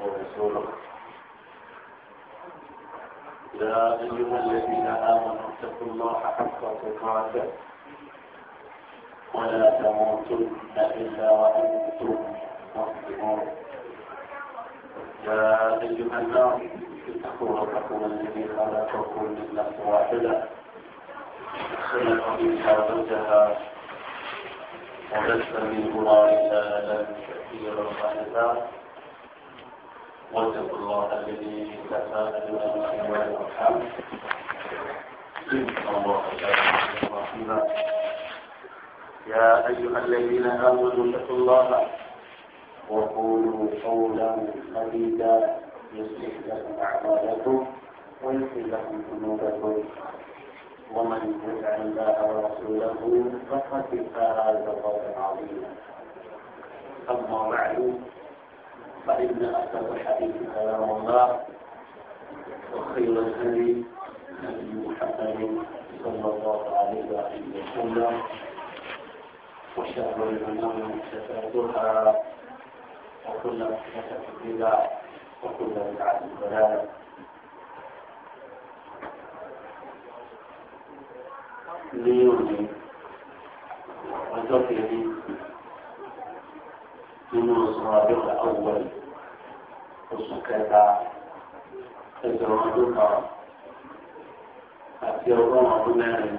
ورسوله يا أيها الذين آمنوا اتقوا الله حق تقاته ولا تموتن إلا وأنتم مسلمون يا أيها الناس اتقوا ربكم الذي خلقكم من واحدة خلق منها زوجها ولست منهما رجالا كثيرا ونساء واتقوا الله الذي تساءلون به والارحام ان الله كان رحيما يا ايها الذين امنوا اتقوا الله وقولوا قولا سديدا يصلح لكم اعمالكم ويغفر لكم ذنوبكم ومن يطع الله ورسوله فقد فاز فوزا عظيما اما بعد فإن أسر الحديث كلام الله وخير الهدي هدي محمد صلى الله عليه وسلم وشر الأمور محدثاتها وكل محدثة بدعة وكل بدعة ضلالة ليوني وتوفيقي nínú sọ̀rọ̀dé àwùwẹ̀lì oṣù kẹta ẹgbẹ̀rún ọdún kan àti ọgọ́rùn ọdún mẹ́rin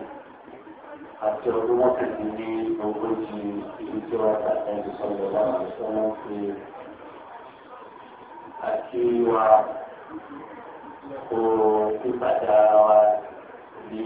àti ọdún mọ́kàndínlẹ́ ogójì ibi tí wọ́n ta ẹni sọ̀rọ̀ lọ́wọ́ àti wọ́n fi àti wa kó pípadà wa ní.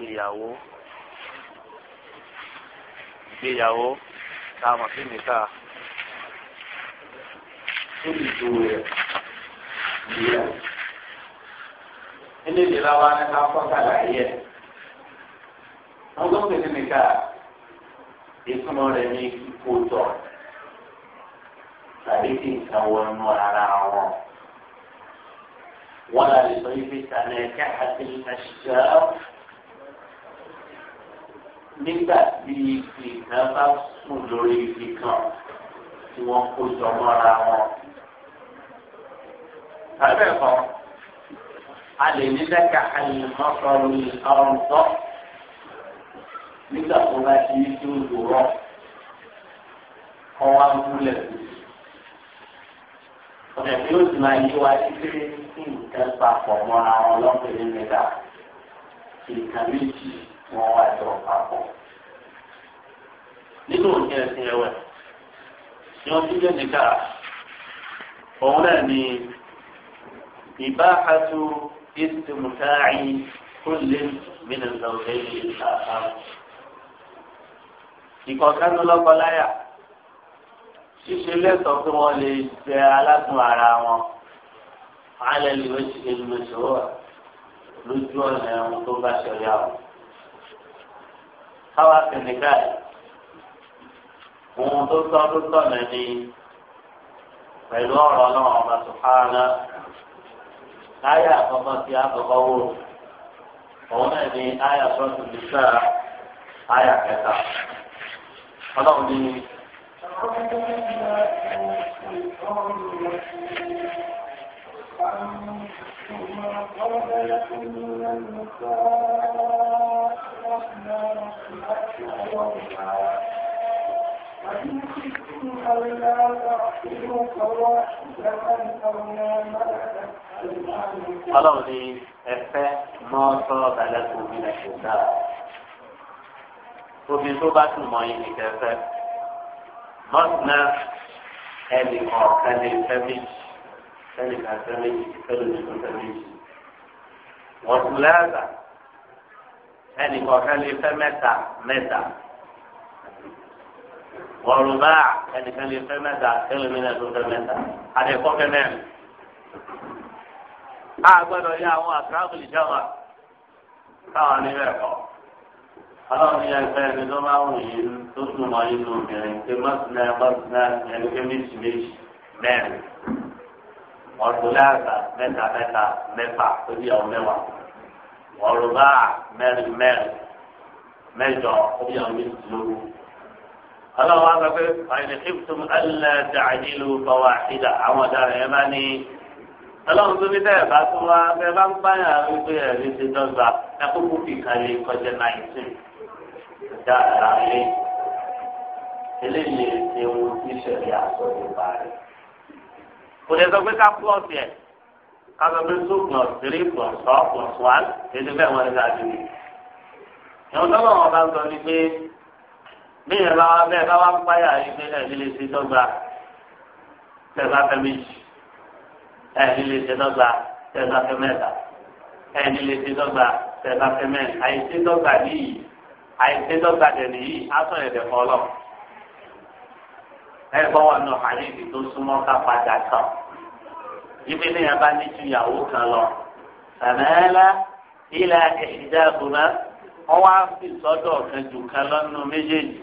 gbéyàwó gbéyàwó tá a mọ̀ sí nìka tó lè do rẹ̀ yíyá ilé ìlera wa ní afọ́kàlà yẹ wọ́n tó pè ní nìka ìtumọ̀ rẹ̀ ní kíkó tọ̀ tàbí kí nǹkan wọnú ara wọn. ولا لطيب أن يكحت المشجار nígbà tí ibi kan bá sùn lórí ibi kan tí wọ́n kó jọ mọ́ra wọn. Tàbí ẹ̀kọ́, a lè ní dẹ́ka àyìnbọ́sọ ní ọrùn tọ́ nígbà tó bá ti ní kí ó wòrọ̀ kọ́ wá múlẹ̀ sí. Ọ̀dẹ̀ tí ó sì máa yí wa sí pé nǹkan papọ̀ mọ́ra wọn lọ́pẹ̀lẹ́ mẹ́ta, kí nǹkan méjì tí wọ́n wá jọ papọ̀. nínú òní ẹ̀sìn ẹ̀wẹ̀ ni wọ́n ti jẹ́ nìkà òun náà ni ìbáhàtú ìsìmùtáì kúlẹ̀ mìíràn lọ́wọ́ ẹ̀yìn ìlànà. ìkọ̀kánú lọ́kọláyà ṣíṣe lẹ́tọ̀ọ́ pé wọ́n lè jẹ aládùn ara wọn alẹ́ lè wọ́n ṣe lè lójú ọ̀nà ẹ̀wọ̀n tó bá ṣọ̀yà wọn káwá sẹnìkà ohun tó tọ́ tó tọ́ náà ni pẹ̀lú ọ̀rọ̀ náà ọba sùpáàlà káyà àkọ́kọ́ sí àkọ́kọ́ wò òun náà ni àyà sọ́ọ̀tù nìkà àyà kẹta ọlọ́run ni. Ọlọ́run ní ẹ̀fẹ́ mọ́tọ́ balẹ̀kùn mi lè ṣe dáa. Obìnrin tó bá tún mọ yín ní kẹfẹ́. Mọ́tún náà ẹnì kọ̀ọ̀kan ní ìfẹ́ méjì ẹnì kan fẹ́ méjì fẹ́lẹ́ ní kò fẹ́ méjì. wọ́n tún lẹ́ẹ̀dà ẹnì kan fẹ́ lè fẹ́ mẹ́ta mẹ́ta. wọ́n rò bá ẹnì kan lè fẹ́ mẹ́ta fẹ́lẹ́ mi náà tó fẹ́ mẹ́ta. àdẹ̀kọ́ fẹ́ mẹ́rin. a gbọ́dọ̀ yá àwọn àtúrábìlì jọba káwọn níbẹ̀ kọ́. Ọlọ́run yẹn fẹ́ ẹni tó máa wù yín tó sùn mọ́ inú obìnrin pé mọ́sùn náà mọ́sùn náà ẹni pé méjì méjì mẹ́rin ọ̀dùnláàgbà mẹ́ta mẹ́ta mẹ́fà tóbi ọ̀ mẹ́wàá ọ̀rùbá mẹ́rin mẹ́rin mẹ́jọ tóbi ọ̀ méjìlélógún. ọlọ́run wá sọ pé ọ̀yìn ìfiptum ẹ̀lẹ́ dàdílù bọ̀wá ìdá àwọn ọ̀daràn yẹn bá ní. ọlọ́run tó ní bẹ́ẹ̀ bá tún wá bẹ́ẹ̀ bá ń báyà wípé ẹ̀rí ti dọ́gba ẹkúkú kìkàlẹ̀ kọjá náìtì dáadáa lé eléyìí ti ń tíṣẹ̀lì àsọ̀rọ̀ kò lè sọ pé ká plọ̀tì ẹ̀ ká sọ pé two plus three plus four plus one èdè bẹ́ẹ̀ wọ́n ní ká dìbò. ìwọ̀n tọ́lọ̀ wọn bá ń sọ ni pé bí ẹ bá wá bẹ́ẹ̀ bá wá ń páyà ilé ẹ̀ líle sí dọ́gba tẹ̀ bá fẹ́ méjì ẹ̀ líle sí dọ́gba tẹ̀ fẹ́ mẹ́ta ẹ̀ sí dọ́gba tẹ̀ fẹ́ mẹ́rin àìsí dọ́gba nìyí àìsí dọ́gba dẹ̀ nìyí á sọ̀rọ̀ ẹ̀dẹ̀ fọ́ ẹgbọ́n wà nù hàlíbi tó súnmọ́ ká padà tán ibi ní yẹn bá ní ju ìyàwó kan lọ tàmẹ́lá ilẹ̀ ìṣẹ̀dá ìbùnà wọ́n wá fi sọ́dọ̀ kan jù kan lọ́nu méjèèjì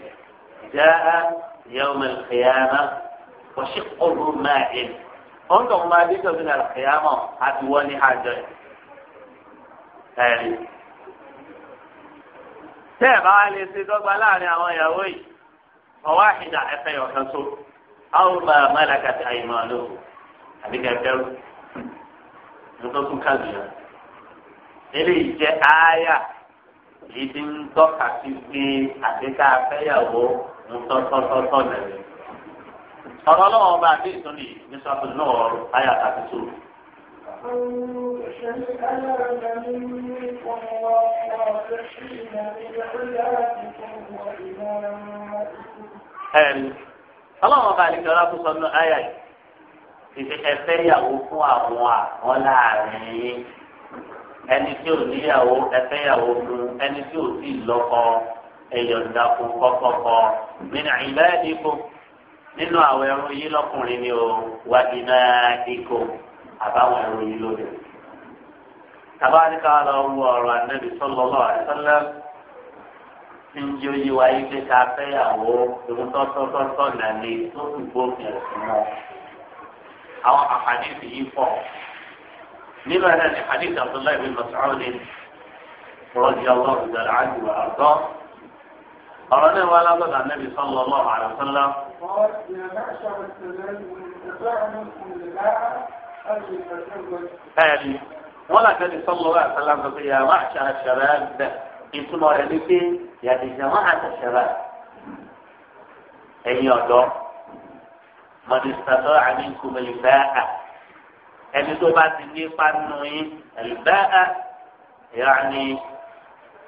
jẹ́ yawm al-qiyamah wa shiqqu ma'in wọ́n tọ̀ máa dé tọ̀ nínú al àti wọ́n ní àjọ ẹ̀ tẹ́ ẹ̀ bá wá lè ṣe dọ́gba láàrin àwọn ìyàwó yìí. ọ̀wáhìdà ẹ̀fẹ̀ ọ̀kan so àwọn bá mẹ́lẹ̀kàtì àyìnbọn lò àbí kẹfẹ́rù nǹkan tún kàdùn yẹn. eléyìí jẹ́ ááyà èyí tí ń tọ́ka sí pé àdéká afẹ́yàwó ń tọ́tọ́tọ́tọ́ nàlẹ́. ọ̀rọ̀ ọlọ́wọ́ bá a bí ìtúni ẹ̀rí ọlọ́run ọba àlejò alákòóso ọdún ayà yìí ìfi ẹ̀fẹ́ yàwó fún àwọn àwọn láàrin yín ẹni tí ò níyàwó ẹ̀fẹ́ yàwó fún ẹni tí ò fún nínú ìlà ìdíkò nínú àwọn ẹrú yìí ni ó wá ní lọ tí ń yọ yí wáyé pé ká fẹ́yàwó ìwọ́n tọ́tọ́tọ́tọ́ nàlẹ́ tó sì gbóògùn ẹ̀sìn mọ́. àwọn àǹfààní sì yí pọ̀. nínú ẹ̀rẹ́ ni hadith abdullahi bin mas'ud rọ́jì ọlọ́run gbàdá àjù àgọ́. ọ̀rọ̀ náà wà lágbàdà nẹ́bí sọ́lọ́ lọ́wọ́ àrùsọ́lá. ẹ̀ẹ́dì wọ́n làkẹ́ni sọ́lọ́ àrùsọ́lá ń sọ ìtumọ̀ rẹ̀ ni pé yàtìjẹ́ wọn àtẹ̀sẹ̀rà ẹ̀yin ọ̀dọ́ mọ̀dìsítàtọ̀ àmínkù mẹ́lìbáà ẹni tó bá ti ní panu yín mẹ́lìbáà yàní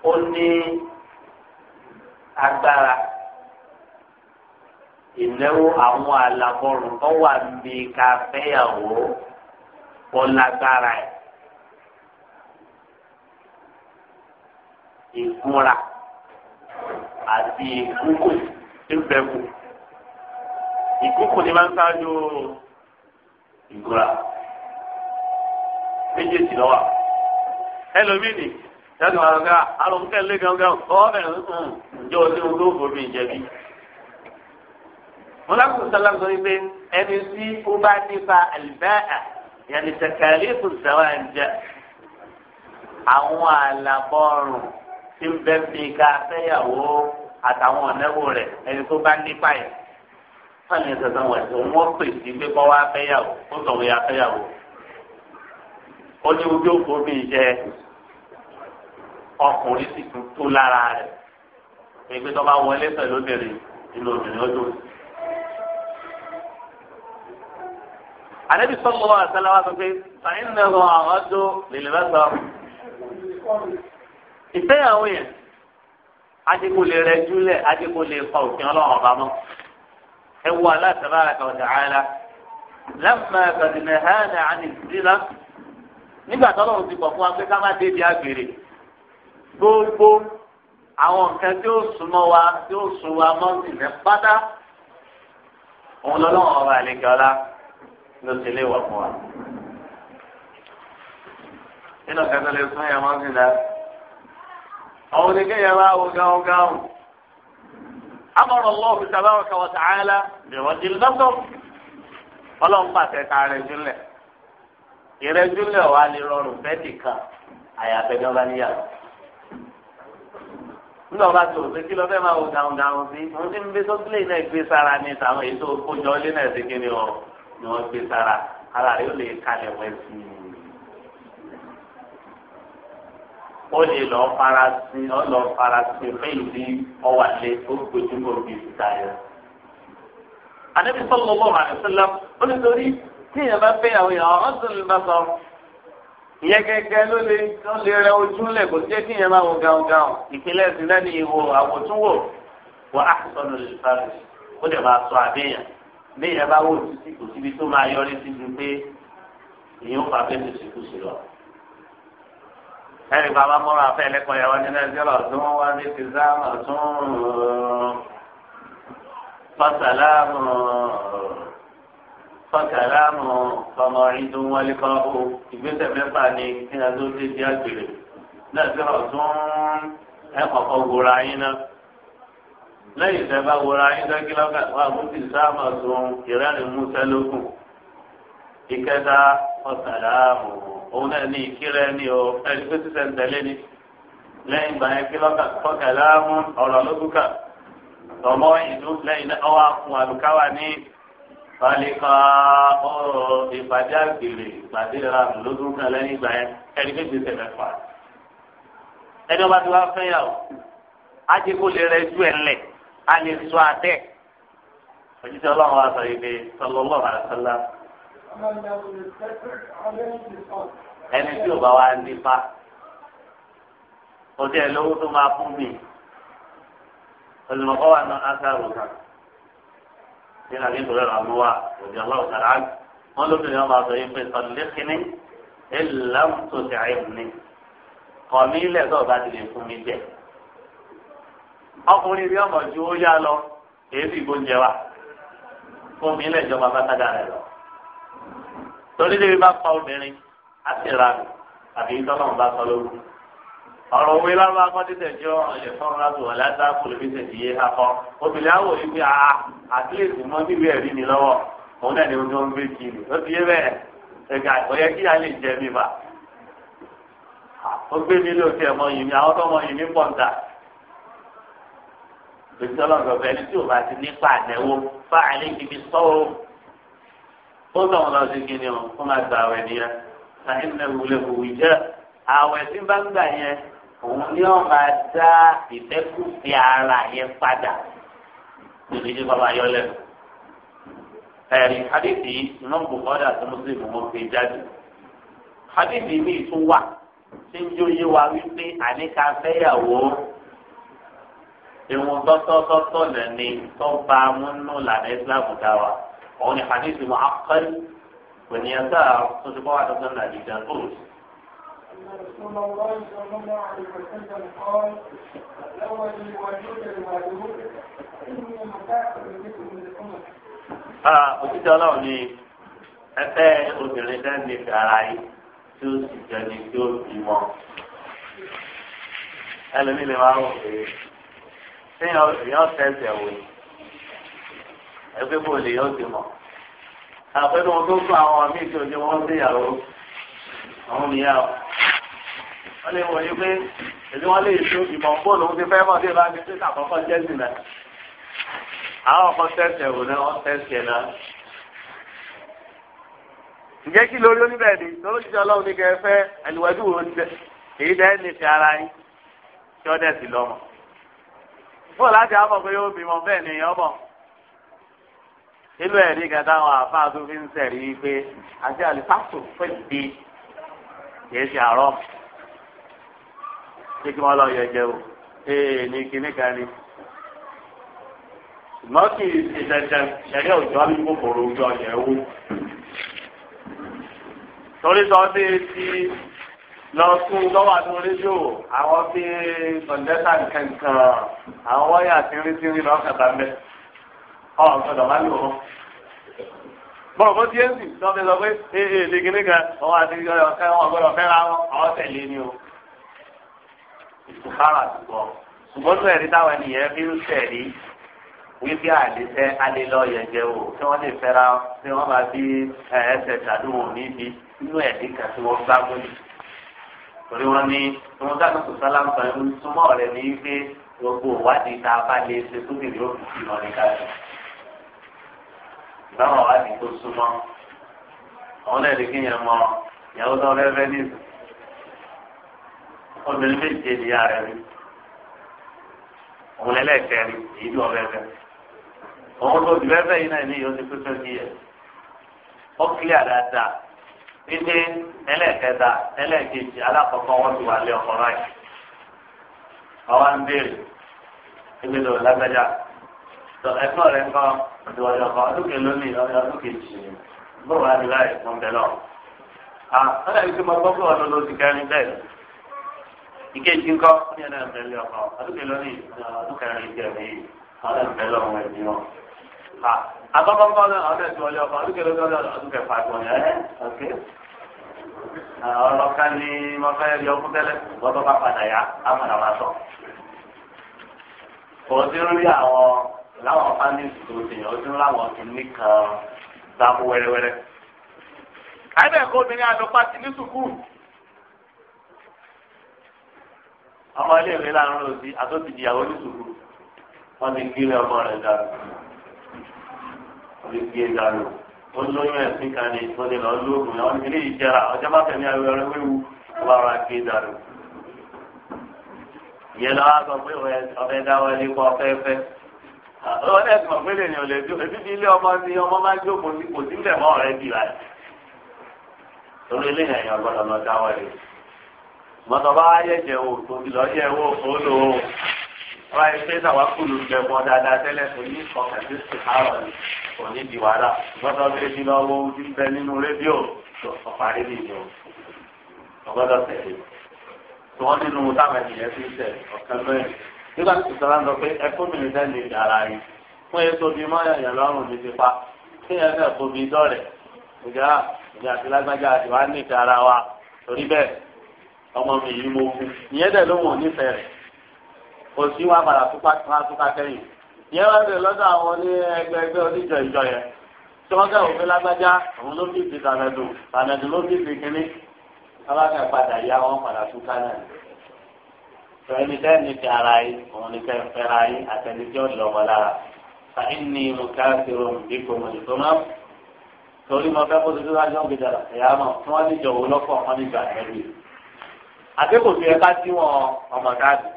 ó ní agbára ìnáwó àwọn àlàbọ̀rùn tó wà níbi káfẹ́yàwó kọ́ lágbára ẹ̀. ìgúnra àti ìkúkù ìbẹ̀kù ìkúkù ni máa ń sáájú ìgúnra méjèèjì lọ́wọ́ ẹlòmíì ni yàtọ̀ àwọn ọ̀gá alùpùpù lé gángan ọ̀ọ́ bẹ̀rẹ̀ hmm, ǹjẹ́ o ní o tó bomi ìjẹ̀bi. mọ́lákùn sọ́lá sọ wípé ẹni tí ó bá nípa àlùbáà yàtọ̀ tẹ̀kẹ́lẹ́kùn sáwà ń jẹ àwọn àlàbọ̀rùn tí ń bẹ fi ká fẹ́yàwó àtàwọn ọ̀nẹ́wò rẹ̀ ẹni tó bá nípa yẹn fáwọn ẹ̀sẹ̀ wẹ̀ tó wọ́n pè sí pé kọ́ wá fẹ́yàwó ó sọ̀rọ̀ ya fẹ́yàwó ó ní ojú òkú mi jẹ ọkùnrin sì tún tó lára rẹ̀ èyí tó bá wọlé pẹ̀lú obìnrin nínú obìnrin ọdún. àdébí sọ́kùnrin wa sálá wa sọ pé fàyín náà lọ àwọn ọdún lè lè bá sọ ìfẹ́ àwọn yẹn adigun lè rẹ júlẹ̀ adigun lè fa òfin ọlọ́run ọba mọ́ ẹ wo aláàtàrà ọ̀dà ara lẹ́mọ̀ ẹ̀gbẹ̀dìmẹ̀ hẹ́ẹ̀nà àni ìdílá nígbà tó lọ́run ti pọ̀ fún wa pé ká má dé àgbèrè gbogbo àwọn nǹkan tí ó súnmọ́ wa tí ó sún wa mọ́ ìfẹ́ pátá òun lọ́lọ́run ọba àlejò ló ti léwọ̀ fún wa. nínú kẹtàlẹ́ fún ẹ̀ mọ́ sí náà àwọn oníkẹ́yẹ ما wo gáwọn gáwọn. الله lọ́wọ́ وتعالى sábàá kọ́ wọ́n sàáyálà lèwọ́n ti lọ́sọ̀ ọlọ́run pàṣẹ ká rẹ̀ júlẹ̀ ìrẹ́ júlẹ̀ wà lè rọrùn fẹ́ẹ̀tì kan àyàfẹ́jọ́ bá níyàwó. nígbà wọn bá tó o pé kí lọ fẹ́ máa wo gáwọn gáwọn sí òun ti ń gbé sọ́kílẹ̀ náà gbé sára ní tàwọn èyí tó kójọ ilé náà ṣe kí ni ọ gbé sára ara rẹ̀ ó lè kalẹ̀ wẹ́ sí i. ó lè lọ farasin ó lọ farasin fẹ́yìn ní ọwà lé tó gbójúmọ́ bí ìta yẹn. Ànábi sallallahu alaihi wasallam ó ní torí tí èèyàn bá fẹ́ àwọn èèyàn ọ̀hún sọ̀rọ̀ bá sọ. Ìyẹn gẹ́gẹ́ ló lè ló lè rẹ ojú kò sí kí èèyàn máa wo gaun gaun. Ìpínlẹ̀ ẹ̀sìn náà ni ìwò àwòtúnwò wọ àṣọnù lè parí. Ó lè máa sọ àbẹ̀yàn. Béèyàn bá wò ó sí kò síbi tó máa yọrí sí ju pé èèyàn fà bẹ́ẹ̀ ẹnì bàbá mọ́ra afẹ́ ẹlẹ́kọ̀ọ́ yẹn wọ́n ní nàìjíríà ọ̀tún wá ní tìzámù ọ̀tún fọ́sàlámù fọ́sàlámù ọmọ ìdún wọlé kọ́ ọ́ ìgbésẹ̀ mẹ́fà ni kí n tó dé di àgbèrè nàìjíríà ọ̀tún ẹ kọ̀kọ́ wòra yín náà lẹ́yìn tẹ́ bá wòra yín dọ́kí lọ́kà wà fún tìzámù ọ̀tún ìrẹ́rìn mú sẹ́lókùn ìkẹta fọ́sàlámù òun náà ní ìkírẹ́ ni o ẹni tó ti sẹ̀ǹtẹ̀lé ni lẹ́yìn ìgbà yẹn kí lọ́kà tọ́kà láàmú ọ̀rọ̀ lókùkà tọmọ ìlú lẹ́yìn ọwọ́ àfún àlùkáwà ní balika ọ̀rọ̀ ìpàdé àgbèrè ìpàdé ìranù lókùkà lẹ́yìn ìgbà yẹn ẹni tó ti sẹ̀ǹtẹ̀ fà ẹni ọba tí wàá fẹ́ yà ó ajé kó lè rẹ ju ẹ̀ lẹ̀ a lè sọ àtẹ̀ òjijì ọlọ́run wa sọ ẹni tí ò bá wá ní fa ọdẹ lówó tó máa fún mi olùmọ̀kọ́ wa náà aṣáájú kan tí nàbí ìtòlẹ́ rà mú wa òbí ọlọ́run kàrá wọn lóbìnrin wọn máa sọ yín pé sọlẹ́kìnní ẹ̀làm tó ti àìmùní kọ̀ mí lẹ́sọ̀ bá ti lè fún mi jẹ ọkùnrin rí ọmọ ju ó yá lọ èébì gbóúnjẹ wa fún mi lẹ́jọ́ bàbá sádà rẹ̀ lọ torí lè bá pa obìnrin á sì ra àbí tọ́lọ́mù bá sọ lóru ọ̀rọ̀ òwe lábá akọ́tẹ́tẹ̀ jọ ọ̀lẹ̀ fún ọ̀làbù ọ̀làdá kùlùmíṣẹ̀ ti yé akọ obìnrin àwọ̀ yìí pé àá àtúlẹ̀sì mọ́ níbi ẹ̀rí mi lọ́wọ́ òun náà ni mo tó ń gbé kiri ó ti yé bẹ́ẹ̀ ẹ̀ka ọ̀yẹ́ kí a lè jẹ mi bá ó gbé mi lóòótọ́ ẹ̀mọ yìí mi àwọn tọ́mọ yìí mi pọ̀ ń ta ìṣọlọ́gbọ̀n bẹ́ẹ̀ ni tí ò bá ti nípa àdẹ̀wò fáàlì ibi sọ́ọ̀rọ̀ ó tọ̀ wọn lọ sí kí ni o kó máa gba àwẹ̀ nìyẹn láti ní ìwúlẹ̀ òwú jẹ́ àwẹ̀ tí bá ń gbà yẹn òun ni ó máa dá ìfẹ́kùfẹ́ ara yẹn padà lórí ní bàbá yọ lẹ́nu. ẹ̀rí hadithi imam bukhari àti muslim mo fi jáde hadithi mi tún wà tí ń jó yé wa wípé àníkà fẹ́yàwó ìwọ̀n tọ́tọ́tọ́tọ́ lẹ́ni tó bá a mú islam dá wa òun ni hadith mu'aqqal ònìyàtà tó ti bọ́ wà lọ́sàn náà ìjà tó ń. رسول الله صلى الله عليه وسلم قال لولا وجود المعلوم اني مكافئ بكم من الامم. اه òtítọ́ ni ẹ fẹ́ obìnrin dání ara yìí tí ó sì jẹni tí ó bímọ ẹgbẹ́ bò lè yọ ti mọ̀ àpẹẹrẹ wọn tó kọ àwọn míì tó ní wọn sí ìyàwó àwọn nìyàwó wọn lè wọlé pé èmi wọn lè so ìmọ̀ fóònù ti fẹ́ mọ̀ sí ìbáṣe pé àkọ́kọ́ jẹ́ náà àwọn ọkọ tẹ̀sẹ̀ wò náà wọ́n tẹ̀sẹ̀ náà. ǹjẹ́ kí lórí oníbẹ̀ ni lórí ọlọ́run ní kẹfẹ́ ẹ̀lùwẹ́dù wo ń tẹ èyí dẹ́ ní ti ara yín tí ó nínú ẹ̀rí kan táwọn àáfàá tó fi ń sẹ̀rí pé àti àlùfáàtò fèdè kìí ṣe àárọ̀ ṣé kí wọ́n lọ yẹ o ee ní kinní kan ni ṣùgbọ́n kì í ṣe dandan ṣẹ̀rí òjò ní kòkòrò ojú ọ̀yẹ̀ wò torí sọ pé ti lọ sún lọ́wọ́ àti oníṣòwò àwọn bíi kọ̀ǹdẹ́tà kankan àwọn wáyà tìrìtìrì lọ́kàtà mẹ́ta ọ̀rọ̀ gbọ́dọ̀ wá lò wọ́n. bọ́ọ̀ bó tiẹ̀ sì lọ́ fi sọ pé ee ee lẹ́gẹ̀lẹ́ kan ọwọ́ àti ọ̀kẹ́ wọn gbọ́dọ̀ fẹ́ra wọn àwọn tẹ̀lé ni o. ìfúkàrà àtúbọ̀ ṣùgbọ́n tó ẹ̀rí táwọn ènìyàn fi ń tẹ̀lé wípé àdìsẹ́ alélọ́yẹ̀ jẹ́ o tí wọ́n lè fẹ́ra tí wọ́n bá bí ẹsẹ̀ tàdúrò níbi inú ẹ̀dí kan tí wọ́n gbá gbóni. torí wọn ní wọn dáná táwọn wá ní kó súnmọ́ àwọn náà kí yẹn mọ ìyàwó tó fẹ́ fẹ́ ní obìnrin méje ní ara rí òun lẹ́lẹ́kẹ́ rí èyí tó fẹ́ òun tó dùbẹ́ yìí náà ní pípẹ́ sí yẹ ó alákọ̀ọ́kọ́ ti wà lé ọkọ̀ ọwọ́ ń tọ ẹ̀kọ́ rẹ̀ kọ́ ìwọ̀dọ̀ kọ́ ọdún kẹlẹ́ ní ọdún kejì bóun á di láì fún bẹ́ẹ̀ lọ. àwọn ẹ̀rí tí mo gbọ́ pé ọdún ló ti kẹrin bẹ́ẹ̀ ìkejì ńkọ́ ní ẹ̀rọ ìbẹ̀lẹ̀ ọkọ̀ ọdún kẹlẹ́ ní ọdún kẹrin jẹ̀ mí ọdún ìbẹ̀lẹ̀ ọmọ ẹ̀mí wọn. àkọ́kọ́ ọdún ìbẹ̀lẹ̀ ọkọ̀ ọdún kẹlẹ́ ọdún kẹfà ọlọ́ka ni wọ́n fẹ́ yọ fún tẹ́lẹ̀ láwọn fáńdíìsì tó ti yàn ọdún láwọn ti kan dáàbò wẹ́rẹ́wẹ́rẹ́. káyọ̀dẹ̀ kó obìnrin ti ní ọmọ iléèwé láàrin ló ìyàwó ní wọ́n ti gbé ọmọ rẹ̀ dànù. wọ́n ti gbé e dànù. ó lóyún ẹ̀sìn kan ní ìtọ́jú lọ lóògùn wọ́n ti ní ọjọ́ bá wọ́n bá gbé e dànù. ìyẹn lọ́wọ́ sọ pé ọ ẹ sọ pé lèèyàn lè dúró ebi bí ilé ọmọ ni ọmọ máa ń jókòó sí kò sílẹ̀ mọ́ ọ̀rẹ́ bì láì torí eléyàn èèyàn gbọ́dọ̀ lọ dáwọ́ rẹ̀ mọ́tò bá yẹ jẹ wo tóbi lọ yẹ wo kó lò ó wọ́n á pé sàwọn kùlù ń bẹ̀ mọ́ dáadáa tẹ́lẹ̀ kò ní ọkàn tó ti kárọ̀ ni kò ní di wàhálà mọ́tò bẹ́ẹ̀ ti lọ wo ojú bẹ nínú rédíò ọ̀parí ni o ọgbọ́dọ̀ tẹ̀lé tí wọ́n nínú táwọn ènìyàn ti ń tẹ̀ ọ̀kan nígbà tí sọlá ń sọ pé ẹkún mi lè dẹ́lẹ̀ yàrá yìí fún ètò bíi mọ́yàyà lọ́rùn mi ti pa kí ẹ fẹ́ fún mi dọ́rẹ̀ ìjà ìjà àti lágbájá àti wàá ní ìtara wa torí bẹ́ẹ̀ ọmọ mi yìí mo kú ìyẹn dẹ̀ ló wọ̀n nífẹ̀ẹ́ rẹ̀ kò sí wàá padà túká kẹ́yìn ìyẹn wá bẹ̀rẹ̀ lọ́dọ̀ àwọn ní ẹgbẹ́ ẹgbẹ́ oníjọ ìjọ yẹn tí wọ́n kẹ́ òfin lágbájá òun ló fi ti tànàdù tànàdù ló fi ti kínní alága padà yá wọn padà túká náà ẹni dẹ́ni fi ara yìí òun ni kẹ́hìn fẹ́ra yìí àtẹni tí ó lọ wọ́n lára fa inni mo ká sí o bí kò mo lè tó máa torí mo fẹ́ kó tuntun láti ọ̀gbìn dàrà ẹ̀yà mọ̀ tí wọ́n níjọ owó lọ́pọ̀ wọn níjọ ẹ̀rí àdékò fi ẹ̀ka tí wọn ọmọ káàdì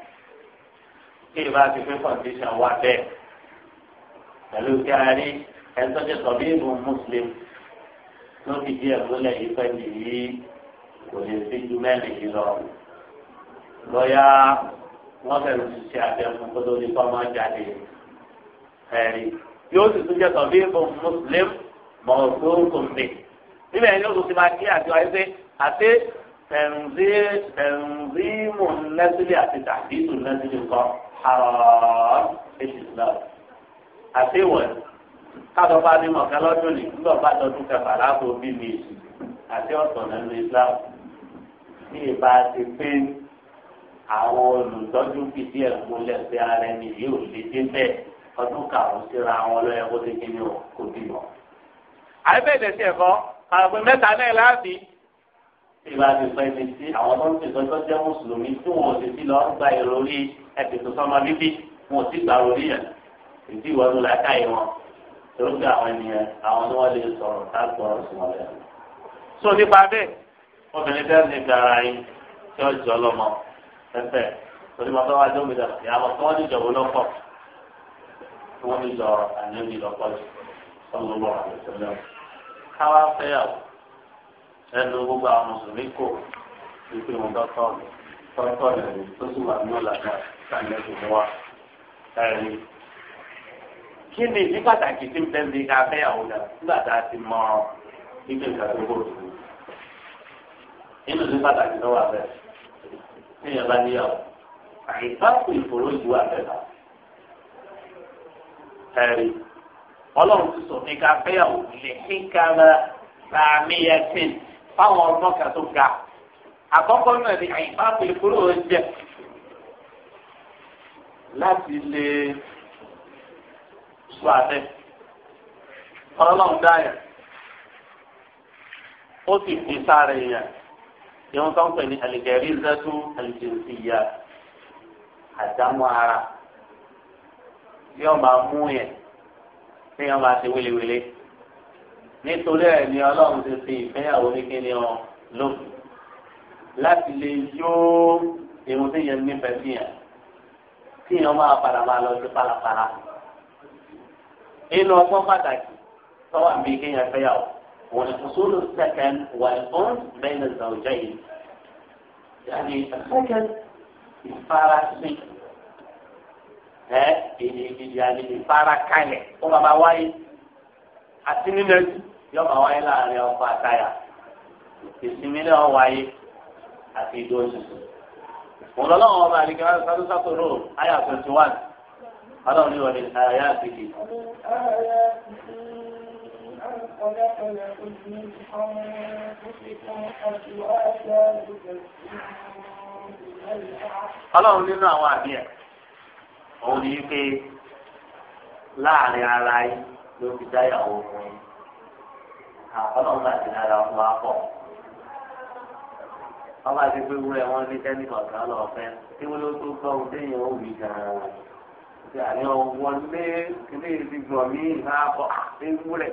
kí ìbá ti pé kọ̀ǹdíṣàn wà bẹ́ẹ̀ pẹ̀lú kí a rí ẹ̀ńtọ́jẹ́ sọ̀bí ìlú mùsùlùmí ló fi díẹ̀ fi ju mẹ́rin yìí lọ lọ́yà wọ́n fẹ́ẹ́ ti àbẹ̀wò kó tó kọ́ máa jáde ẹ̀rí yóò sì tún jẹ́ tọ̀bí ìbọn mùsùlùm mọ̀ọ́sọ́kùn mi níbẹ̀ ni yóò ti máa kí àti wáyé pé àti tẹ̀ǹzímù lẹ́sílẹ̀ àti tàbíìtù lẹ́sílẹ̀ kọ́ àrọ̀ọ́ èsì náà àti ìwọ̀n káàtó bá ní mọ̀ká lọ́dún ní nígbà bá dọdún kẹfà láàbò bíbí àti ọ̀sán nínú àwọn olùtọ́jú fìdí ẹ̀ múlẹ̀ pé ara ẹni yóò lè dé bẹ́ẹ̀ ọdún kàrún síra àwọn ọlọ́yẹ kó dé kíni o kò bímọ. àìbẹ̀dẹ̀ sí ẹ̀kọ́ àpè mẹ́ta náà láàbì. ìgbà tí sọ ibi tí àwọn tó ń fi sọ́jọ́ jẹ́ mùsùlùmí tí wọn ò sì ti lọ gba ìròrí ẹ̀sìn tó sọ́mọ bíbí wọn ò sì gba ìròrí yẹn ìdí ìwọ́nú làákàyè wọn tó ẹsẹ̀ torí wọn bá wá jọ́ mi dàbí àwọn tó wọ́n ti jọ̀ wọ́n lọ́pọ̀ tí wọ́n ti jọ àyẹ̀mí lọ́pọ̀ jù sọ́nù lọ́wọ́ àlùsọ̀lẹ̀. káwá fẹ́yàwó ẹnu gbogbo àwọn mùsùlùmí kò wípé wọn dọ́tọ̀ tọ́tọ̀ ẹ̀rù tó sì wà ní ọ̀làdà sàmẹ́sì wá ẹ̀rí. kí ni ní pàtàkì tí ń bẹ́ẹ̀ bí ká fẹ́yàwó dà nígbà tá a ti mọ ibi tó kò tó nínú ní pàtàkì tó wà bẹ́ẹ̀ téèyàn bá níyàwó àìsàkù ìfòròjú àfẹ́fà ẹ̀rí ọlọ́run ti sọ ní ká fẹ́yàwó lè kí kára sàmìyẹ tí fáwọn ọmọ kan tó ga àkọ́kọ́ náà ni àìsàkù ìfòròjú jẹ láti lè sọ àfẹ́ ọlọ́run dáyà ó sì fi sáré yẹn ní wọn kàn pè ní alìjẹrìzẹtù alìjẹrìsìyà àdámọ̀ ara tí wọn máa mú yẹn tí wọn máa ṣe wéléwélé nítorí ẹ ní Ọlọ́run ti fi ìfẹ́yàwó ní kíni ọ lóbi láti lè yó irun tí yẹn nífẹ̀ẹ́ sí yẹn tí yẹn máa padà máa lọ sí pálapàla inú ọgbọ́n pàtàkì tó wà bí kéèyàn fẹ́yàwó. والأصول السكن والأنس بين الزوجين يعني السكن ìfarasin ẹ ìyàlè ìfarakalẹ̀ ó bàbá wáyé àti nínú ẹjú yóò bá wáyé láàrin ọkọ àtàyà ìsinmi náà wáyé àti ìdóòtútù òǹlọ́lọ́wọ́ ọba àlìkẹ́ wá sáré sátòrò àyà twenty one ọlọ́run ní wọlé àyà àti ìdí. خلقناكم Ọlọ́run nínú àwọn àmì ẹ̀ òun ni pé láàrin ara yìí ló fi dá ìyàwó fún yín. Ọlọ́run náà ti lára fún wa pọ̀. Wọ́n bá ti pé wúrẹ́ wọn ní sẹ́ni kọ̀ọ̀kan lọ́ọ̀fẹ́ tí wọ́n ló tó gbọ́ ohun téèyàn ó wí gan-an ti àní ọwọlé kíní ìdìgbọ̀n mi ìhà bọ̀ àti wúlẹ̀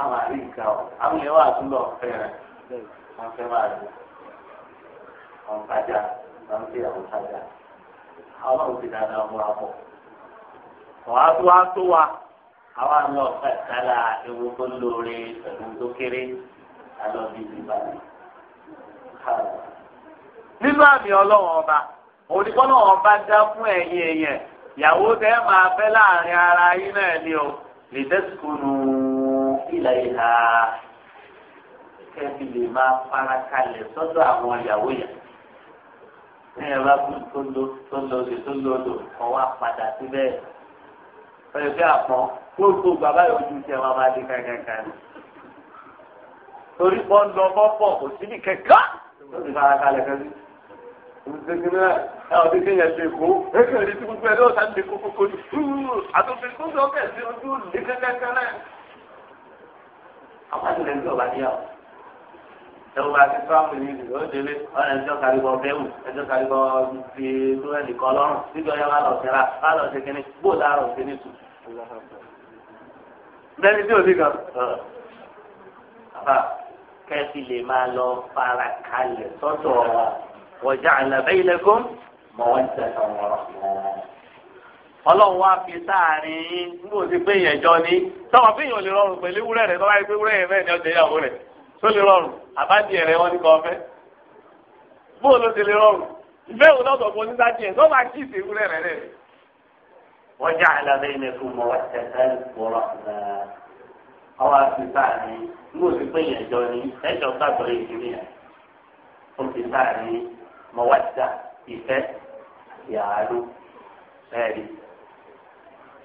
àwọn àrí nǹkan ọ̀ àwọn yẹn wà tún lọ fẹ́ rẹ̀ wọ́n fẹ́ máa rí wọn kájà wọn fi àwọn kájà àwọn òbí dáadáa wọn àbọ̀ wọ́n á wá tó wa àwọn àmì ọ̀fẹ́ kálá ewu tó lóore pẹ̀lú tó kéré bíi ìbàdàn nínú àmì ọba ọba fún ẹ̀yin èèyàn ìyàwó tẹ́ máa fẹ́ láàrin ara yín náà ni lè ìlàyà kẹ́bi lè máa fara kalẹ̀ sọ́dọ̀ àwọn ìyàwó yẹn ní ẹ̀rọ tó lo tó lo lè tó lo lò ọwọ́ àpàdà síbẹ̀ ọ̀rẹ́ bí àpọ́n gbogbo bàbá yóò ju iṣẹ́ wa máa di kankankan torí pọ́n lọ bọ́pọ̀ kò sí ní kẹ̀kẹ́ lórí fara kalẹ̀ kẹ́bi ẹ ọdún kéèyàn ṣe kó ẹkẹ rí tí gbogbo ẹ lọ́ọ̀ta ń lè kókó kó ní àtúntò ìkóso àwọn àtúntò ẹni tí ọba níyàwó ẹwọ bá ti sọ́ọ̀mù ní ìlú ó délé ọ̀rẹ́ ẹjọ́ kárìbọ̀ bẹ́ẹ̀mù ẹjọ́ kárìbọ̀ ti tó ẹnì kan lọ́rùn nígbà yẹn wà lọ sẹ́ra wà lọ sí kínní bó láàrọ̀ sí ní tù. bẹ́ẹ̀ni tí òbí kan bàbá kẹ́sì lè máa lọ fara kalẹ̀ sọ́tọ̀ ọ̀rọ̀ wọ̀jà àlàbẹ́yìnlẹ́kọ́ mọ̀ wọ́n ti tẹ̀sán ọ̀rọ̀ ọlọ́run wá fi sáàrin níbo ti pé yẹn jọ ní sọ́wọ́n fi yàn lè rọrùn pẹ̀lú wúrẹ́ rẹ̀ tọ́wá pé wúrẹ́ yẹn fẹ́ ni ọjà ìyàwó rẹ̀ tó lè rọrùn àbájẹ rẹ̀ wọ́n ní kọ́ fẹ́ bó ló ti lè rọrùn ìfẹ́ òun lọ́sọ̀ fún oníṣájì yẹn tó máa kí ìsìn wúrẹ́ rẹ̀ rẹ̀. wọ́n já àlàbẹ́ ilẹ̀ fún mọ́ ẹ̀ẹ́dẹ́ wọ́rọ̀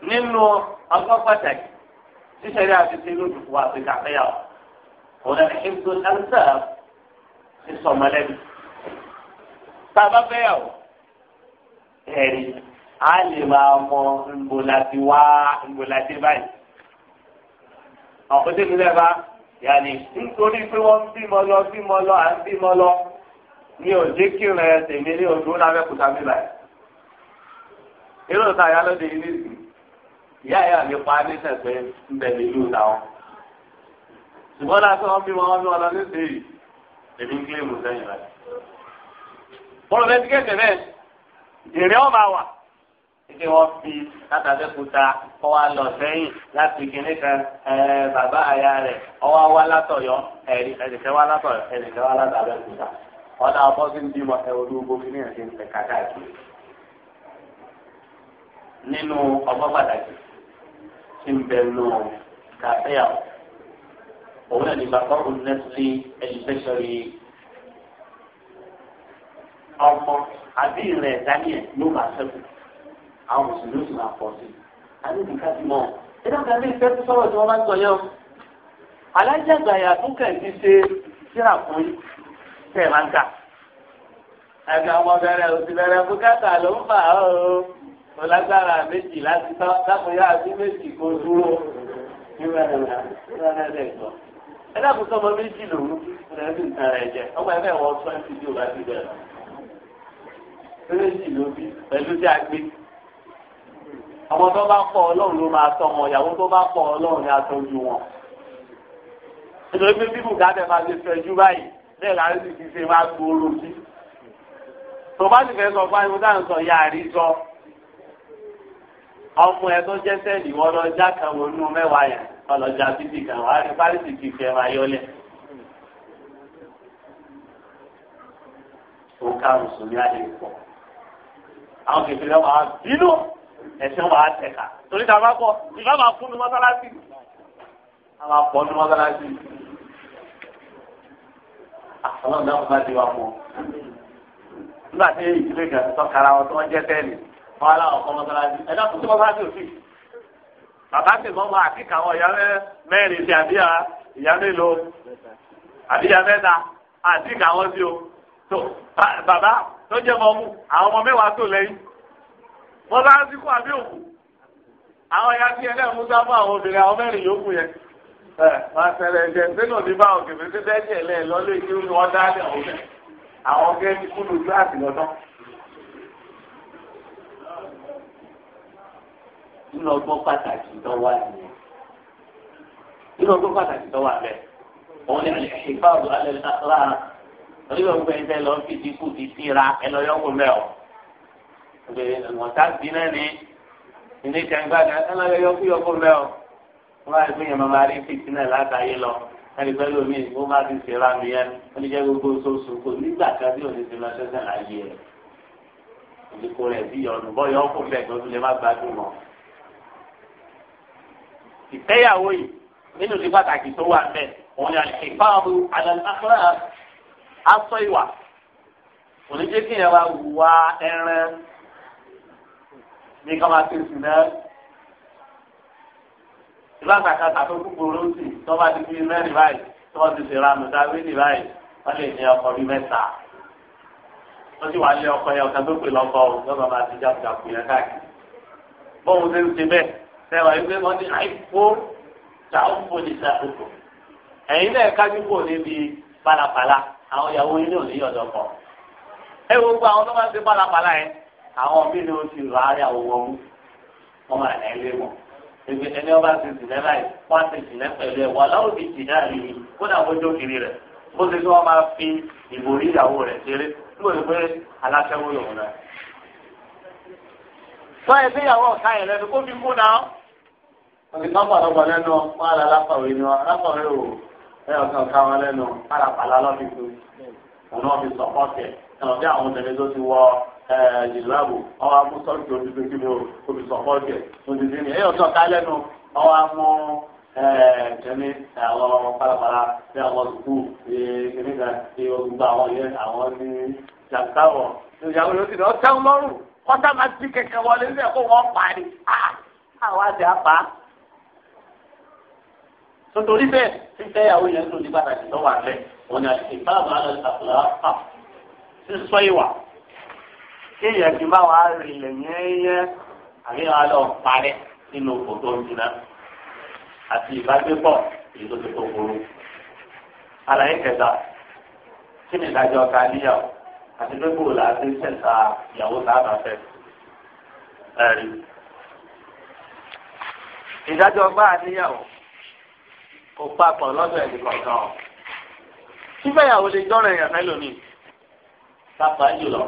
nínú ọgbọ́n pàtàkì ṣíṣẹ́rí àfihàn lójú fún àfihàn àfẹ́yàwó òun náà ṣe ń tó ṣáńtà sísọ mọ́lẹ́bí. tá a bá fẹ́yàwó ẹ̀rí a lè máa mọ ńgbòláti wá ńgbòláti báyìí. ọ̀pọ̀ tẹ́lẹ̀ bá yàní nítorí pé wọ́n ń bímọ lọ bímọ lọ à ń bímọ lọ ní òjé kírun ẹ̀ tèmi ní òdúró lábẹ́kúta bíbáyìí. irú ìta ìyálóde yìí nìyí ìyá ìyá mi pa ní sẹ̀pẹ́ ń bẹ nílùú táwọn. ṣùgbọ́n láti wọ́n bí wọn wọ́n bí wọn lọ nísìnyí èmi ń kílè mú sẹ́yìn rẹ̀. bọ́lá bẹ́ẹ̀ ti kẹ́kẹ́ bẹ́ẹ̀ èrè ọ̀ máa wà. Ike wọn fi látàdékúta kọ́ wa lọ sẹ́yìn láti kíní kan bàbá àyà rẹ̀ ọwọ́ wa látọ̀yọ́ ẹ̀rìkẹ́ wa látọ̀yọ́ ẹ̀rìkẹ́ wa látàdékúta. Ọ̀dà ọ̀pọ̀ sí ń bímọ ẹ̀wọ̀n ní kíní ẹ̀ ṣe káàkiri. Nínú ọgbọ́n pàtàkì ti ń bẹ nù kàfẹ́yà òun náà ní bàbá òun nẹ́sìlì ẹ̀dùnfẹ́sọ̀rì ọmọ àbí rẹ̀ daniel ló máa sẹ́kù àwọn mùsùlùmí sì máa pọ̀ sí i àdéhùn nìkan ti mọ̀ ẹ dábàá bí ìfẹ́ tó sọ̀rọ̀ tí wọ́n bá ń sọ yẹn o alájàgbà yàtọ̀ kẹ̀ǹtì ṣe síra fún yín tẹ̀ máa ń kà ẹ̀ka ọmọ bẹ̀rẹ̀ òsì bẹ̀rẹ̀ fún kàtà ló ń fà á ọlágbára méjì láti tán lápòyá àti méjì kò dúró nígbà náà nígbà náà lẹ́gbọ̀n. ẹ dákun sọmọ méjì lòun ọmọ ẹgbẹ́ wọn tí ọmọ tó bá pọ̀ ọlọ́run ló máa tọ́ wọn ìyàwó tó bá pọ̀ ọlọ́run ni a tọ́jú wọn. nítorí pé bíbù dáadẹ́ máa ṣe fẹjú báyìí bẹ́ẹ̀ láti ti fi ṣe máa gbòòrò sí. tòbá ti fẹ́ sọ fún ayélujára sọ yáa rí sọ ọmọ ẹ tó jẹ́ sẹ́ẹ̀lì wọn lọ já kan wọnú mẹ́wàá yẹn wọn lọ já títì kan wàá rí pálísì kìkì ẹ máa yọlẹ̀. ó ká mùsùlùmí àyè pọ̀ àwọn kìkì lọ́wọ́ àwọn bínú ẹ̀sìn wàá tẹ̀ka torí ta bá pọ̀ ìbá máa fún mi mọ́sálásí àwọn àpọ̀ ní mọ́sálásí àwọn ọ̀dọ́ kò ti wà pọ̀ nígbà tí ìdílé kan tọ́kara wọn tó wọ́n jẹ́ tẹ́lẹ̀ wọn aláwọ̀ kọ́ mọ́sálásí ẹ̀dá tó tó mọ́sálásí òfin bàbá sì mọ́ máa kí káwọn ìyá mẹ́rin ti àbí ìyá mélòó àbí ìyá mẹ́ta àti káwọn sí o tó bàbá tó jẹ́ mọ́ mú àwọn ọmọ mẹ́wàá tó lẹ́yìn mọ́sálásí kú àbí òkú àwọn ìyá tí ẹlẹ́rìí mú sáfù àwọn obìnrin àwọn mẹ́rin yòókù yẹn máa tẹ̀lé ẹ̀jẹ̀ nínú ní bá òkè fún títẹ́jẹ̀ lẹ́ẹ̀ lọ́lé kí wọ́n dá lẹ̀ ọ̀gbẹ́ àwọn gẹ́gẹ́ kúlù gíláàsì lọ́dún. nínú ọgbọ́n pàtàkì ìdánwà nìyẹn nínú ọgbọ́n pàtàkì ìdánwà rẹ̀ òun ni ìfipá ọ̀dọ̀ alẹ́ lára onígbà gbogbo ẹni tẹ́ lọ fi ti kú síra ẹ lọ yọ̀wò mẹ́ọ̀ ọ̀tá bí náà ni ilé ìjàngbá ni ẹ lọ yọ kú yọ̀wò mẹ́ọ̀ wọ́n á gbé yẹn máa rí fìtí náà látàyè lọ ẹni pẹ́lú omi ìgbó má ti síra mi yẹn ó jẹ́ gbogbo oṣooṣù kò nígbà kan bí òní ti lọ sẹ́sẹ̀ láyé ẹ̀ òdìkò rẹ̀ bí yọ̀nù bọ́ yọ̀ kó bẹ̀ gbọ́dún má gbádùn mọ́ ìfẹ́yàwó yìí nínú ní pàtàkì tó wà mẹ́ òun ni àlìfáàrù àlàlàkàrà aṣọ ìwà oníjẹ́ kí yẹn wá wá ẹran ní ká máa ti sùn náà ìbáta kan tàbí gbogbo sí tó bá ti fi mẹ́rin báyìí tó bá ti fi ra mọ̀tà wíìlì báyìí wọ́n lè ní ọkọ̀ bí mẹ́ta wọ́n sì wá lé ọkọ̀ yẹn ọ̀kan tó pè lọ́kọ̀ ọ̀hún lọ́kọ̀ sẹ́wà ìgbé wọn ní àìkú ta ó fò ní sàkókò ẹ̀yin náà kájú kò níbi pálapàla àwọn ìyàwó yín ní òní ọ̀dọ̀ pọ̀ ẹ gbogbo àwọn tó máa ń ṣe pálapàla yẹn àwọn bí ni ó ti rọ àárẹ àwòwọ́ mú wọn máa nà ilé wọn ebi ẹni ọba ti sìnẹ láì wọn ti sìnẹ pẹ̀lú ẹ wọn aláwọ bíi sìnẹ àlè yìí kódà wọn jó kiri rẹ bó ti ní wọn máa fi ìbòrí ìyàwó rẹ ṣeré lórí pé aláṣẹwó lòun náà. sọ ẹ bí ìyàwó ọ̀ka yẹn lẹ́nu kó fi kú náà òní pápálọ́pọ̀ lẹ́nu wọn àlà aláfàwé ni wọn aláfàwé ò ẹ̀yọ̀ kan ká wọn lẹ́nu pàlàpàlà lọ́fíìsì òun náà fi sọ̀pọ̀tì ẹ̀ ẹ̀rọ̀ bí àwọn tẹ̀lé tó ti wọ jìláàbù ọwọ́ amú sọ́ọ̀kì òdúdú kí ni o fi sọ̀pọ̀tì ẹ̀ òdìdí ni ẹ̀yọ̀ kan ká lẹ́nu ọwọ́ amú tẹ̀lé àwọn pàlàpàlà bí àwọn sùkúù kìnnìkan bí gbogbo àwọn yẹn àwọn ní jàǹkáwọ̀ ìyàwó yóò ti lọ́ọ́ tẹ́ wọn lọ́rùn kọ́tà máa nítorí bẹ́ẹ̀ fífẹ́ ìyàwó yẹn tó nígbà láti lọ́wọ́ àlẹ́ wọn ni àti ìbáàbò alẹ́ ìtàkùlà pa sísọ ìwà kí èèyàn ti bá wàá rí ilẹ̀ yẹ́yẹ́ àbí wọn lọ parẹ́ nínú kòtò ìdìnnà àti ìbágbépọ̀ èyí tó ti tó burú. àlàyé kẹta kí ni ìdájọ́ ká níyàwó àti pé kúrò láti sẹ̀ta ìyàwó sábà fẹ́ ẹ̀rí. ìdájọ́ gbá níyàwó o papọ̀ lọ́dọ̀ ẹ̀dì kọ̀ọ̀kan o. fífẹ́yàwó lè jọ́rọ̀ èèyàn mẹ́lòmíì pàápàá jùlọ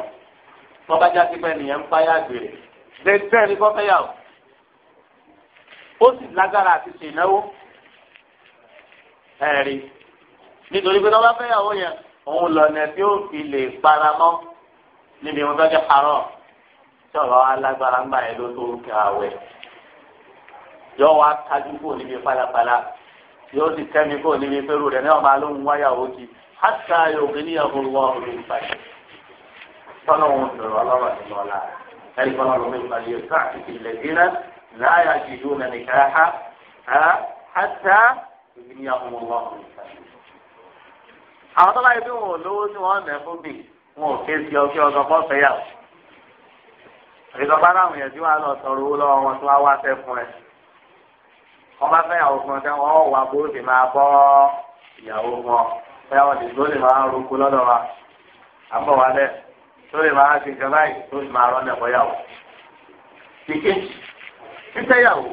wọ́n bá já pípẹ́ nìyẹn ń páyà gbèrè dẹ́gbẹ́ ni kọ́ fẹ́yàwó ó sì lágbára àti ṣènáwó ẹ̀rí nítorí pé tọ́ba fẹ́yàwó yẹn òun lọ́nà tí ó fi lè paramọ́ níbi ìwọ̀n tọ́jú àárọ̀ tí ọ̀rọ̀ alágbára ń bá yẹn ló tó ń kà wẹ̀ yọ wá kájú kúrò níbi pálapàla yóò sì kẹ́mi kó níbi pẹ́rù rẹ̀ ní ọmọ alóhùn wáyàwó kí hàtà yòókè ní ẹ̀kọ́ wọ ọ̀rùn ìpàdé tọ́nà òun sọ̀rọ̀ ọlọ́rọ̀ nínú ọ̀la ẹ̀rí kọ́nà ló fi pàdé káàkiri ilẹ̀ dínà láyà jìjú nà ní káàkà hàtà yòókè ní ẹ̀kọ́ wọ ọ̀rùn ìpàdé. àwọn tó báyìí wọn ò lówó tí wọn nà fún bì wọn ò ké sí ọkẹ ọkọ fọ́ fẹ́yàwó ìjọba wọn fẹ́ ìyàwó fún ọ sẹ́wọ̀n wọn wà bó sì máa bọ́ ìyàwó fún ọ bẹ́ẹ̀ wọn dìgbò lè máa roko lọ́dọ̀ wa àbọ̀ wa lẹ̀ tó lè máa ṣe ìjọba yìí tó lè máa rọ́nà ìbọ̀yàwó. ìkejì títẹ́yàwó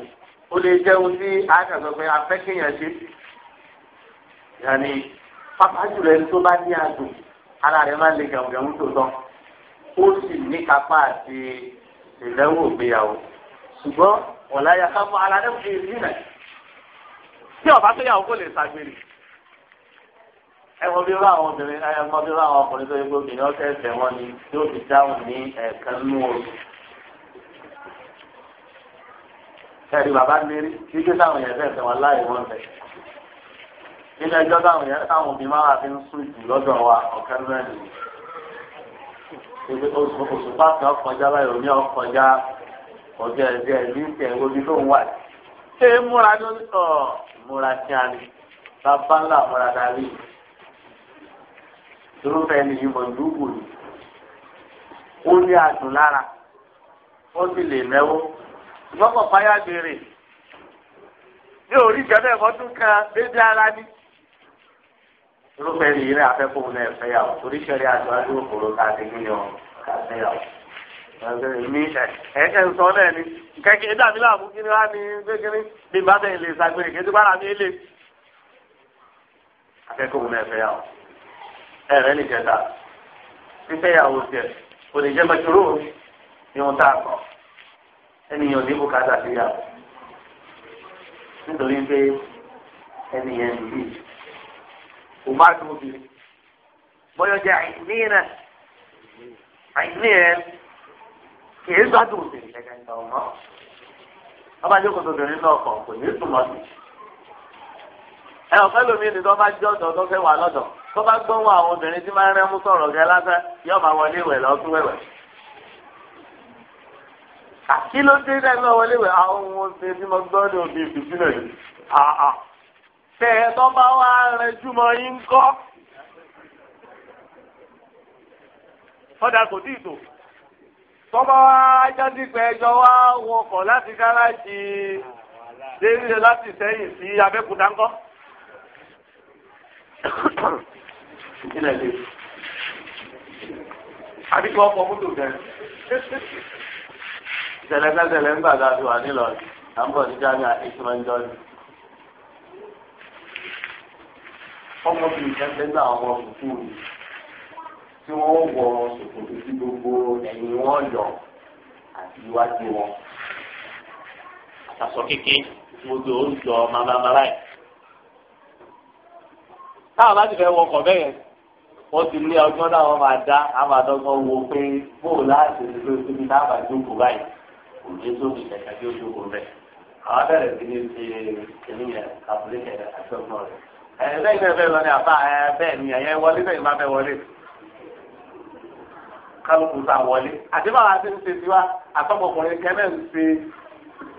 ó lè jẹ́ ohun tí àkàtọ̀ pé afẹ́ kéèyàn ṣe yàní pápá jùlọ ẹni tó bá ní àdùn ara rẹ̀ máa ń le gàmùgàmù tó tán ó sì ní kápá àti ìlẹ́wọ̀ ìgbéyàwó ṣùgbọ́n ọ̀la yà ká fún ara rẹ̀ fún ìrìnà yìí tí ọba tó yàwó kò lè ṣàgbèrè ẹ̀wọ̀n bí irú àwọn obìnrin ẹ̀wọ̀n bí irú àwọn ọkùnrin tó yẹ kó obìnrin ọ̀sẹ̀ ẹ̀fẹ̀ wọn ni tí ó fi dáhùn ní ẹ̀ẹ̀kan nú oṣù. ẹ̀rí bàbá lérí kíkí táwọn yẹn fẹ́ wọn láì wọ́n fẹ́. nínú ẹjọ́ táwọn yẹn táwọn òbí máa fi ń sùn jù lọ́dọ̀ wa ọ̀kan náà nìyí. oṣù oṣù pàṣẹ ọkọjá báyìí omi ọkọjá ọjọ́ ẹ̀jẹ̀ ní ìtẹ̀wé omi tó ń wà. ṣé múra ló ń sọ̀rọ̀? múra sí àná bàbá ńlá múra darí irúfẹ́ ni ìmọ̀ ìdúgbò ni ó ní àdùn lára ó sì lè náwó ìgbọ́kọ̀ fáyà gbèrè ní orí ìjọba ìfọdún kan dédé ara ní irúfẹ́ ni ìrìn afẹ́kùn náà fẹ́yàwó oríṣiríṣi àjọ àdúgbò kòrò ká ti gbé yọ ká fẹ́yàwó èmi ẹ̀ẹ́kẹ́ ń sọ náà ni kẹ́kẹ́ dàbí láàmú kí ni wá ní kékeré bí n bá tẹ̀ lè ṣàgbére kí n ti bára mi lè. akẹ́kọ̀ọ́ mi náà fẹ́ yà ọ́ ẹ̀rẹ́ nìkẹta fífẹ́ yà wò tiẹ̀ kò ní jẹ́ mẹ́tìrò ni wọ́n tá a kọ́ ẹnìyàn ní bùkátà sí yà nítorí pé ẹnìyàn nìyí kò má dùn bọ́yọ̀ jẹ́ àìní náà àìní yẹn kì í gbádùn obìnrin gẹ́gẹ́ ní ọmọ ọba jókòó tó obìnrin náà kàn kò ní túmọ̀ sí. ẹ ọ̀fẹ́ lomi ni tó bá jẹ́ ọ̀dọ̀ tó fẹ́ wà lọ́dọ̀ tó bá gbọ́n àwọn obìnrin tí máa ń rẹ́mú sọ̀rọ̀ gẹ́ lásán yóò máa wọlé ìwẹ̀ lọ́sùn wẹ̀wẹ̀. àti ló dé dẹ́ náà wọlé ìwẹ̀ àwọn ohun ṣe tí mo gbọ́ ní obì ìfìsílẹ̀ yìí. tẹ̀ ẹ̀ tó bá wá rẹ̀ jùmọ̀ yín kọ́. ọ̀dà kò tí ì tọ́ba wa pé ẹjọ́ wa wọkọ̀ láti gáràjì délé láti sẹ́yìn sí abẹ́kúta ńkọ́. àbí kí wọ́n fọ mọ́tò bẹ́ẹ̀. ìṣẹ̀lẹ̀ kẹ́sẹ̀lẹ̀ ń gbàgbà tó wà nílọrin à ń bọ̀ ní jáde ìṣúná-ìjọ́ni. ọmọbìnrin kẹ́sẹ̀ náà ọmọ òkú ni tí wọ́n wọ ṣòkòtò sí gbogbo ẹ̀yìn wọn lọ àti iwájú wọn. àtàsọ kékeré gbogbo ó ń jọ màmàmàlá ẹ̀. táwọn bá ti fẹ́ wọkọ̀ bẹ́ẹ̀ wọ́n ti ní ọgbọ́n táwọn máa dá àmàdọ́gbọ́n wo pé bóò láti ṣe ló síbi táwọn àjókòó báyìí kò ní tó ní kẹ̀kẹ́ bí ó jókòó bẹ́ẹ̀. àwọn bẹ̀rẹ̀ sí ní ṣe kìnìyàn àbúlé kẹ̀kẹ́ àti ọgbọ́n rẹ̀. ẹ̀ lọ ní àbá ẹ bẹ́ẹ̀ ni ẹ̀yẹ wọlé bẹ́ẹ̀ ni má bẹ́ẹ̀ wọlé kálukú ta wọlé àti báwa ti ń ṣe tiwa àtọkọkùnrin kẹ náà ń ṣe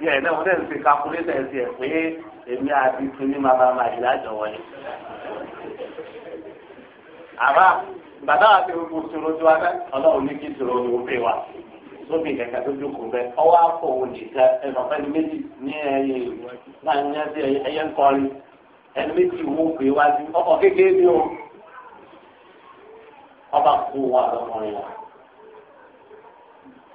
yẹ ẹ náà ń ṣe kakulétà ẹ ti ẹ pé èmi àti tuni máa bá máa yìí lájọ wọlé. àbá bàbá àti gbogbo ìṣòro tiwa náà ọlọ́run ní kí ìṣòro ni ó pè wá sóbì kẹkẹ tó jókòó bẹ ọwọ́ àfọwò nìkan ẹnìkan méjì ní ẹyẹ ẹni méjì wo pè wájú ọkọ kékeré ni o ọba kó wa lọkùnrin wa.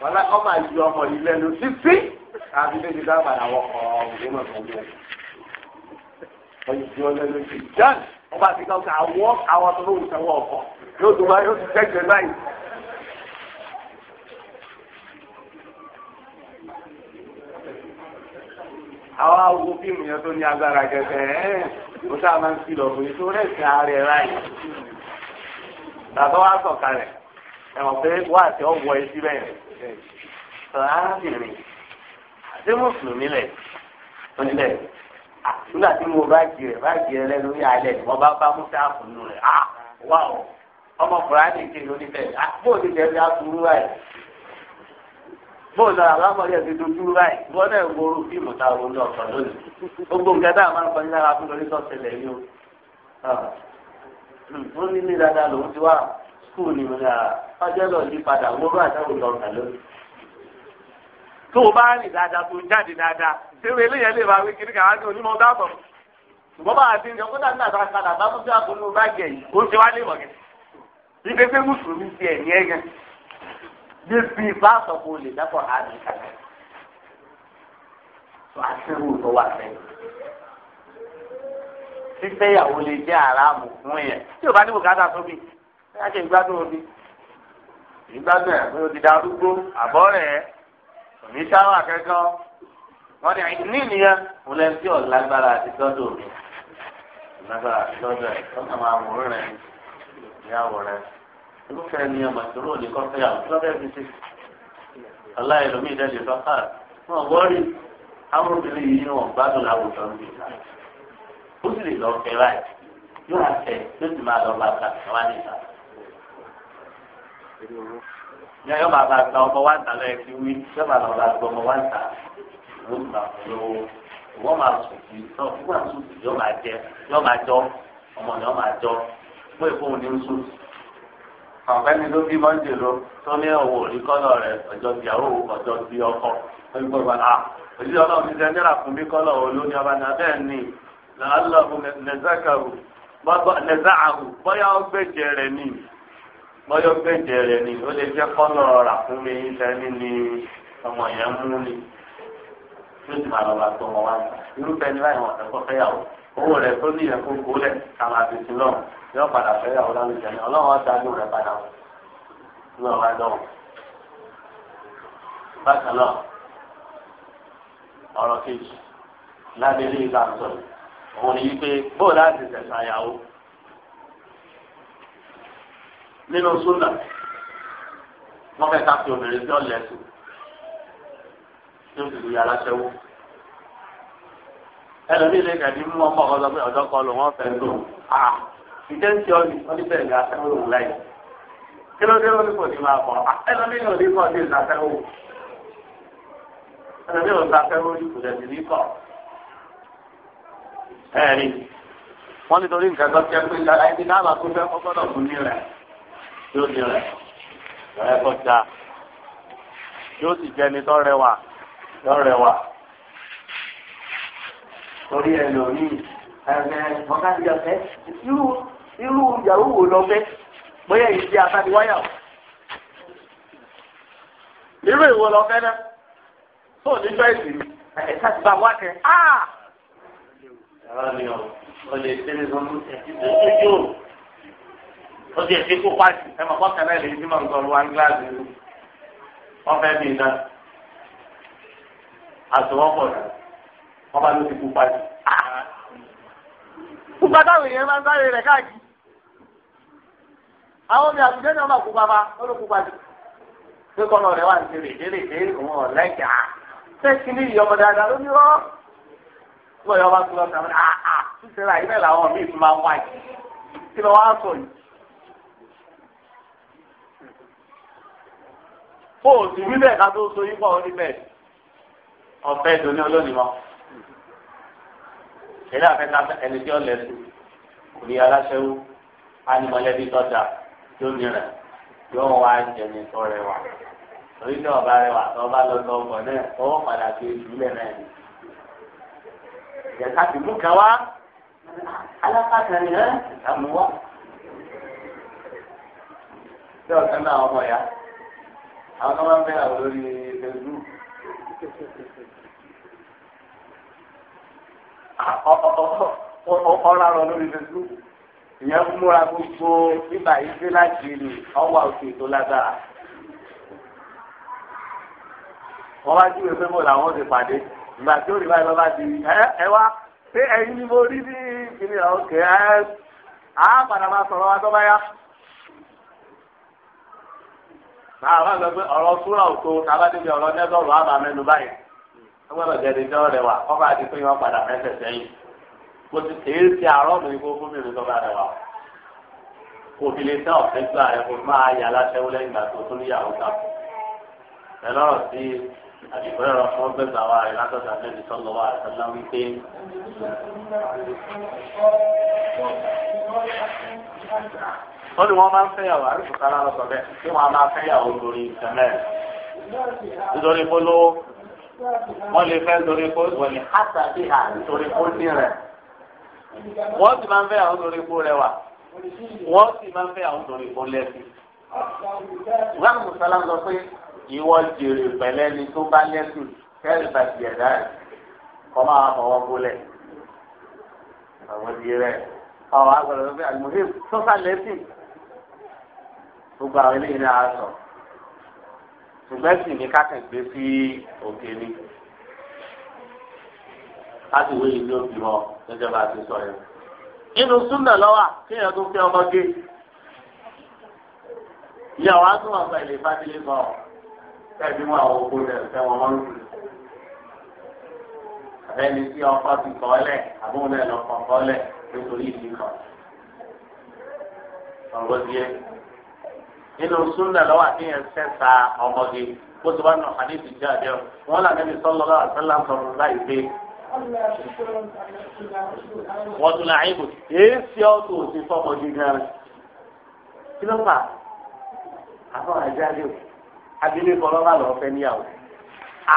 wọn lọ ọmọ àyè ọmọ yìí lẹ́nu títí àbí bébí bá padà wọ ọ ọdún náà tó wọ ọyẹ tí wọn lẹ́nu ti dán ọba àti kan ká wọ àwọn tó lóun sẹwọ ọkọ yóò tó báyìí yóò ti tẹgbẹ báyìí. àwọn awo fíìmù yẹn tó ní agbára gẹ́gẹ́ ẹ ó sábà máa ń kìlọ̀ fún yìí tó rẹ̀ sí ààrẹ ráì tàbí wàá sọ̀kalẹ̀ ẹ̀wọ̀n pé wá àti ọ̀wọ́ etí bẹ́ẹ̀ sọ arábìnrin àti mùsùlùmí lẹ̀ onílẹ̀ nígbà tí mo bá jẹ bá jẹ lẹ́nu ní alẹ́ ni wọ́n bá bá musa fúnnu rẹ̀ ah wá o ọmọkùnrin á lè ké lórí bẹ́ẹ̀ bóòlù jẹ́ bí a kúrú báyìí bóòlù àwọn akọ́lé ẹ̀ ti dojú báyìí bọ́ọ̀lù ẹ̀ gbòòrò fíìmù ta òun lọ sọ lónìí gbogbo nǹkan tá a máa ń kọ́ nílára fún lórí sọ́ọ̀tẹ̀lẹ̀ yìí hmm, ó ní ní dáadáa lòun ti wá skul ni mo ní a ah, ọjọ́ lọ yí padà wọ́n bá àtàwọn ìlọ́ọ̀kà lónìí tó o bá rìn dáadáa tó o jáde dáadáa ṣéwé eléyẹn lè máa wí kiri kàwá ní onímọ̀ ọ̀dà àbọ̀ ṣùgbọ́n bá a ti yàn kó dàbí àtàwọn àkàdà bá tó bí àkóso bá gẹ̀ yìí ó ṣe wá lè wọ̀gẹ̀ ibi pé mùsùlùmí ti ẹ̀ ní ẹ̀gẹ̀ bí bí bá a sọ pé o dápọ̀ àmì kàkà tó ṣe káṣe ìgbádùn òbí ìgbádùn ẹ̀ pé o ti da arúgbó àbọ̀ rẹ̀ òní sáwà kẹ́kọ̀ọ́ wọ́n ní ní ìnìyẹn mo lẹ́nu tí ò lágbára àti tọ́jú òbí lágbára àti tọ́jú ẹ̀ tọ́jú àwọn àwòrán rẹ̀ ìyàwó rẹ̀ irúfẹ́ ni ọmọ ìṣòro òní kan fẹ́ àwọn lọ́fẹ́ fi ṣe aláìlómi ìdẹ́lẹ̀ fáfá ah, wọn wọ́ọ̀rì àwọn obìnrin yìí ni wọ́n gbádùn láwùjọ ń bìí ó sì lè lọ fẹ́ láì yóò àtẹ yóò sì máa lọ bàtà àwọn àdìsá ní ayọ́ bàbá àgbà ọmọ wa ń tà lọ́yẹ̀ ti wí yọ́ bàbá àgbà ọmọ wa ń tà ló ń tà lọ́wọ́ ìwọ́n máa sùn sí náà fún àwọn sùn sí yọ́ máa jẹ yọ́ máa jọ ọmọ yọ́ máa jọ fún ìfún òní ń sùn. ọ̀gbẹ́ni ló bí mọ́ńdé ló tó ní ọ̀wọ́ òní kọ́lọ̀ rẹ̀ ọjọ́ ti àwọ̀ ọjọ́ ọjọ́ ìgbà náà òjijì ọlọ́run ti sẹ́ nílà fún mi kọ́lọ̀ olóní ọba náà bẹ́ẹ̀ bọ́yọ̀ gbèjè rẹ̀ ni ó lè jẹ́ kọ́nà rà fún mi sẹ́ni ni ọmọ yẹn mú ni yóò ti máa lọ bá tó wọn irúfẹ́ ní láì wọn ẹ̀kọ́ fẹ́yàwó owó rẹ̀ tó ní ẹ̀kọ́ gbólẹ̀ kàmá àbètì náà yóò padà fẹ́yàwó lálùjẹ ní ọlọ́run ọ̀dájú rẹ̀ padà lọ wá dọ̀wọ̀. bákan náà ọ̀rọ̀ kejì lábẹ́lé ìlànà òun ni wípé bóòlù àti tẹ̀sán nínú súnà wọ́n fẹ́ ká fi obìnrin tí ó lẹ́sùn tí ó sì lu yàrá ṣẹ́wó ẹlòmíì lè kàdí mú ọmọ ọ̀dọ́ pé ọ̀dọ́ kan lò wọ́n fẹ́ lò à ìjẹ́ ń ṣe ọ́ ní wọ́n ní bẹ́ẹ̀ ní aṣẹ́wó lòun láyé kí ló dé lórí kò ní máa bọ̀ ẹlòmíì lòdì kọ́ ní ìsàfẹ́wò ẹlòmíì lòdì sàfẹ́wò ní kò dẹ̀sí ní kọ́ ẹ̀rí wọ́n nítorí nǹkan tó kẹ́ pé ìdáná náà bá tó fẹ́ fún ní rẹ̀ yóò ní rẹ̀ lọ́rẹ́ kọ́ da yóò sì jẹ́ ẹni rẹwà tó rẹwà. torí ẹ lò ní ẹgbẹ́ irú ìyàwó wo lọ fẹ́ bóyá èyí ti àtàdé wáyà o. irú ìwo lọ fẹ́ náà tó ní choice ẹ̀ka ti bá wá kẹ́ áà. ẹ̀rọ ni ọ̀ ọ̀ lè tẹ́lẹ̀ sọ́nù ẹ̀jú tó yóò ó ti ẹ̀sìn kó pàṣẹ ẹ mọ̀ náà lè fi máa ń gíláàsì rẹ̀ wọ́n fẹ́ bí iná àtọwọ́pọ̀ rẹ̀ wọ́n bá ló ti kú pàṣẹ. kúpa táwọn èèyàn máa ń sáré rẹ̀ káàkiri àwọn ọmọ àtijọ́ ni wọ́n máa kú pàpà ó ló kú pàṣẹ. pé kọ́nà rẹ̀ wà ní ti rèé rèé òun ọ̀lẹ́jà ṣé kí ni ìyọmọ dáadáa ló ní rọ́ wọ́n yọ wá sí lọ́sàn-án àà kó o wí bẹ́ẹ̀ ká tó so yín pọ̀ ní bẹ́ẹ̀ ọ̀fẹ́ ìdòní olónìí mọ́ ìṣẹ̀lẹ̀ àfẹ́ta ẹni tí ó lẹ̀ sí òní aláṣẹ́wó ánimọ̀lẹ́bí tọ́jà lómi rẹ̀ yóò wá jẹni tó rẹwà torí tí ọba rẹwà tó bá lọ sọ ọgbọ̀n náà ó padà sí ìdílé náà ni. ìjẹ̀ká ti mú kan wá alákàtà ni ẹ́ ìtàmú wá. tí ọ̀sán náà ọmọ àwọn tó máa ń fẹ́yàwó lórí facebook. ọ̀rọ̀ àrọ̀ lórí facebook ìyẹn ń múra gbogbo bíbà yìí dé láti ìlú ọwọ́ òkè tó lágbára. wọ́n bá júwe pé mo làwọn ti pàdé ìgbà tí ó rí báyìí lọ́ba di ẹ wá ṣé ẹ̀yin ni mo rí ní ìpínlẹ̀ òkè ẹ̀ á padà máa sọ̀rọ̀ wa tó bá yá máa wá lọ pé ọ̀rọ̀ súrà òkò tábàdébí ọ̀rọ̀ nẹ́tọ̀rù àbá mẹ́nu báyìí wọ́n gbọ́dọ̀ gẹ̀dẹ̀ jọ rẹ̀ wà kọ́ bá ti pé wọ́n padà mẹ́sẹ̀ sẹ́yìn mo ti kèé ti àárọ̀ mi kó fún mi lọ́dọ̀ bá rẹ̀ wà kò fi lè sẹ́ ọ̀fẹ́ gbà ẹ̀ kó máa yà láṣẹ́wó lẹ́yìn ìgbà tó tó níyàwó ká àti ìpínlẹ̀ rẹ̀ fún ọgbẹ́ gbà wá rẹ̀ látọ̀dọ̀ àtẹ̀lẹ́ sọ́lọ́ wa àtẹ̀lẹ́ wípé. wọ́n ní wọ́n máa ń fẹ́yàwó àrùkù kálá lọ́sọ̀ bẹ́ẹ̀ tí wọ́n máa fẹ́yàwó lórí ìtẹ̀mẹ́ nítorí kó ló wọ́n lè fẹ́ nítorí kó wọ́n lè hásà sí hà nítorí kó ní rẹ̀ wọ́n sì máa ń fẹ́yàwó lórí kó rẹwà wọ́n sì máa ń fẹ́yàwó lórí kó lẹ́sìn ìwọ jèrè pẹ̀lẹ́ ni tó bá lẹ́sùn kẹ́rì bàtì ẹ̀dá rẹ̀ kọ́ máa fọwọ́ gbólẹ̀. àwọn ìdí rẹ̀ àwọn agbọ̀dọ̀ ló fi àlùmọ́sí sọ́sà lẹ́sìn gbogbo àwọn eléyìí náà sọ ṣùgbọ́n sì ní kákan gbé sí òkè ni láti wé ìlú òbí mọ gẹ́gẹ́ bá a ti sọ yẹn. inú súnà lọ́wọ́ kéèyàn tó fẹ́ ọmọge ìyàwó á tún ọ̀pẹ ìlè fábílì kan tẹ̀lé wọn àwọn oko náà sẹ́wọ̀n wọn lù. Àbẹ́ni tí ọkọ ti kọ́ lẹ̀ àbúrò náà lọ kọ́ kọ́ lẹ̀ nítorí ìdí kan. Ọ̀rọ̀ díẹ̀. Nínú súnà lọ́wọ́ àtìyẹn sẹ́ta ọmọge bó ti wá nù àdéhùn ìjà àjẹ́ wọn là níbi sọ́lọ́ lọ́wọ́ àtẹ́lá sọ̀rọ̀ láì Wọ́n tún láàyè bò èé sí ọ́tò òsì fọ́mọdé gan-an. Kí ló fà? Àbọ̀ àjálù abilékọ lọ́ba lọ́ọ́ fẹ́ níyàwó a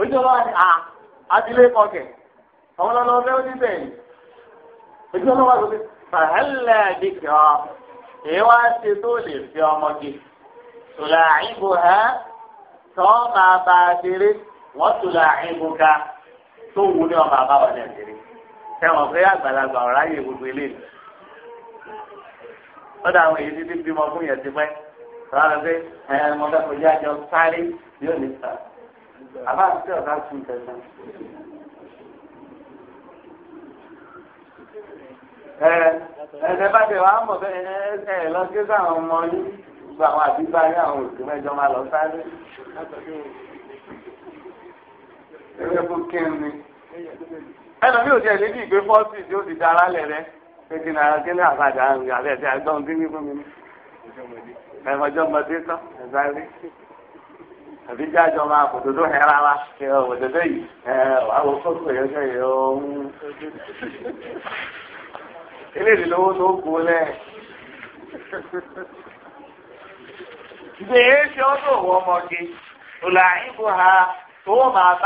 ojú ọlọ́wà ni a abilékọ kẹ̀ àwọn ọlọ́wà fẹ́ ní bẹ́ẹ̀ ni ojú ọlọ́wà ló fi fàhálà dìkọ̀ èyí wá ṣe tó lè fi ọmọge tùlà àìbò ẹ tọ́ máa bá a ṣeré wọ́n tùlà àìbò ká tó wù ní ọmọ àbáwọ̀ náà ṣeré ẹ̀wọ̀n pé àgbàlagbà ọ̀rá yẹ gbogbo eléyìí. ó dà àwọn èyí títí bímọ fún yẹn ti pẹ́ rárá pé ẹ mọ dákọ̀ jẹ́ àjọ sáré yóò ní sá àbá àti ọ̀gá tún tẹ̀sán. ẹ ẹ bá tẹ wàá mọ̀ bẹ́ẹ̀ ẹ ẹ lọ sí sáwọn ọmọ yín gbogbo àwọn àdúgbò ayé àwọn òsì mẹ́jọ máa lọ sáré. ewé fún kínní. ẹnu mi ò tiẹ̀ níbi ìgbé fọ́ọ̀sì tí ó ti da ara lẹ̀ pé kí ni ara kí ni àbàdà àrùn dín ní fún mi. ẹ̀fọ́jọ́ mọ̀tí tán ẹ̀fọ́ rí àbí jájọ máa kò dodo hẹ rárá kò dodo yìí ẹ wà wò kókò yẹn kẹ yẹ ha tòwó máa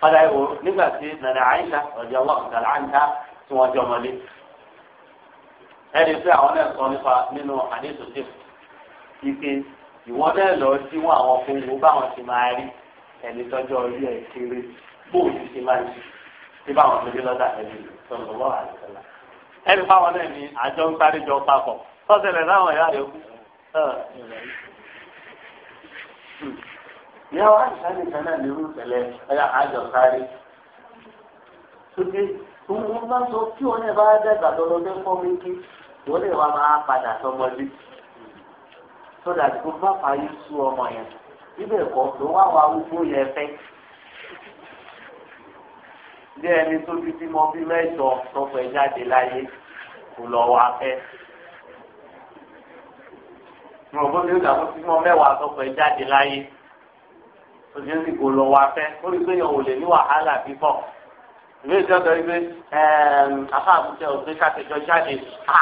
padà ìwò nígbà tí nàdà àyíká ọ̀dì ọlọ́run nàdà àyíká tí wọ́n jọ mọ́lé. ẹni pé àwọn náà sọ nípa nínú àdéhùn tó ike ìwọ náà lọ sí wọn àwọn fowó báwọn ti máa rí ẹni tọ́jú orí ẹ̀ kéré bóòlù ti máa rí sí báwọn tó dé lọ́dà ẹni tọ́jú ọlọ́run àdéhùn ẹni fáwọn náà ni àjọ ń parí papọ̀ tọ́sẹ̀lẹ̀ láwọn ìyá rẹ̀ ìyá wa àṣàlẹ̀ kan náà lérú tẹ̀lẹ̀ ẹ̀yà àjọ sáré. Sọ́dé òun bá sọ kí wọ́n lè bá dẹ́gbà lọ́dọ̀ dé fọ́ mi kí wọ́n lè wá máa padà sọmọdé. Sọ́dà tí kò bá fàáyé sú ọmọ yẹn. Ibẹ̀ kọ́ ló wá wa wúgbó yẹn fẹ́. Bí ẹni tó ti bímọ bí mẹ́jọ tọpẹ jáde láyé kò lọ wá fẹ́. Mo rò bó ti ń dàgbọ́ sí mọ́ mẹ́wàá tọpẹ jáde láyé oṣù tí kò lọ wá fẹ́ ó rí pé yàn ò lè ní wàhálà bíbọ̀ ìwé ìjọba yìí pé afa àbúté òfin kàtẹjọ jáde ha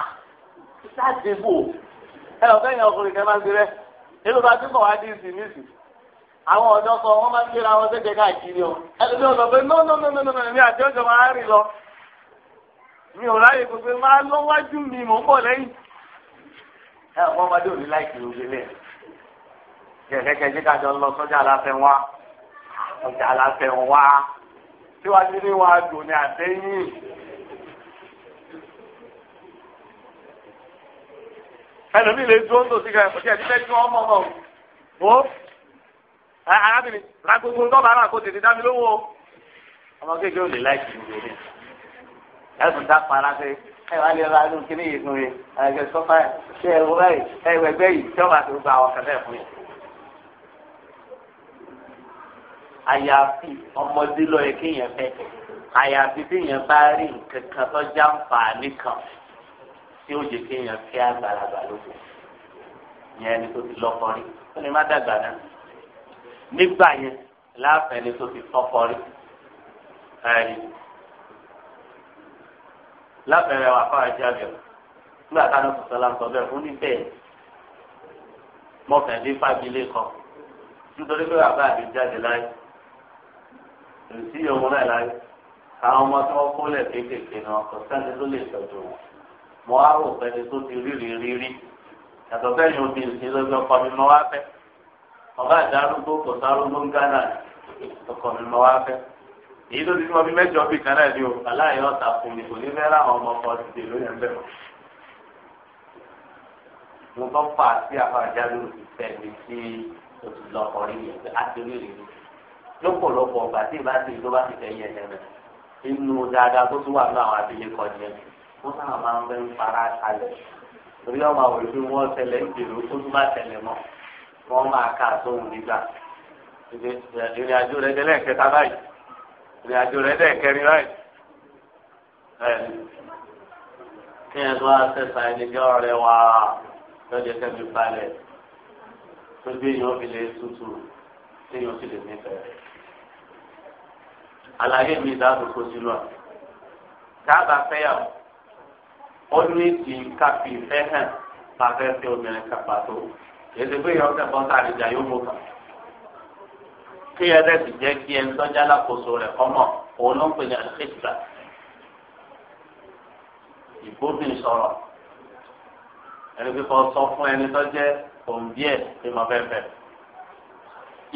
jáde bò ẹ ọ̀fẹ́ yẹn ọkùnrin kan máa ń gbé rẹ èlò bá túbọ̀ wá dín sí nísì àwọn ọ̀dọ́ sọ wọ́n máa ń gbéra wọn sẹ́kẹ̀ẹ́ káàkiri o ẹlòmí ọ̀dọ́ pé no no no no no mi àti ọjọ́ máa rìn lọ mi ò ráyè gbogbo máa lọ́wájú mi mò ń bọ̀ lẹ́yìn ẹ ọ̀pọ̀ ọmọdé ò ní láìpẹ́ ògbélé ẹ̀ kẹ̀kẹ́kẹ́ jẹ́ kájọ lọ sọ́jà aláfẹ́ wá sọ́jà aláfẹ́ wá síwájú ní wàá dùn ní àtẹ́yìn. ẹlòmíì lè dúró ní òsì kan ọ̀sẹ̀ ẹ̀dínlẹ̀ tí wọ́n mọ̀ mọ̀ o. arábìnrin ra ń dọ́bàá kó tètè dá mi lówó ọmọ kékeré ò lè láìsí ìwé ẹ̀sùn dá para pé ẹ wá lè ra inú kíní yìí fún mi ẹgbẹ sọfà ẹ ẹ wọ báyìí ẹ wẹgbẹ yìí tí wọn bá gba àwọn kẹfẹ fún yìí. àyàfi ọmọdé lọ yẹ kéèyàn fẹ́ àyàfi téèyàn bá rí nǹkan kan tó já nfààní kan tí ó jẹ kéèyàn fẹ́ àgbàlagbà lóko yẹn ni tó ti lọ́kọ rí ó lè má dàgbà náà nígbà yẹn láàfẹ́ ni tó ti fọ́kọ rí ẹ̀rí lábẹ́rẹ́ wà fáwọn ẹja bẹ̀rẹ̀ nígbà táwọn kò sọ́lá ń sọ bẹ́ẹ̀ fún níbẹ̀ mọ̀fẹ́lẹ́ fagilé kan nítorí pé bàbá mi jáde láyé èsì yòówù náà láyé àwọn ọmọ tí wọn kó lẹ kéékèèké náà kò sẹ́ni ló lè tọ́jú wọn mo á rò pẹni tó ti rírì rírí yàtọ̀ sẹ́yìn omi ìsìn lọ́jọ́ ọkọ mi mọ wá fẹ́ ọba àdárúgbó kò sárúgbó ń gánà ọkọ mi mọ wá fẹ́ èyí tó ti fi ọbí mẹ́jọ bì kan náà ni o aláìyá ọ̀tà fún mi kò ní fẹ́ láwọn ọmọ ọkọ ti dè lóyún ẹgbẹ́ mo bọ́ fà sí àfàjáde òfin fẹ́ẹ́ mi sí òtún lọ́kọ̀ọ́rí yẹn àti onírìírí lọ́pọ̀lọpọ̀ ọgbà tí ìbá ti ló bá ti fẹ́ yẹ ẹ̀rẹ̀ inú dáadáa tó tún wà ní àwọn abilékọ yẹn wọ́n sábà máa ń bẹ́ ń fara kalẹ̀ torí ọmọ àwọn ìlú wọn tẹ̀lé ń dèrò tó tún bá tẹ̀lé mọ́ wọ́n máa kà sóhun nígbà ìrìn àjò rẹ̀ dẹ́lẹ̀ kẹta báyìí ìrìn àjò rẹ̀ dẹ́ kẹrin báyìí kí ẹ tó wá sẹ́sà ẹnìjọ́ rẹ̀ wá lọ́jọ́ kẹ́mi balẹ̀ tó gbé yàn fi lè tutù tí yàn fi lè nífẹ̀ẹ́ àlàyé mi dáàbò kó sínú à dáàbà fẹ́yàwó ó ní ti káfí fẹ́ hàn pàfẹ́ fẹ́ obìnrin kan pàtó èdè pé yọ ọsẹ bọ́ńtà àdìjà yóò mú kàn kí ẹ dẹ́sì jẹ́ kí ẹ ń tọ́jà lákòóso rẹ̀ kọ́mọ̀ òun ló ń pè ní àlùfẹ́sìlá ìgbóbìn sọ̀rọ̀ ẹni pípọ̀ sọ fún ẹni tó jẹ́ òun díẹ̀ pé mo fẹ́ fẹ́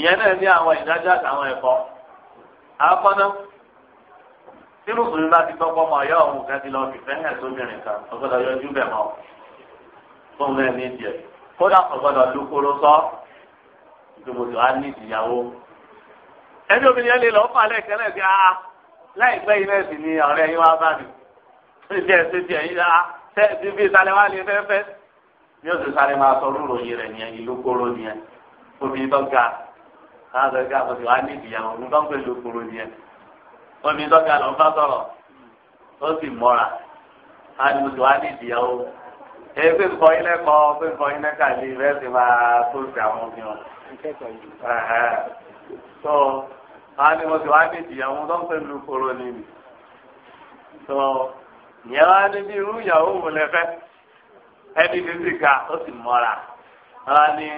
ìyẹn náà ní àwọn ìdájọ́ àtàwọn ẹ̀kọ́ àkọ́nà tí mùsùlùmí bá ti tọ́pọ̀ mọ́ ọ̀yọ́ ọ̀hún kẹ́tì lọ sí fẹ́ hẹ̀ sóbìnrin kan ọgbọ́dọ̀ yọjú bẹ̀ mọ́ fún mẹ́rin ní ìdíyẹ kódà ọgbọ́dọ̀ lókóró sọ ìdòbòdò á ní ìdíyàwó. ẹni obìnrin yẹn lè lọ fà lẹ́ẹ̀kẹ́lẹ́ sí a ah, láìpẹ́ yìí náà ni ọ̀rẹ́ yín wá bá mi ṣèjẹ́ ṣèjẹ́ yín a tẹ́ bí káwọn sọ pé àkọsí wa ní ìyàwó ní bá ń pè ló kúrò nìyẹn wọn mi dọ́kà lọ bá sọ̀rọ̀ ó sì mọ́ra káwọn sọ wa ní ìyàwó ẹ pé kọ́ ilé kọ́ pé kọ́ ilé kàlí bẹ́ẹ̀ sì máa tó sí àwọn òfin wọn. tó káwọn ni mo sì wá ní ìyàwó tó ń pè ló kúrò nìyẹn tó ìyẹn wá ní bí irú ìyàwó wò lẹ fẹ́ ẹni tí sì ga ó sì mọ́ra wọn ni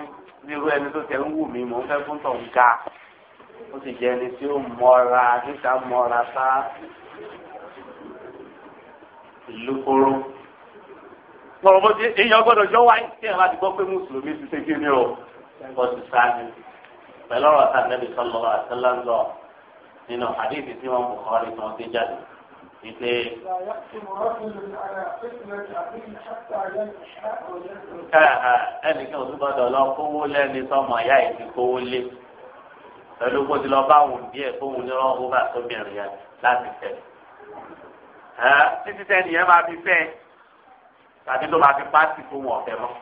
nírú ẹni tó tẹ ń wù mí mò ń fẹ́ fún tọ̀hún ga ó sì jẹ́ ẹni tí ó mọ́ra níta mọ́ra sá ìlú koro. Mọ̀rọ̀ bó ti èèyàn gbọ́dọ̀ jọ wáyé tí ẹ̀ bá gbọ́ pé Mùsùlùmí ti ṣe kí ni o. Ẹ̀kọ́ ti sáájú. Pẹ̀lú ọ̀rọ̀ tá a nẹ́bi sọ́lọ́ àtẹ́lá ń nínú àdéhìí tí wọ́n mú kọ́rin náà gbé jáde wípé. ẹnìkan ò tún gbọ́dọ̀ lọ kówó lẹ́ni sọmọ ìyá yìí ti kówó lé pẹ̀lú bó ti lọ bá wù díẹ̀ fóun ní ọ̀hún bá sóbìnrin yẹn láti fẹ́ títí tẹ́ nìyẹn máa fi fẹ́ tàbí tó máa fi pàṣẹ fóun ọ̀fẹ́ mọ́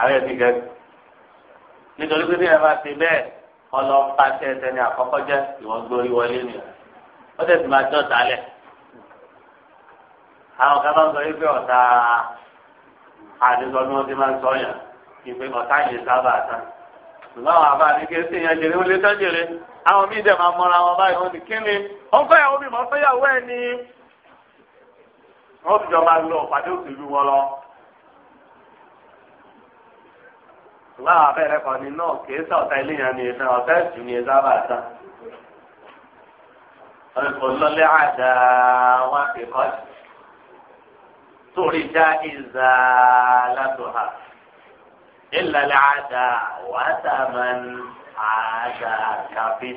àwọn ẹ̀sìn gẹ́gẹ́ nítorí pé bí ẹ bá ti bẹ́ẹ̀ ọlọ́pàá tẹ́ ẹ tẹ́ni àkọ́kọ́ jẹ́ ìwọ́n gbórí wọlé nìyẹn wọ́n tẹ̀sí máa tọ́ sálẹ̀ àwọn kan máa sọ yìí pé ọ̀tá àdìsọ ni wọ́n ti máa sọ yàn ìpè ọ̀tá yìí sábà tán ṣùgbọ́n àwọn àbá ní kí yẹn jèrè wọlé tán jèrè àwọn míì dẹ̀ máa mọra wọn báyìí wọ́n ti kí ni wọ́n fẹ́ yàwó mi mọ́ fẹ́ yàwó ẹ̀ ni wọ́n ti jọ máa lọ pàdé òṣèlú wọn lọ. ṣùgbọ́n àwọn abẹ́rẹ́ kan ni náà kì í ilé yẹn ni ìtàn ọ̀tá ìsìn ni ẹ sábà tán ọlọ́lẹ́ àdá wọn fi kọ́ torí já ìzà látòhà ìlàlẹ́ àdá wàtàmán àdá kàfi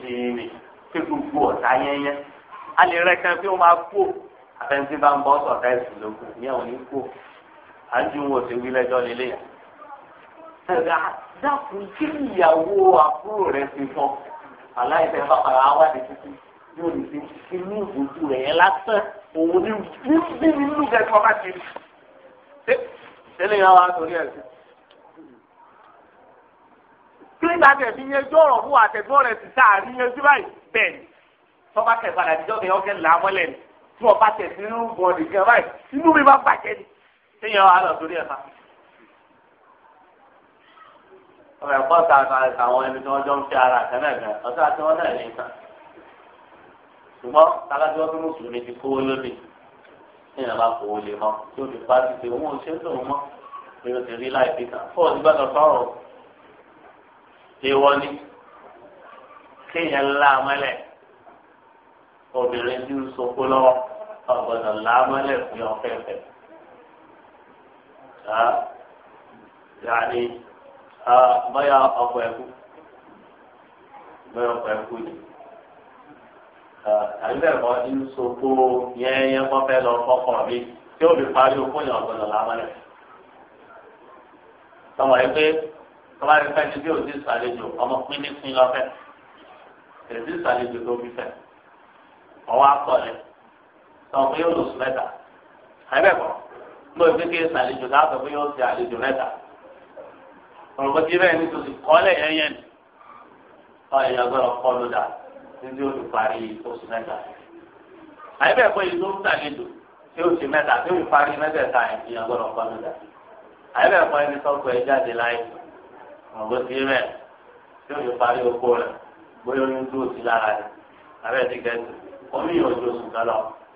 tìmí kí gbogbo ọ̀tá yẹ́yẹ́ a lè rẹ kan pé wọ́n máa kú àfẹnusí bá ń bọ́ sọ̀tá ẹ̀sìn lóko ní àwọn oníkó àjù wọn ò wí lẹ́jọ́ lélẹ̀ yẹn. ẹ̀rọ dákun kí ìyàwó àbúrò rẹ̀ ti fọ́ aláìsẹ̀ bá pàrọ̀ àwádìí títí yóò lè fi inú ìbòjú rẹ̀ yẹn lásán òun ní bí nínú bẹ́ẹ̀ kọ́ bá ti rí. tẹ́lẹ̀ yẹn wá sórí ẹ̀ sí. kílíńdà tẹ̀sí yẹjú ọ̀rọ̀ fún àtẹ̀gbọ́n rẹ̀ ti sáà rí yẹjú báyìí bẹ́ẹ̀ ni tọ́ba tẹ̀ padà níjọ́ kẹ́ ọ̀kẹ́ là á mọ́lẹ̀ ni tí wọ́n bá tẹ̀ sí inú bọ̀ nìkan báyìí inú mi bá bàjẹ́ ni tẹ́lẹ̀ yẹn lọ sórí ẹ̀ ṣùgbọ́n alájọ bí mùsùlùmí ti kówó lóde ní ìyàrá kówó lè mọ tí ó ti pa ti ṣe òun ò ṣe tó mọ pé ó ti rí láì fi kàn fún ọdún gbàgbọ́ sọ̀rọ̀ èèwọ̀ ni kéèyàn ńlá obìnrin tí ń sopó lọ́wọ́ ọ̀gbọ̀dọ̀ ńlá mọ́lẹ̀ fún ọ̀fẹ́fẹ́ yàní bóyá ọkọ̀ ẹ̀kú bóyá ọkọ̀ ẹ̀kú yìí àgbẹ̀kọ́ ti ń sopó yẹ́nyẹ́ kọ́ fẹ́ lọ fọ́kọ̀ mi tí ó fi parí okó yẹn ọ̀gbọ́dọ̀ lámọ́lẹ̀. sọmọ yìí pé tọ́lá yìí fẹ́ni bí òsì ìsàlejò ọmọ pínípín lọ́fẹ̀ èsì ìsàlejò ló fi fẹ́ ọwọ́ akọ̀lẹ̀ sọmọ pé yóò lò sùn mẹ́ta àgbẹ̀kọ́ ló fi kí ìsàlejò láàbọ̀ pé yóò ti àlejò mẹ́ta ọ̀rọ̀ bó ti bẹ́ẹ̀ ní tòsí kọ́lẹ̀ yẹ́nyẹ́ ni ọ̀ títí ó ti parí oṣù mẹ́ta àyẹ̀bẹ̀ pé ìlú ń tàlejò tí ó ti mẹ́ta tí ó ti parí mẹ́tẹ̀ẹ̀ta ìyẹn gbọ́dọ̀ pọ́n mi dà àyẹ̀bẹ̀ pé ẹni sọ́kọ̀ ẹ jáde láì ọ̀gbọ́n ti rẹ̀ tí ó ti parí oko rẹ̀ bóyá oyún tó ti lára rẹ̀ àbẹ̀ ti gẹ̀ẹ́sì omi ìyànjú oṣù kan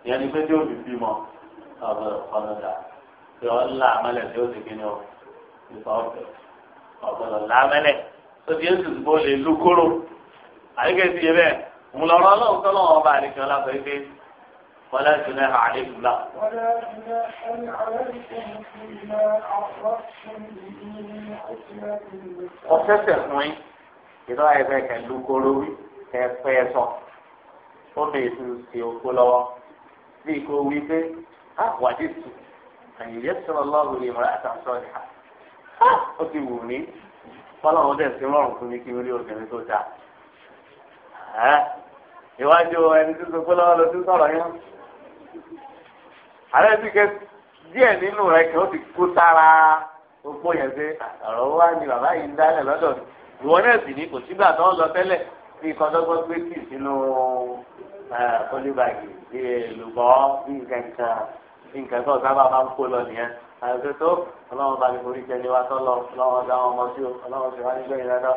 ìyẹn ni pé tí ó fi bímọ ọ̀gbọ́dọ̀ pọ́n mi dà tí ti gbin ọ ìfọ̀ ọ̀fẹ́ ọ̀gbọ́dọ̀ ti yẹ ńlọrọ lọ́wọ́ tọ́lọ́ wọn bá àlejò ọlá sọ pé wọlé ìṣúná àlè ìgbà. wọlé ìṣúná àlè ìgbà ọ̀sẹ̀sẹ̀ fún yín ìlú àìfẹ́ kẹ̀lú kóró wí kẹfẹ́ sọ ó lè fi ṣe oko lọ́wọ́ bí kò wí pé á wàdí tù àyè sọ̀rọ̀ lọ́rùn lè mọ̀ra àtàwọn ìhà ó ti wù mí fọlọ́run dẹ̀ sí rọrùn mi kí n rí obìnrin tó dáa ìwájú ẹni tó sọ pé lọ́wọ́ ló ti sọ̀rọ̀ yẹn. ààrẹ ti kẹ díẹ̀ nínú rẹ̀ kí ó ti kú sára gbogbo yẹn pé ọ̀rọ̀ wa ni bàbá yìí ń dálẹ̀ lọ́dọ̀ ìwọ náà sì ní kò sígbà tó ń lọ tẹ́lẹ̀ bí kọ́dọ́gbọ́n gbé tì sínú kólíbàgì bí èlùbọ́ bí nǹkan kan bí nǹkan tó sábà máa ń kó lọ nìyẹn àti tó ọlọ́run bá mi forí jẹ ní wa tọ́ ọlọ́run dá wọn mọ sí ọlọ́run sì wá nígbẹ̀yìn dáadáa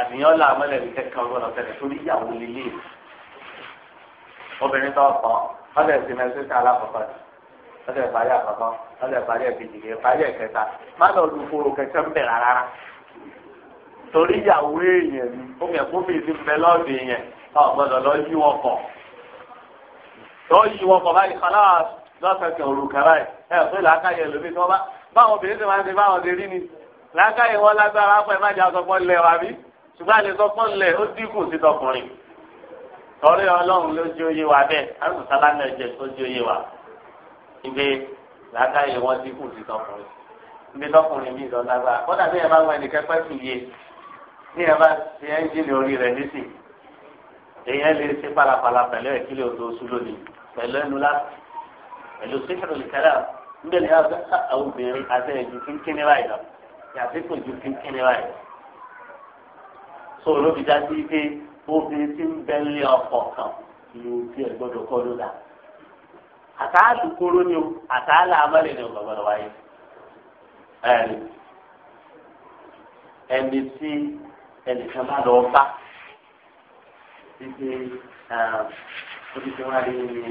àníyàn là mọ́lẹ̀ mi kẹ́kẹ́ ọgbọ́n ọ̀tẹ̀lẹ̀ torí ìyàwó lílé obìnrin tó kàn ọ̀dẹ̀ sí mẹ́sẹ̀sì alákọ̀ọ́kọ́ ọ̀dẹ̀ parí àkọ́kọ́ ọ̀dẹ̀ parí ẹ̀kejì kẹ́ parí ẹ̀kẹta má lọ lu koro kẹsẹ̀ ń bẹ̀ rárá torí ìyàwó èèyàn ni ó yẹ kó fi ti bẹ lọ́ọ̀dì yẹn ọ̀gbọ́dọ̀ lọ yí wọn kọ̀ lọ yí wọn kọ̀ báyìí kan náà lọ́sẹ̀kẹ̀ òrùka báyìí ẹ̀ pé làákàyè lómi tí ni làákàyè wọn lágbára pẹ̀ má jà sọ pé lẹ́wàá bí ṣùgbọ́n àlè sọ́kàn lẹ̀ ó dínkù sí tọkùnrin torí ọlọ́run ló jẹ́ oyé wa bẹ́ẹ̀ àrùn sálámẹ̀ jẹ́ tó jẹ́ oyé wa ibi làákàyè wọn dínkù sí tọkùnrin ibi tọkùnrin mi lọ lágbára kọ́dà bí ẹ bá wọ ẹnìkan pẹ́sù yé ní ẹ bá ṣe ẹ́ńjìnì orí rẹ̀ nísìn èèyàn lè ṣe pàlàpàlà pẹ̀lú ẹ̀kílẹ̀ oṣooṣù lónìí pẹ̀lú ẹnu láti pẹ̀lú sífìrì lìkẹ́lá ń bẹ̀rẹ̀ ah, àwọn obìnrin àti ẹ̀jú kínkínní báyìí lọ yàtí kò ju kínkínní báyìí lọ so olóbi dá sí pé obìnrin tí ń bẹ́lẹ̀ ọkọ̀ kan ló bí ẹ gbọ́dọ̀ kọ́ ló dà àtàlù kóró ni o àtàlù amálẹ̀ ni o gbọ́dọ̀ wáyé ẹ̀rí ẹni tí ẹnìkan bá lọ bá títí odidi wa rí ni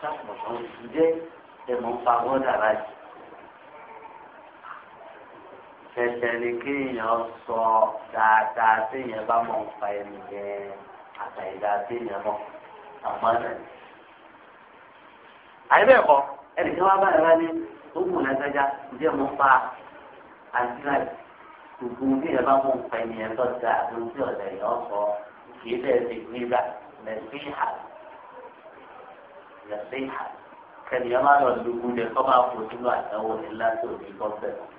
sáàpù ọ̀sán ǹjẹ́ ẹ̀mọ́ pa wọ́n dàrá yìí ẹsẹ̀ ni kéèyàn sọ dáadáa téèyàn bá mọ̀ ń fa ẹnu jẹ àtàyèdá téèyàn mọ̀ àmọ́nà. àyè kọ́ ẹnìkan wá báyìí wá ní ogun lágbájá ǹjẹ́ mo fa àdúrà gbogbo téèyàn bá mọ̀ ń fa ẹnu yẹn tọ́jà àdúrà tí ọ̀dà èèyàn sọ kìí bẹ́ẹ̀ ti gbéra lẹ́sìnhà lẹ́sìnhà kẹ́niyàn má lọ lùgùn lẹ́kọ́ máa fò sínú àtẹ̀wò ńlá tó ní kọ́ńtẹ̀tì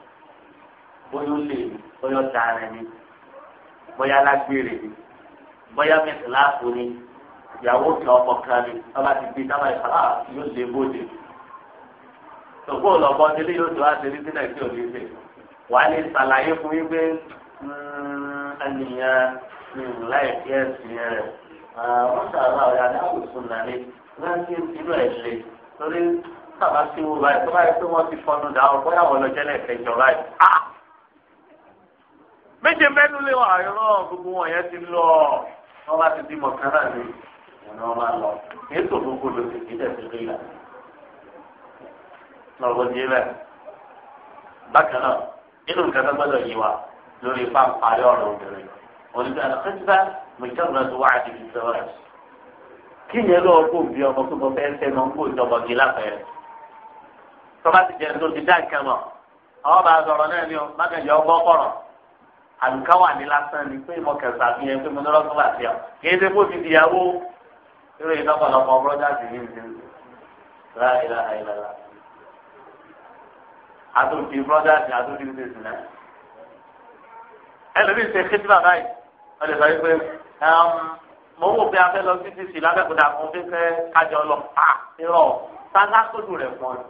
bóyá lè bóyá tààrẹ ni bóyá lágbèrè ni bóyá mẹsàláàfù ni ìyàwó kan ọkọ kan ni ọba ti gbé dábàá ìfàlà ah, yóò lè bóde tòkó lọ́kọ́ délé yóò tó wá délé sí nàìjíríà òní ṣe wà á lè ṣàlàyé fún yín pé hmm, ẹnìyàn ní láìpí ẹ̀sìn rẹ̀ wọ́n ṣàlàyé àwọn ọ̀yà aláwòsùn náà ni rántí inú ẹ̀ lè torí bàbá sí wo báyìí tó báyìí pé wọ́n ti fọnú dà ọ́ bóyá wọ́n lọ jẹ́lẹ̀ fẹ́ jọ báyìí. Ah! méje mẹ́nu lé wà irọ́ gbogbo wọn yẹn ti lọ wọn bá ti di mọ̀kánà ní wọn náà máa lọ ètò gbogbo ló ti fi dẹ̀sí rí la lọ́wọ́ di bẹ́ẹ̀ bákan náà nínú nǹkan tó gbọ́dọ̀ yí wa lórí pàǹpárí ọ̀rọ̀ obìnrin òní bí alákẹ́tìbá mẹjọba tó wà á ti fi sọ́wọ́ rẹ̀ kí yẹn lọ́wọ́ kó bí ọmọ tó bọ́ fẹ́ẹ́ fẹ́ mọ́ kó ìjọba gé lápẹ̀rẹ̀ tọ́ba ti jẹ́ tó ti dá nǹkan mọ̀ àwọn bá a sọ̀rọ̀ náà ni ó má kàn jẹ́ ọgbọ́n kọ̀rọ̀ àlùkà wà ní lásán ni pé mo kẹsà fi yẹn pé mo lọ́rọ́ tó bá fi ọ kìí ṣe kó ti di ìyàwó eré ìdọ́kọ̀lọpọ̀ bọ́lọ́dà sí ní ìdí rà ìlà ìlà rà àtúntì bọ́lọ́dà sí àtúntì ní ìdí náà ẹlòmíì ṣe kéjì bàbá yìí wọ́n lè sọ wípé mo wò pé a lọ sí ti sí lábẹ́kúta fún fífẹ́ kájọ lọ pa irọ́ sáńsá sódù rẹ̀ fún ọ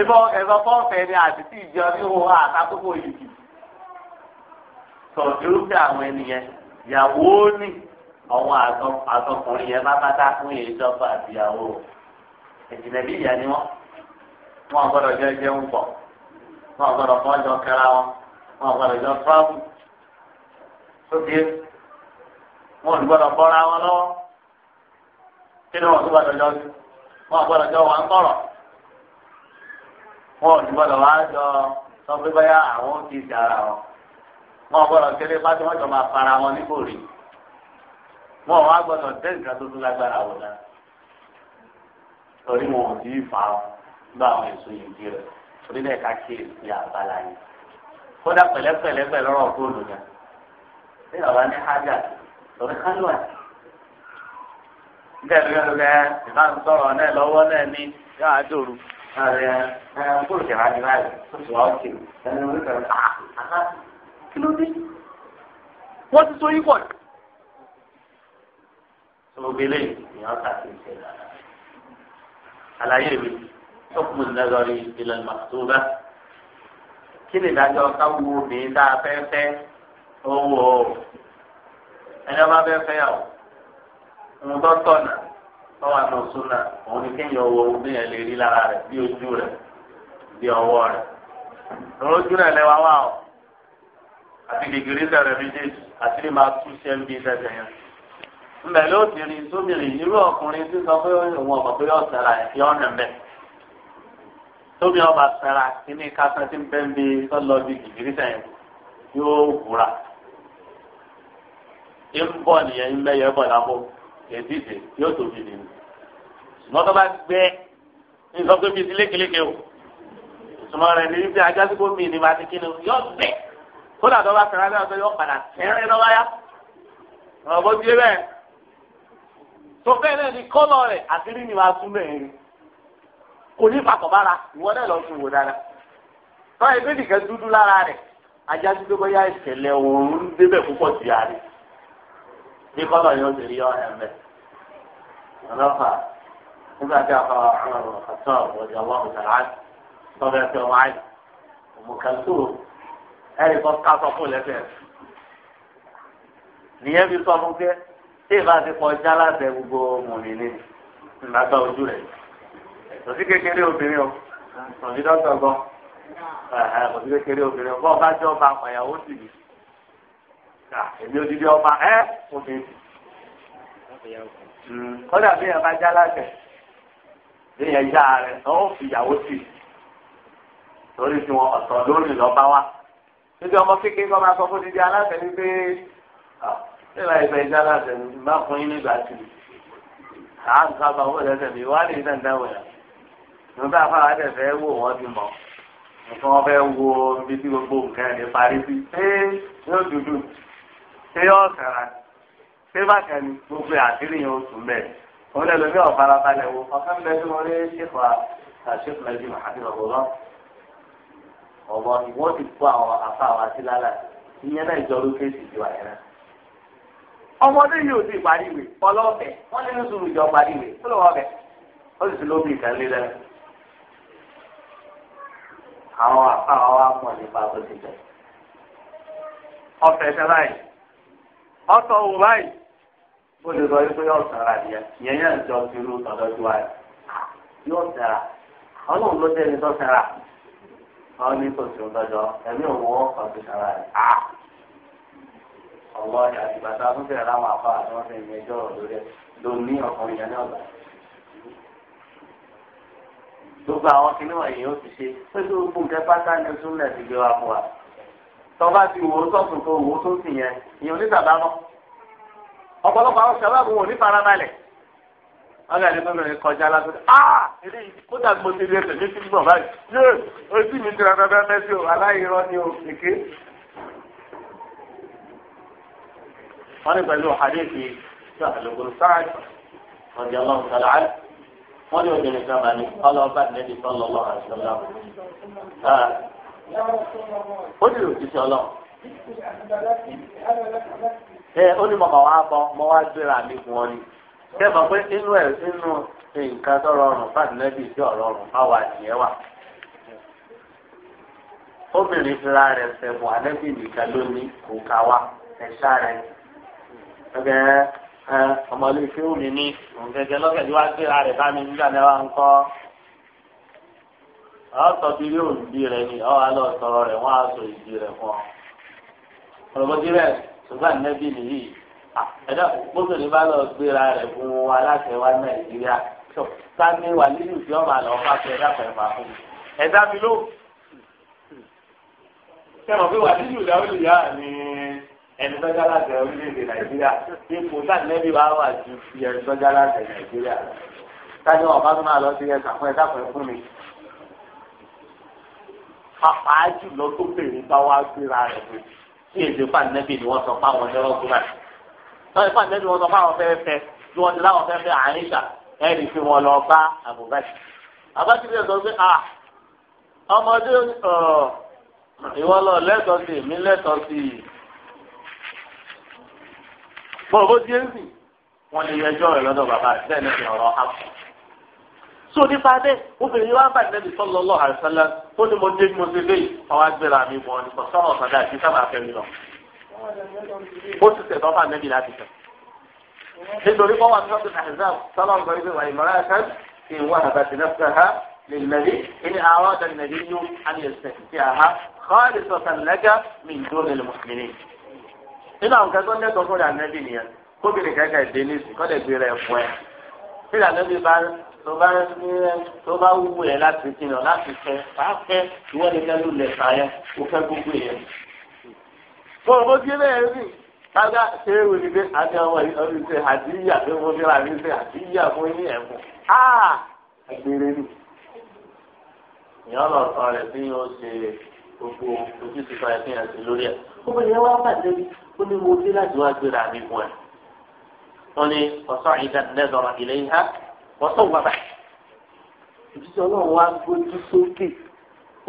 ìbọn ẹ̀sọ́ fọ́ọ̀fẹ́ ni àdìsí ìjọ ní owó àtàkùkọ yìí sọ̀rọ̀ irúfẹ́ àwọn ènìyàn ìyàwó ní àwọn àtọkùnrin yẹn fún ìjọba àtìyàwó ìjìnlẹ̀ bí ìyá ni wọ́n wọ́n gbọ́dọ̀ jẹ́ jẹun pọ̀ wọ́n gbọ́dọ̀ fọ́jọ́ kẹra wọn wọ́n gbọ́dọ̀ jọ fúráàbù sókè wọ́n gbọ́dọ̀ bọ́ra wọn lọ́wọ́ kí ni wọ́n gbọ́dọ̀ jọ wọn ò ní gbọ́dọ̀ wá jọ sọ pé báyà àwọn ò ti ara wọn ò gbọ́dọ̀ kéré pátí jọ máa fara wọn nípò rí wọn ò wá gbọ́dọ̀ dé nǹkan tó lágbára torí wọn ò tí ì àwọn èso yìí di rẹ ká kí èsì àbálá yìí kódà góòlù ní hájà ẹ ẹ kúrò jàrá ni báyìí kó sì wá òkè ẹni orí kan àhá kí ló dé wọ́n ti so yín pọ̀ jù. sọ̀rọ̀gbélé ìyàn kàkiri ṣẹlẹ̀ àlàyé mi tókùn lẹ́gọ̀rì ìlànà màtúbà kí ni ìdájọ́ káwọ́ obìnrin tá a fẹ́ fẹ́ owó ẹni ọba fẹ́ fẹ́ yà ó ń bọ́ tọ̀nà tọ́wọ́ àti òṣùnà òun ni kéèyàn wọ ohun téèyàn lè rí lára rẹ̀ bí ojú rẹ̀ bí ọwọ́ rẹ̀ lọ́rọ́ ojú rẹ̀ lẹ́wà wà ọ́ àti gègèrè sẹ̀rẹ̀ méjèèjì àti lè máa tú sí ẹ̀mí sẹ̀sẹ̀ yẹn. mbẹ̀ ló ti rí sómìnrin irú ọkùnrin tí sọ pé òun ọmọ pé yọ sẹ́ra ẹ̀ fi ọ̀nà mẹ́ tómi ọba sẹ́ra kíní kásán tí ń bẹ́ ń bí sọ́lọ́ bí gègèrè sẹ̀yìn yóò wúra ń nìyẹn ń mẹ́yẹ bọ̀ lábọ̀ èdìdè yóò tóbi nìyẹn ṣùgbọ́n tó bá gbẹ nǹkan pé bíi ti lékeleke o ìtumọ̀ rẹ̀ ní ibi ajásí kó mi ní ma ti kíni o yọ gbẹ kódà tó bá fẹ́ràn náà tó yọ padà tẹ́rẹ́ lọ́wọ́ yá ọ̀rọ̀ bó ti yé bẹ́ẹ̀ tó bẹ́ẹ̀ náà ni kọ́lọ̀ rẹ̀ àtìrí ni wàá tún bẹ́ẹ̀ ni kò ní fakọ̀ bára ìwọ náà lọ sùn wò dáadáa tó ẹgbẹ́ nìkan dúdú lára rẹ̀ ajásí tó bá yá ìṣẹ̀lẹ̀ òórùn débẹ̀ púpọ̀ sí i àárẹ̀ bí kọ́lọ̀ yóò ṣe rí ọ ẹ̀mẹ́ ọlọ́pàá nígbà tí a fa ọ̀rọ̀ ọ̀tọ̀ ọ̀dọ̀ ọlọ́run tàlá tọ́lá ẹ̀fẹ́ ọmọ àyè òmùkàtó ẹ̀rí kan ká sọ fún lẹ́fẹ̀ẹ́ nìyẹn fi sọ fún pé tí ìbá ti kọjá láti gbogbo mòmìnì ìgbàgbọ́ ojú rẹ̀ òsì kékeré obìnrin o òsì dọ́tọ̀ gan òsì kékeré obìnrin o bọ́ọ̀ bá jẹ́ ọba àpàyàwó sì ni èmi odidi ọba ẹ́ obìnrin kọ́dà bí ẹ̀ bá já láti ìyẹn já rẹ̀ lọ́wọ́ fìyàwó sí lórí tí wọn ọ̀tọ̀ lórí lọ́ba wa níbi ọmọ kékeré kọ́ máa sọ fún dídí aláṣẹ ní pé nígbà ìgbà ìjà aláṣẹ ní bá fún yín nígbà tí à ń sábà owó ẹ̀sẹ̀ mi wá lè dàn dáwọ̀ yà nígbà fáwọn àtẹ̀fẹ́ wò wọ́n ti mọ̀ nǹkan wọn fẹ́ wo ibi tí gbogbo nǹkan ẹ̀ parí sí ṣé yóò dúdú ṣé yóò sàrà ṣé bàtà ni gbogbo àtìrìyàn oṣù mẹ́rin òun lè lómi ọ̀farabalẹ̀ wò ọ̀kan bẹ́ẹ̀ tí mo rí ṣèkọ́ àṣekù lẹ́jì màhàdìrọ̀ ọ̀rọ̀ ọ̀rọ̀ ìwọ́n ti kó àwọn afá wa sí lálà ìyẹn náà ìjọ ló kéèsì ju àyẹ̀ náà. ọmọdé yìí ò sì parí ìwé ọlọ́ọ̀bẹ wọ́n lé ní sùúrù ìjọ parí ìwé ó lọ́wọ́ ọbẹ̀ ó sì ti lóbi ìkan lé lẹ́nu. àwọn afá wa wá mọ̀ nípa bó ti jẹ. ọ̀fẹ́ ṣe báyìí ọ̀tọ̀ wò báyìí ó lè sọ pé yóò sara nìyẹn ìyẹn yẹn ń jọ irú tọ̀dọ̀ ju àyè yóò sara ọlọ́run ló jẹ́ tó sara wọ́n ní kò sí ọ̀dọ́jọ́ ẹ̀mí òun wọ́n kàn sí sara rẹ̀ á ọ̀wọ́ ni àtìgbàtà tó fẹ́rẹ̀ láwọn afá àti wọ́n fẹ́ ìyẹn jọ̀rọ̀ lórí ẹ̀ ló ní ọkùnrin yẹn ní ọ̀gá gbogbo àwọn kìnìún wọ̀nyí yóò ti ṣe pẹ̀lú gbogbo nǹkan pátá ní súnlẹ̀ ti gbé fún wa tọ́ ti wò ó sọ̀tún kó wò ó tó sì yẹn ìyẹn onígbàgbọ́ ọ̀pọ̀lọpọ̀ àwọn sábàbù wọn ò ní farabalẹ̀ ọ̀gá ẹni mẹ́rin rẹ̀ kọjá lásán ah eléyìí ó dàbí mo ti rí ẹsẹ̀ mi ti gbọ̀ báyìí yé ojú mi dira dandan mẹ́sì o aláìrọ́ ni o èké. wọ́n ní pẹ̀lú àdéhì sàlùkùn sáàdì ọ̀dì ọlọ́run sàlàyé wọ́n ní obìnrin kan máa ní ọlọ́ọ̀bá nẹ́bí sọ́lọ́ lọ́wọ́ àṣọlá ó ní òjíṣẹ́ ọlọ́run. ẹ ó ní mọ̀mọ́ mọ́ wá ọ ni pé inú ẹ̀ inú nǹkan tó rọrùn fàdínẹ́bì tí ọ̀rọ̀ rùn bá wà nìyẹn wà. obìnrin fúnra rẹ̀ sẹ̀mù ànẹ́bì nìkan ló kò ká wa rẹ̀ ẹgbẹ́ ọmọlẹ́fẹ́ omi bá mi nígbà náà wà ń ṣùgbọ́n ànábì nìyí ẹ̀dá gbọ́dọ̀ ní bá lọ gbéra rẹ̀ fún aláṣẹ wa nàìjíríà tó sáni wà nínú ìjọ máa lọ fà fún ẹ̀dá pẹ̀lú máa fún mi. ẹ̀dá mi ló sẹ́wọ̀n pé wà nínú ìlà olùyà ni ẹni tó jára orílẹ̀-èdè nàìjíríà ipò sànẹ́bí wa wà ju fi ẹni tó jára nàìjíríà sáni wọn bá tún máa lọ sí ẹ̀ka fún ẹ̀dá pẹ̀lú fún mi. pàpà jùlọ tó bèrè bá wá gbéra rẹ̀ fún mi tí èsì fànẹ́bì ni wọ́n sọ fáwọn ọ̀dọ́rọ̀ gúnmà lọ́yìn fànẹ́bì wọ́n sọ fáwọn fẹ́fẹ́ tí wọ́n ti láwọn fẹ́fẹ́ àyíṣà ẹ̀rì fi wọn lọ bá àbúbáṣì àbáṣìlẹ̀ sọ pé à ọmọdé ìwọ lọ lẹ́tọ̀ọ́ sí mi lẹ́tọ̀ọ́ sí i bọ̀rọ̀ bó ti ń sìn wọ́n lè yẹjọ́ rẹ̀ lọ́dọ̀ bàbá àti tí o nípa dé obìnrin yìí wá bá ìdẹ́bi sọ́lọ́ lọ́ àìsálá ó ní mo dé mo ṣe léyìí àwọn agbèrè àmì mọ́ ní sọ́nà ọ̀sán àti sábà fẹ́mi lọ. ó ti tẹ̀ tọ́fà nẹ́bi láti tẹ̀. nítorí bọ́wọ́ àti sọ́tún àìsàn sọ́lọ́ ọ̀gbọ́n ìgbé wàyí mọ́ra kan kí n wá àbàtì náà fẹ́ ha lè lẹ́rí ẹni àwọn ọ̀dọ́ ìnàdí yó àmì ẹ̀sẹ̀ ti àhá kọ́ọ̀lì sọ̀tàn lẹ́gà mi ìdó lè mùsùlùmí. nínú àwọn kẹ́kọ̀ọ́ lẹ́kọ̀ọ́ fún ìdánilẹ́bí nìyẹn kóbìnrin kẹ́kẹ́ ìdénísì kọ́lẹ̀ gbé fún ẹ tó bá tó bá wù ẹ láti fi hàn láti fẹ bá fẹ ìwọ ni kẹlú lẹ fà yẹ kó fẹ gbogbo yẹ. mo mo gé bẹ́ẹ̀ rí kájá ṣé ewu ni pé àti àwọn ìtọ́jú ṣe àdíyà tó mo fi ra mi ṣe àdíyà fún yín ẹ̀fọ́ á agbèrè nù. ìyá lọ sọ rẹ bí yóò ṣe gbogbo ojúṣe sọ ẹ̀fín ẹ̀sìn lórí ẹ̀. ọmọ ìyá wa bàjẹ́ bí ó ní mo dé láti wá gbéra mi fún ẹ. wọ́n ní ọ̀sán ìdánilẹ́sọ̀rọ̀ wọ́n tó wà wá gbójú sókè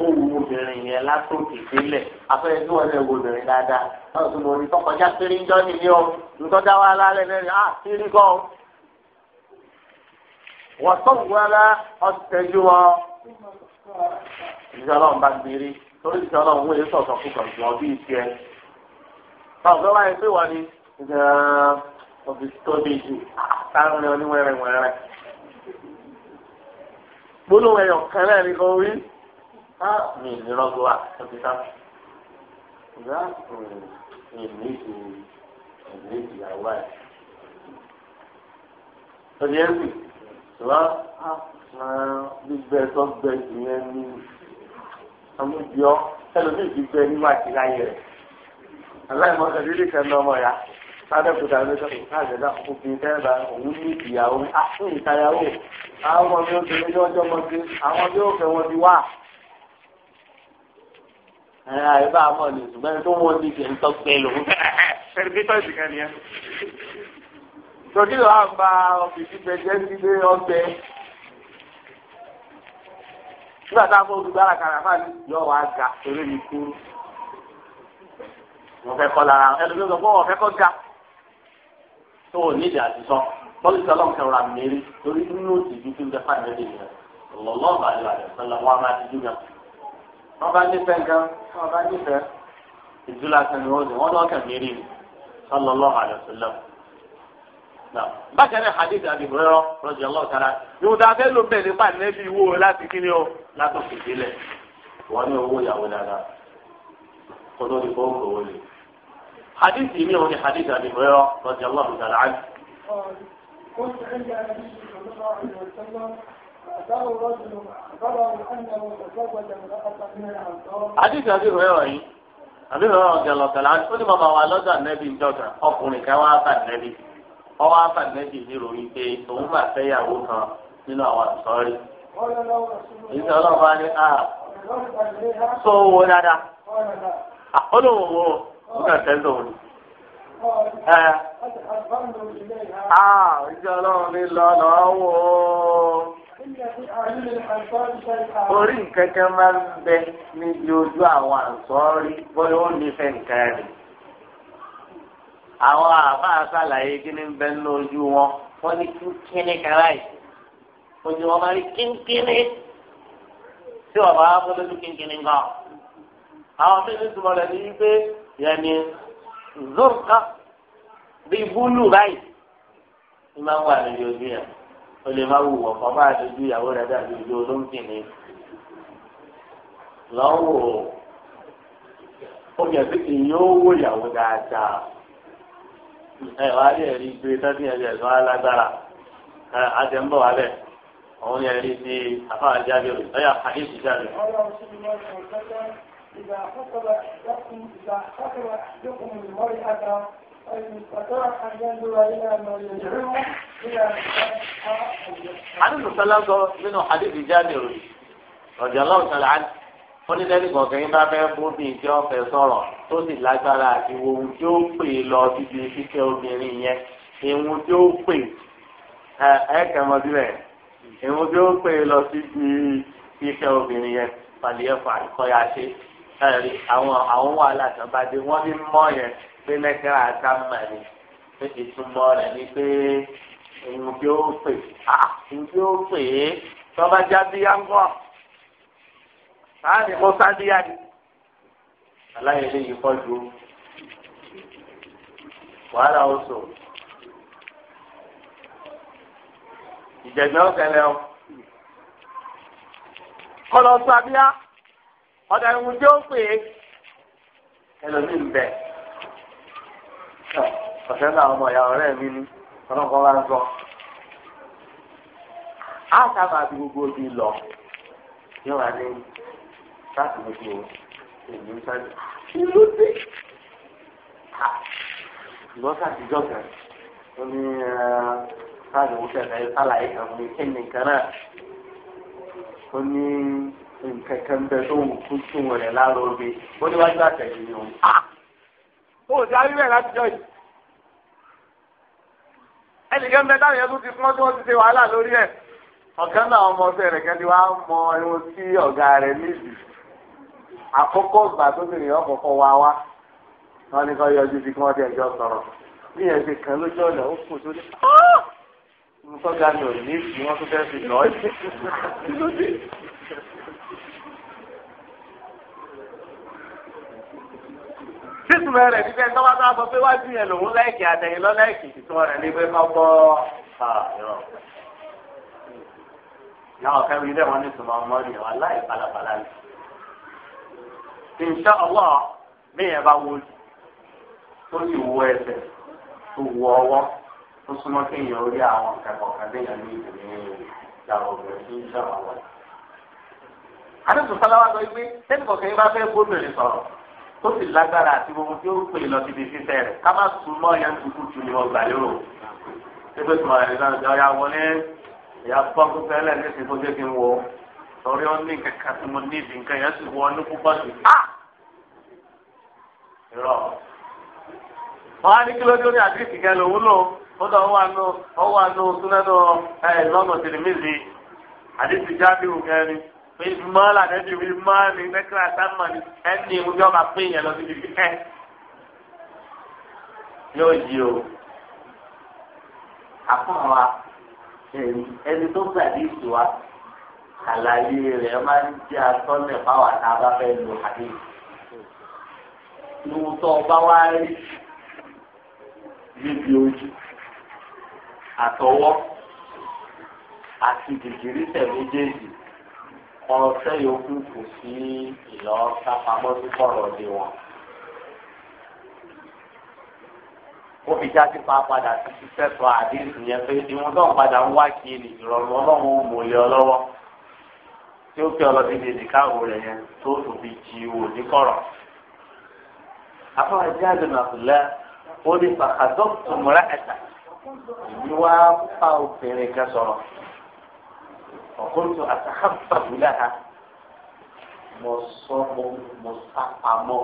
ohun obìnrin yẹn látòkè délẹ̀ afẹ́rẹ́ tí wọ́n lè wo obìnrin dáadáa náà tún lórí tọkọjá péré jọ́ nìyí o nǹkan dá wa lálẹ́ lẹ́rìí á kiri gan. Wọ́n ọ̀tẹ̀jú wọn. Ìjíṣẹ́ ọlọ́run bá gbére torí ìjíṣẹ́ ọlọ́run wọ́n yé sọ̀tọ̀ fún kọ̀ọ̀kan bí ìṣe ẹ̀. Báwo fẹ́ wáyé pé wọ́n ni ọ̀bì tó dé jù ah, táwọn oníwẹ̀rẹ̀ wẹ̀rẹ̀ gbólóhùn ẹyọ kan náà ní kan wí á mi ní rọgbọ wa ọtí sá ìyá ìní ti ìní ti àwa ẹ ọdí ẹ sì ṣùgbọ́n á gbígbẹ tó gbẹ ìyẹn ní amúdíọ́ ẹlòmíì gbígbẹ níwájú láyé rẹ aláìmọ̀ ẹ̀rí lè fẹ́ lọ́mọ ya adẹ́kùtà ní sọ ìkáàdẹ́dá obìnrin tẹ́ẹ̀bà òun ní ìyàwó ah, fún ìtayàwó àwọn ọmọ ó ti lójú ọjọ́ mọ́ sí àwọn tí ó fẹ́ wọn ti wà. ẹ̀rọ àyíká àmọ́ ni ṣùgbọ́n tó wọ́n ní ìṣẹ̀ ń tọ́pẹ́ lòun. pẹ̀lúpẹ́tọ̀ ìsìnkà nìyẹn. tòkí lọ́wọ́ àgbà ọ̀fìsì pẹ̀jẹ́ ti dé ọgbẹ́. nígbà táwọn olùgbé alákàrà fáà ní yọ wá ga eré mi kúrú. wọ́n fẹ́ kọ́ lára ẹlòmíràn tó o nídìí àti sọ tọ́lú sọ lọ́n kẹwàá mẹ́rin torí nínú ìdí tí ń bẹ fáìlì lè yẹn lọ́lọ́ bàálù àdàpẹ́lẹ̀ wọn máa ti dúgbà. wọ́n bá nífẹ̀ẹ́ gan wọ́n bá nífẹ̀ẹ́ ìdúlá sẹ́ni wọ́n ní wọ́n lọ́ kẹ̀ mẹ́rin ni sọlọ́lọ́ àdàpẹ́lẹ̀. bákan náà hadith àbí ìbúrẹ́rọ́ rọ́jì ọlọ́ọ̀tara yóò dáa fẹ́ ló bẹ̀ nípa nẹ́bí wo láti kí ni o látòkè délẹ̀ حديث يمين هو حديث أبي هريرة رضي الله تعالى عنه قلت عند النبي صلى الله عليه وسلم أتاه رجل أخبره أنه تزوج امرأة من الأنصار حديث أبي هريرة àbí bàbá ọ̀gá ọ̀tọ̀lá ó ní bàbá wa lọ́dọ̀ ànẹ́bí ìjọba ọkùnrin kan wá bá ànẹ́bí wọ́n wá bá ànẹ́bí níròyìn pé òun bá fẹ́yàwó kan nínú àwọn àtọ́rí. ìṣe ọlọ́run bá ní a. Ah, sọ owó dáadáa. olówó ah, wo náà tẹ́lẹ̀ òun. Àà ìjọ ọlọ́run ní lọ lọ́wọ́. Orí nǹkan kan máa ń bẹ níbi ojú àwọn àǹsọ́rí bóyá ó nífẹ̀ẹ́ nǹkan rẹ̀. Àwọn àbá àṣàlàyé kíní ń bẹ ní ojú wọn. Wọ́n ní kíní kárá yìí. Ojú wọn máa rí kínkínní. Tí ọ̀bá wọn fún lójú kínkínní gan. Àwọn mí-ín ní rẹ̀ ní wípé. yẹni zurka bí búlù báyìí ní máa wà lórí ojú yẹn o lè má wù wọ̀ kọ́ máa dojú ìyàwó rẹ̀ dàbí ojú olóńgbìn ni lọ́wọ́ omi ẹ̀sìn kì yóò wò dáadáa ẹ rí alágbára ẹ ń bọ̀ wá bẹ́ẹ̀ òun إذا خطب أحدكم إذا خطب أحدكم المرأة فإن استطاع أن ينظر إلى ما يدعوه إلى àdúgbò sọlá sọ nínú hadith jáde rọjò aláwọ sọlá á onídẹ́rì kọ̀ọ̀kan yín bá fẹ́ bó bíi tí wọ́n tó sì lágbára àti tí ó pè lọ síbi fífẹ́ obìnrin yẹn ohun tí ó pè ẹ ẹ kẹmọ sílẹ̀ ohun tí ó pè lọ síbi fífẹ́ obìnrin yẹn pàdé ẹ̀fọ́ àìkọ́yà ẹ̀rí àwọn àwọn wàhálà kan bá dé wọ́n fi mọ́ yẹn pé lẹ́kẹ́rà ká mà ní pé ìtumọ̀ rẹ̀ ni pé ohun tí ó pè á ohun tí ó pè é tọ́ba jábíyá ń bọ̀ sáàni kó sábíyá ni aláyẹ̀ lè yí pọ́jú wàhálà oṣù ìjẹ̀gbẹ́ ọ̀sẹ̀ lẹ́wọ̀n kọlọ́sọ abíyá ọ̀dà ìwùn tí ó pè é ẹlòmíín bẹ̀ ọ̀sẹ̀ náà ọmọ ìyá ọ̀rẹ́ mi ni ọlọ́kọ̀ bá ń sọ. á sábà bí gbogbo ojú lọ yóò wá ní láti gbogbo èmi ń sáré. ìlú dé ìwọ́n sàtijọ́ kan ó ní sáàdùn òkè ẹ̀ka ẹ̀ka kan ní kí nìkan náà ó ní nǹkan kan bẹ tó wù kú sùn rẹ̀ lára omi ó ní wájú ni òun. ó ti arí bẹ́ẹ̀ láti jọ yìí. ẹnìkan bẹ táwọn yẹn tún ti fún ọ tí wọ́n ti ṣe wàhálà lórí ẹ̀. ọ̀kan náà ọmọ ọ̀sẹ̀ rẹ̀ kẹ́ni wàá mọ irun sí ọ̀gá rẹ̀ níbi. àkókò ìgbà tó bèrè ọkọ̀ọ̀kọ̀ wa wá wọn ní kọ́ yọjú bí wọ́n ti ẹjọ́ sọ̀rọ̀ bí yẹn ti kàn lójú ọ̀nà ó kù tó ní nǹkan sísùnmọ́ rẹ̀ ní bẹ́ẹ̀ tọ́wọ́ tó a sọ pé wájú yẹn lòún láìkì àtẹ̀yìn lọ láìkì ìtumọ̀ ní pé kọ́kọ́ yàrá ọ̀kẹ́ mi dẹ̀ wọ́n ní sùnmọ́ ọmọ rẹ̀ wà láì balabala ni. tó sì wo ẹsẹ̀ orí àwọn kẹ̀kọ́ kan déyàn ní ìdílé yàrá obìnrin insha Allah. àdéhùn sọlá wa sọ pé ẹnì kọ̀ọ̀kan yín bá fẹ́ gbóbìnrin sọ̀rọ̀ tó sì lágbára àti gbogbo tí ó pè lọ síbi fífẹ́ rẹ̀ ká má sùn mọ́ ẹ̀yà tuntun ju ni wọ́n gbà lérò pépé tó máa rìn lọ́dọ̀ ọ̀yà wọlé ẹ̀yà bọ́ pípẹ́ lẹ̀ ní ìsìnkú jẹ́ kí n wọ sọ̀rí ọ́ ní kẹ̀kẹ́ tí mo ní ìdí nǹkan yẹn sì wọ ní púpọ̀ sí i. ìrọ̀ wọ́n á ní kí ló dé ní àdìsí kẹ́ lòun lò ó dọ̀ wà nù ó wà nù súnẹ́nu ẹ̀ lọ́nà tìrìmìlì àdìsí jáde òkè ni ìfimọ́ làdẹ́bí ìfimọ́ ni nẹ́kírà sámà ni ẹni ìmúdí ọba pé ìyẹn lọ síbi fi ẹ́ yóò yí o àfọwà ẹni tó gbàdí ìtò wa àlàyé rẹ̀ máa ń jẹ́ atọ́nẹ̀ fáwọn àtàwọn afẹ́ lò àdé ìwò tó ọba wa rí níbi ojú àtọwọ́ àti gìgìrísẹ̀ méjèèjì ọ̀sẹ̀ yòókù kò sí ìlọ sápamọ́ sí kọ̀rọ̀ ọdẹ wọn. ó fi jáde pa padà sí ṣiṣẹ́ sọ àdéhùn yẹn pé ìwọ̀n tó ń padà ń wá kiri ìrọ̀rùn ọlọ́run ò mọ̀lẹ́ ọ lọ́wọ́ tí ó fi ọlọ́dún ní ìdíkàwó rẹ̀ yẹn tó tó fi jí wò ní kọ̀rọ̀. afọwọ́ jáde nàbùlẹ́ ó ní pàkàtọ́ tó múra ẹ̀ta pa obìnrin kan sọ̀rọ̀. ọ̀kúntù àtàkàbàbù láha mo sọ mo mo sá pamọ́.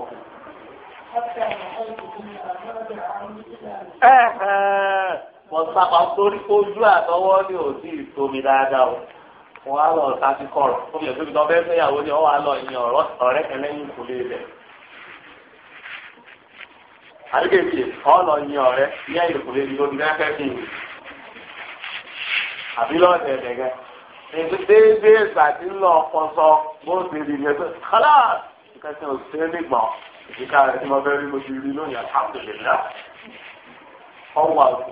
mo sá pamọ́ torí ojú àtọwọ́ ni ò sí ìtomi dáadáa o wọ́n á lọ ọ̀tá sí kọ̀rọ̀ fún yẹn tóbi tó bẹ́ẹ̀ èmi déédéé ìsàtí ńlọ ọkọ sọ bó ti rí yẹn tó kálá ìkẹsẹ̀ òṣèré nígbọ̀n ìdíkà rẹ̀ tí mo fẹ́ rí mo ti rí lónìí alhamdulillah ọwọ́ àgbò.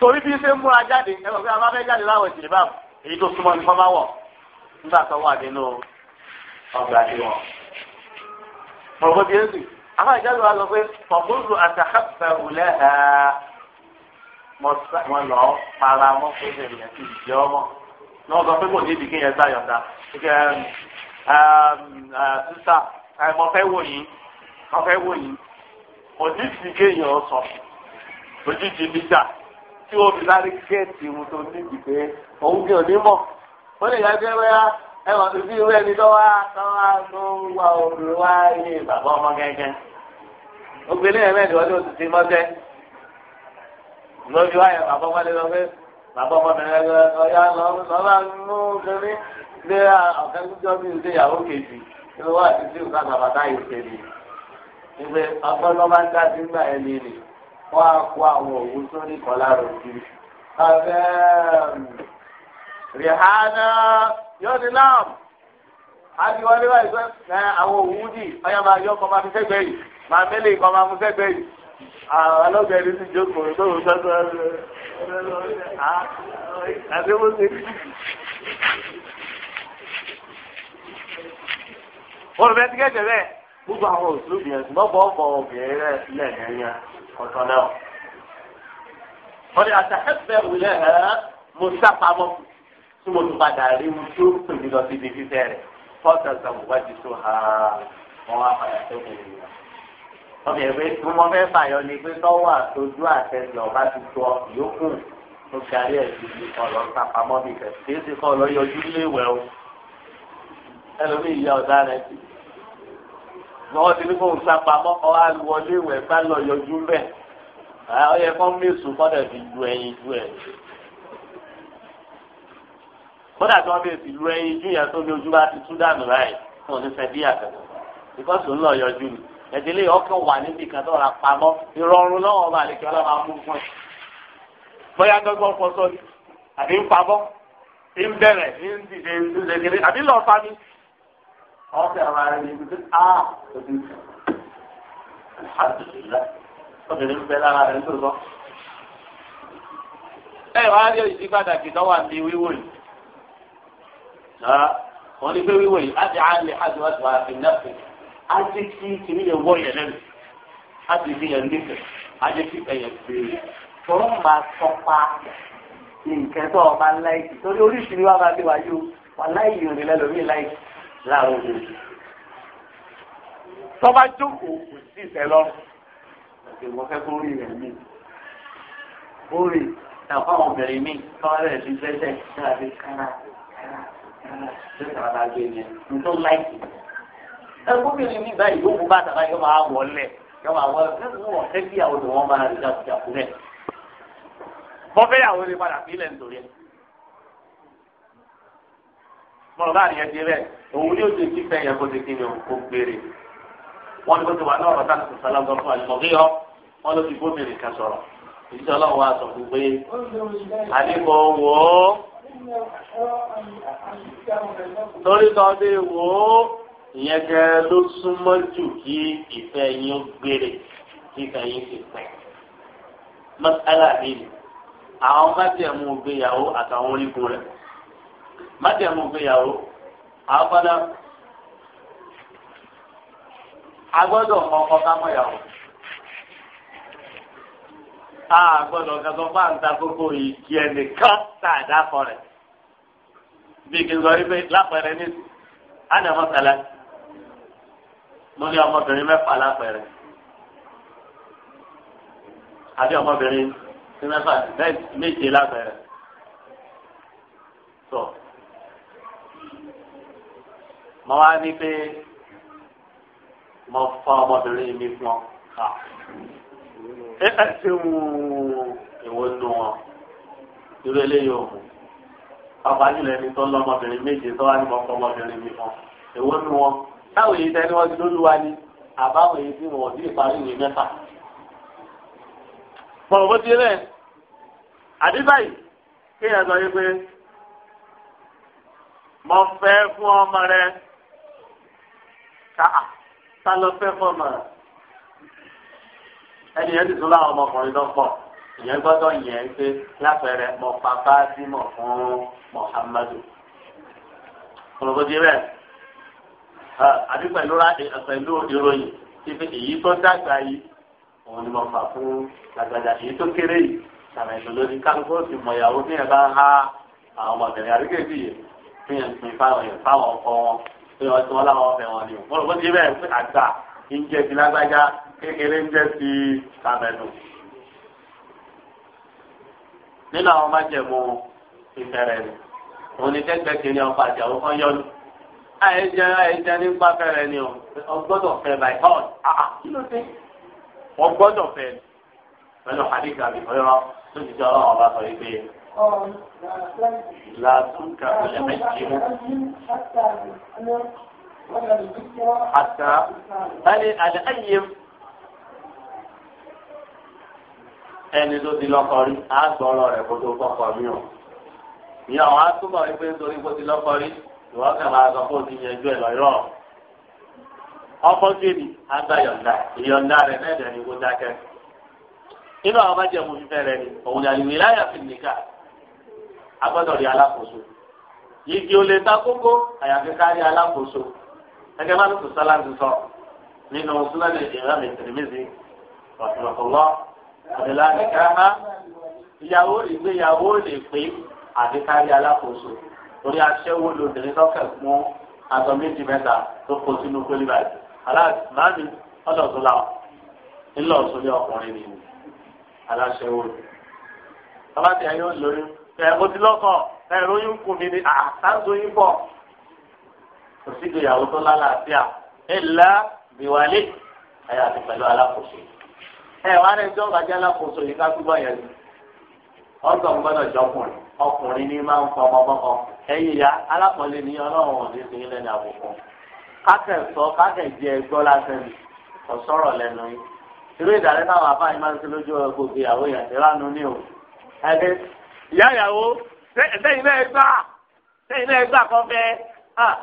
torí bí ṣe ń múra jáde ẹgbẹ́ pé a bá fẹ́ jáde láwọn ìjìnlẹ̀ báàmù èyí tó súnmọ́ ní fọ́n wọ̀ nígbà tó wà nínú ọgbà tí wọn. mo rò bó ti ń àwọn ìjọba wa sọ pé fọ̀gbọ́n lu àtàkàfẹ́ wọn lọ para mọ pé ènìyàn ti jẹ ọmọ náà sọ pé kò ní ibi kéèyàn sáyọ̀dá kíkẹ́ um, um, uh, sísá mo fẹ́ wò yín mo fẹ́ wò yín òjijì kéèyàn sọ òjijì níjà tí o fi sáré gẹ́ẹ̀tì mu tó níbi pé òun kì í onímọ̀ ó lè yàgbé wẹ́rà ẹ̀wọ̀n tó bí irú ẹni tó wá tó wá tó wá òru wá yé bàbá ọmọ gẹ́gẹ́ ògbélé ẹ̀mẹ́rin wọlé oṣù tí mọ́tẹ́ lójú ayẹ bàbá wọlé lọ pé bàbá ọmọbìnrin ẹ ọyá lọ lọ́la mú kiri lé ọ̀kẹ́ gbígbọ́ mi ń déyàwó kejì ló wà títí nǹkan bàbá yìí ṣe ni ìgbẹ́ ọgbọ́n lọ́ba ń dá sí gbà ẹ̀ ní ni wọ́n á kó àwọn òwú sórí kọ́lá rò kiri. ọ̀fẹ́ rìhánà yóò ní láàmù àbíwọlé wáyé pé àwọn òwú dì ọyá máa yọ ọkọ̀ máa fi sẹ́gbẹ̀ẹ́ yìí máa mélé ìkọ̀ máa fi sẹ́gbẹ̀ẹ́ yìí àwọn ọlọ́gbẹ̀ẹ́ni ti jókòó tó ń sọ́sọ́ àti mo ti. wọ́n bẹ ti kẹ́kẹ́ bẹ́ẹ̀ gbogbo àwọn òṣèlú yẹn lọ́bọ̀ ọ̀bọ̀ obìnrin rẹ̀ lẹ́yìn yẹn ọ̀tọ̀ náà. wọ́n ní àtàkẹ́fẹ́ òwúlẹ̀ ẹ̀ mo sápamọ́ tí mo tún padà rí mu tó tòbi lọ síbi fífẹ́ rẹ̀ fọ́ọ̀tà sàmùwájú tó ha wọ́n wá padà tó kẹ́kẹ́ ọmọ ẹgbẹ́ tí wọ́n fẹ́ fàyọ ni pé tọ́wọ́ àtọ́jú àtẹ̀sí ọba ti tọ ìyókù tó kárí ẹ̀sìn ní ọ̀lọ́ sápamọ́ mi kẹ̀ kí èsì kọ́ lọ yọjú léèwẹ̀ o ẹlòmíì ìyá ọ̀dá rẹ̀ ti wọ́n ti ní kó ń sápamọ́ ọ á wọ léèwẹ̀ bá lọ yọjú bẹ́ẹ̀ ọyẹ kọ́ mẹ́sùn kọ́dà fi lu ẹyin ju ẹ̀ kódà tí wọ́n fi lu ẹyin ju yẹn tó ní ojú bá ti tú dànù láì fún onífẹ́ díyà kẹ́kọ̀ọ́ ìkọ́sùn ń lọ yọjú ni ẹdínlẹ ọkàn wà níbi kan tó ra pamọ́ ìrọ̀rùn náà ọba àlejò ọlọmọ amú fún ẹ bóyá gbọgbọ fọsọ ni àbí ń pamọ́ ń bẹ̀rẹ̀ ń dìde ń dìde kiri àbí lọ fa mi ọkẹ ọba rẹ ní ibi a òbí alhamdulilayi obìnrin bẹ lára rẹ tó lọ. ẹ wá rí ìdí pàtàkì tó wà ní wíwò yìí wọn ní pé wíwò yìí á ti á lè á ti wá ti wá fi náà fi á jẹ́ kí kìnní yẹn wọ́ yẹn lẹ́nu á jẹ́ kí yẹn nífẹ̀ẹ́ á jẹ́ kí ẹ̀yẹ béèrè tọ́lọ́ máa tọ́pa nǹkan tó ọba láìkì torí oríṣiríṣi wa máa dé wáyé o wà láìyí òrìlẹ lórí láìkì láàrú mi. tọ́ba jókòó kò sí ìfẹ́ lọ́rùn ìwọ fẹ́ kó rí rẹ̀ mí. ó rí ìtàkùn àwọn obìnrin mi tọ́wọ́ rẹ̀ ti gbẹ́sẹ̀ sí àbí kára kára kára ló sọ̀rọ̀ lágbè yẹn nítorí láìkì ẹkúbìnrin mi báyìí yóò mú bàtà báyìí yóò máa wọlé yóò máa wọlé fún wọn kẹ́kí àwọn ọdún máa rí jáde àkúrẹ́. bọ́fẹ́ yàwó ni padà sílẹ̀ nítorí ẹ̀. mọ̀rọ̀ bá àríyá ti rẹ̀ òun ni ó ti fẹ́ yẹn kó ti kíni òun kó gbére. wọ́n ní kó ti wà náà rọ̀tà tó sálá gbọ́ fún àlùmọ̀gí wọ́n ló fi gómìnir kan sọ̀rọ̀ ìdíjọ́ ọlọ́run torí kan dé wò ó ìyẹn gan ló súnmọ́ jù kí ìfẹ́ yín ó gbére kí ìfẹ́ yín sì pẹ́. mọ́sálà mi ni àwọn májẹ̀mú gbéyàwó àtàwọn orígun rẹ̀ májẹ̀mú gbéyàwó àwọn padà agbọ́dọ̀ ọkọ kámọ́yàwó a gbọ́dọ̀ kẹsọ fún àǹtà gbogbo ìdí ẹnìkan tá a dá kọ rẹ̀ bí kí sọ wípé lápẹẹrẹ ní ànàmọ́sálà mo ní ọmọbìnrin mẹ́fà lápẹẹrẹ àbí ọmọbìnrin sí mẹ́fà méje lápẹẹrẹ tó mo wá ní pé mo fọ ọmọbìnrin mi fún ọ ká ẹ ẹ ṣe wù ìwọ nù wọn irú eléyìí ò mú ọba nílẹ̀ ẹni tó lọ́mọbìnrin méje tó wá ní mo fọ ọmọbìnrin mi fún ìwọ nù wọn táwọn èyí tẹni wọn ti lóluwa ni àbáwọn èyí tí wọn ò tíì parí ìwé mẹ́fà. bọ̀wọ̀ bó ti rẹ̀ àdébáyì kéèyàn sọ yí pé mo fẹ́ fún ọmọ rẹ káà ta ló fẹ́ fún ọmọ rẹ ẹni yẹn ti tún láwọn ọmọkùnrin tó pọ̀ ìyẹn gbọ́dọ̀ yẹn pé lápẹẹrẹ mọ̀ pàpá símọ̀ fún Muhammadu. bọ̀wọ̀ bó ti rẹ̀ àbí pẹ̀lú pẹ̀lú ìròyìn ibi èyí tó dàgbà yìí òun ni mo fà fún gbàgbàjà èyí tó kéré yìí sàmẹ̀lò lórí kálukú sì mọ ìyàwó ní ẹ̀bá ha àwọn ọmọbìnrin àdúgbò ìbí yìí fi hàn pín fáwọn yẹn fáwọn ọkọ wọn pé wọn tí wọn láwọn ọbẹ̀ wọn ni wọn lọ sí bẹ́ẹ̀ pé àgbà ń jẹ ti lágbájá kékeré ń jẹ ti sàmẹ̀lò. nínú àwọn májẹ̀mú ìfẹ́rẹ̀ ni òun ni tẹ́gbẹ́ kiri ọkọ̀ àjàwó àìjẹ àìjẹ ní pápẹ́ rẹ ni ọgbọ́dọ̀ fẹ́ by heart ah, ah, kí ló dé ọgbọ́dọ̀ fẹ́ pẹ̀lú àdìgbà mi fẹ́ràn tó ti jọ ọlọ́run ọba sọ yìí pé làtúnkà lè méjì mú. Àtà báyìí àlẹ́ ayé ẹni tó ti lọ́kọ rí á gbọ́ ọ̀rọ̀ rẹ̀ kó tó kọ́kọ́ mi o. Ìyá àwọn á túbọ̀ wípé nítorí kó ti lọ́kọ rí ìwọ kàn máa sọ fún òsì yẹn ju ẹ lọ irọ́ ọkọ gbèmí agbá yọ̀ǹda ìyọ̀ǹda rẹ̀ mẹ́ẹ̀dẹ̀ ni kó dákẹ́ nínú àwọn májèmú fífẹ́ rẹ̀ ni òun ni àlùmí láyà fi nìkà agbọ́dọ̀ rí alákòóso igi ò lè ta kókó àyàfi kárí alákòóso ẹgbẹ́ máa ń tún sálá ti sọ nínú súnáàlì ìrìnàmì tìrìmìsì ọ̀tùmọ̀tòlọ́ ọ̀dẹ̀lá nìkan ìyàwó ìgbéyàwó lè pé àfi kárí alákòóso torí aṣẹ́wó lóbìnrin lọ́kẹ̀ fún aṣọ méjì mẹ́ta tó kó sínú pélé báyìí aláàtì màmí ọlọ́ọ̀tún làwọn ńlọ́ọ̀tún ní ọkùnrin ni aláṣẹ́wó ni. bàbá tí a yóò lóyún ẹ̀ mo ti lọ́kọ̀ ẹ̀ lóyún kù mí ni àtàndóyún bọ̀ kò sí ìgbéyàwó tó lálàáfíà ẹ̀ lá bìwálé ẹ̀ àti pẹ̀lú alákòóso ẹ̀ wá rẹ̀ jọ́ bàjẹ́ alákòóso yìí ká gbúgbọ́ yẹn ni ọ̀gbọ̀n ọkùnrin ní máa ń fọmọ bọ́kọ ẹ̀yìn ya alápọ̀lẹ́ ní ọlọ́run òní sí ilẹ̀ ní àbùkù kákẹ́ sọ kákẹ́ jẹ ẹgbọ́ lásán ni kò sọ̀rọ̀ lẹ́nu yìí irú ìdàrẹ́ táwọn àbá yìí máa ń ṣe lójú gbogbo ìyàwó yàtí ránú ní o ẹgbẹ́ ìyá ìyàwó sẹ́yìn náà gbà sẹ́yìn náà gbà kọ́ fẹ́ ah,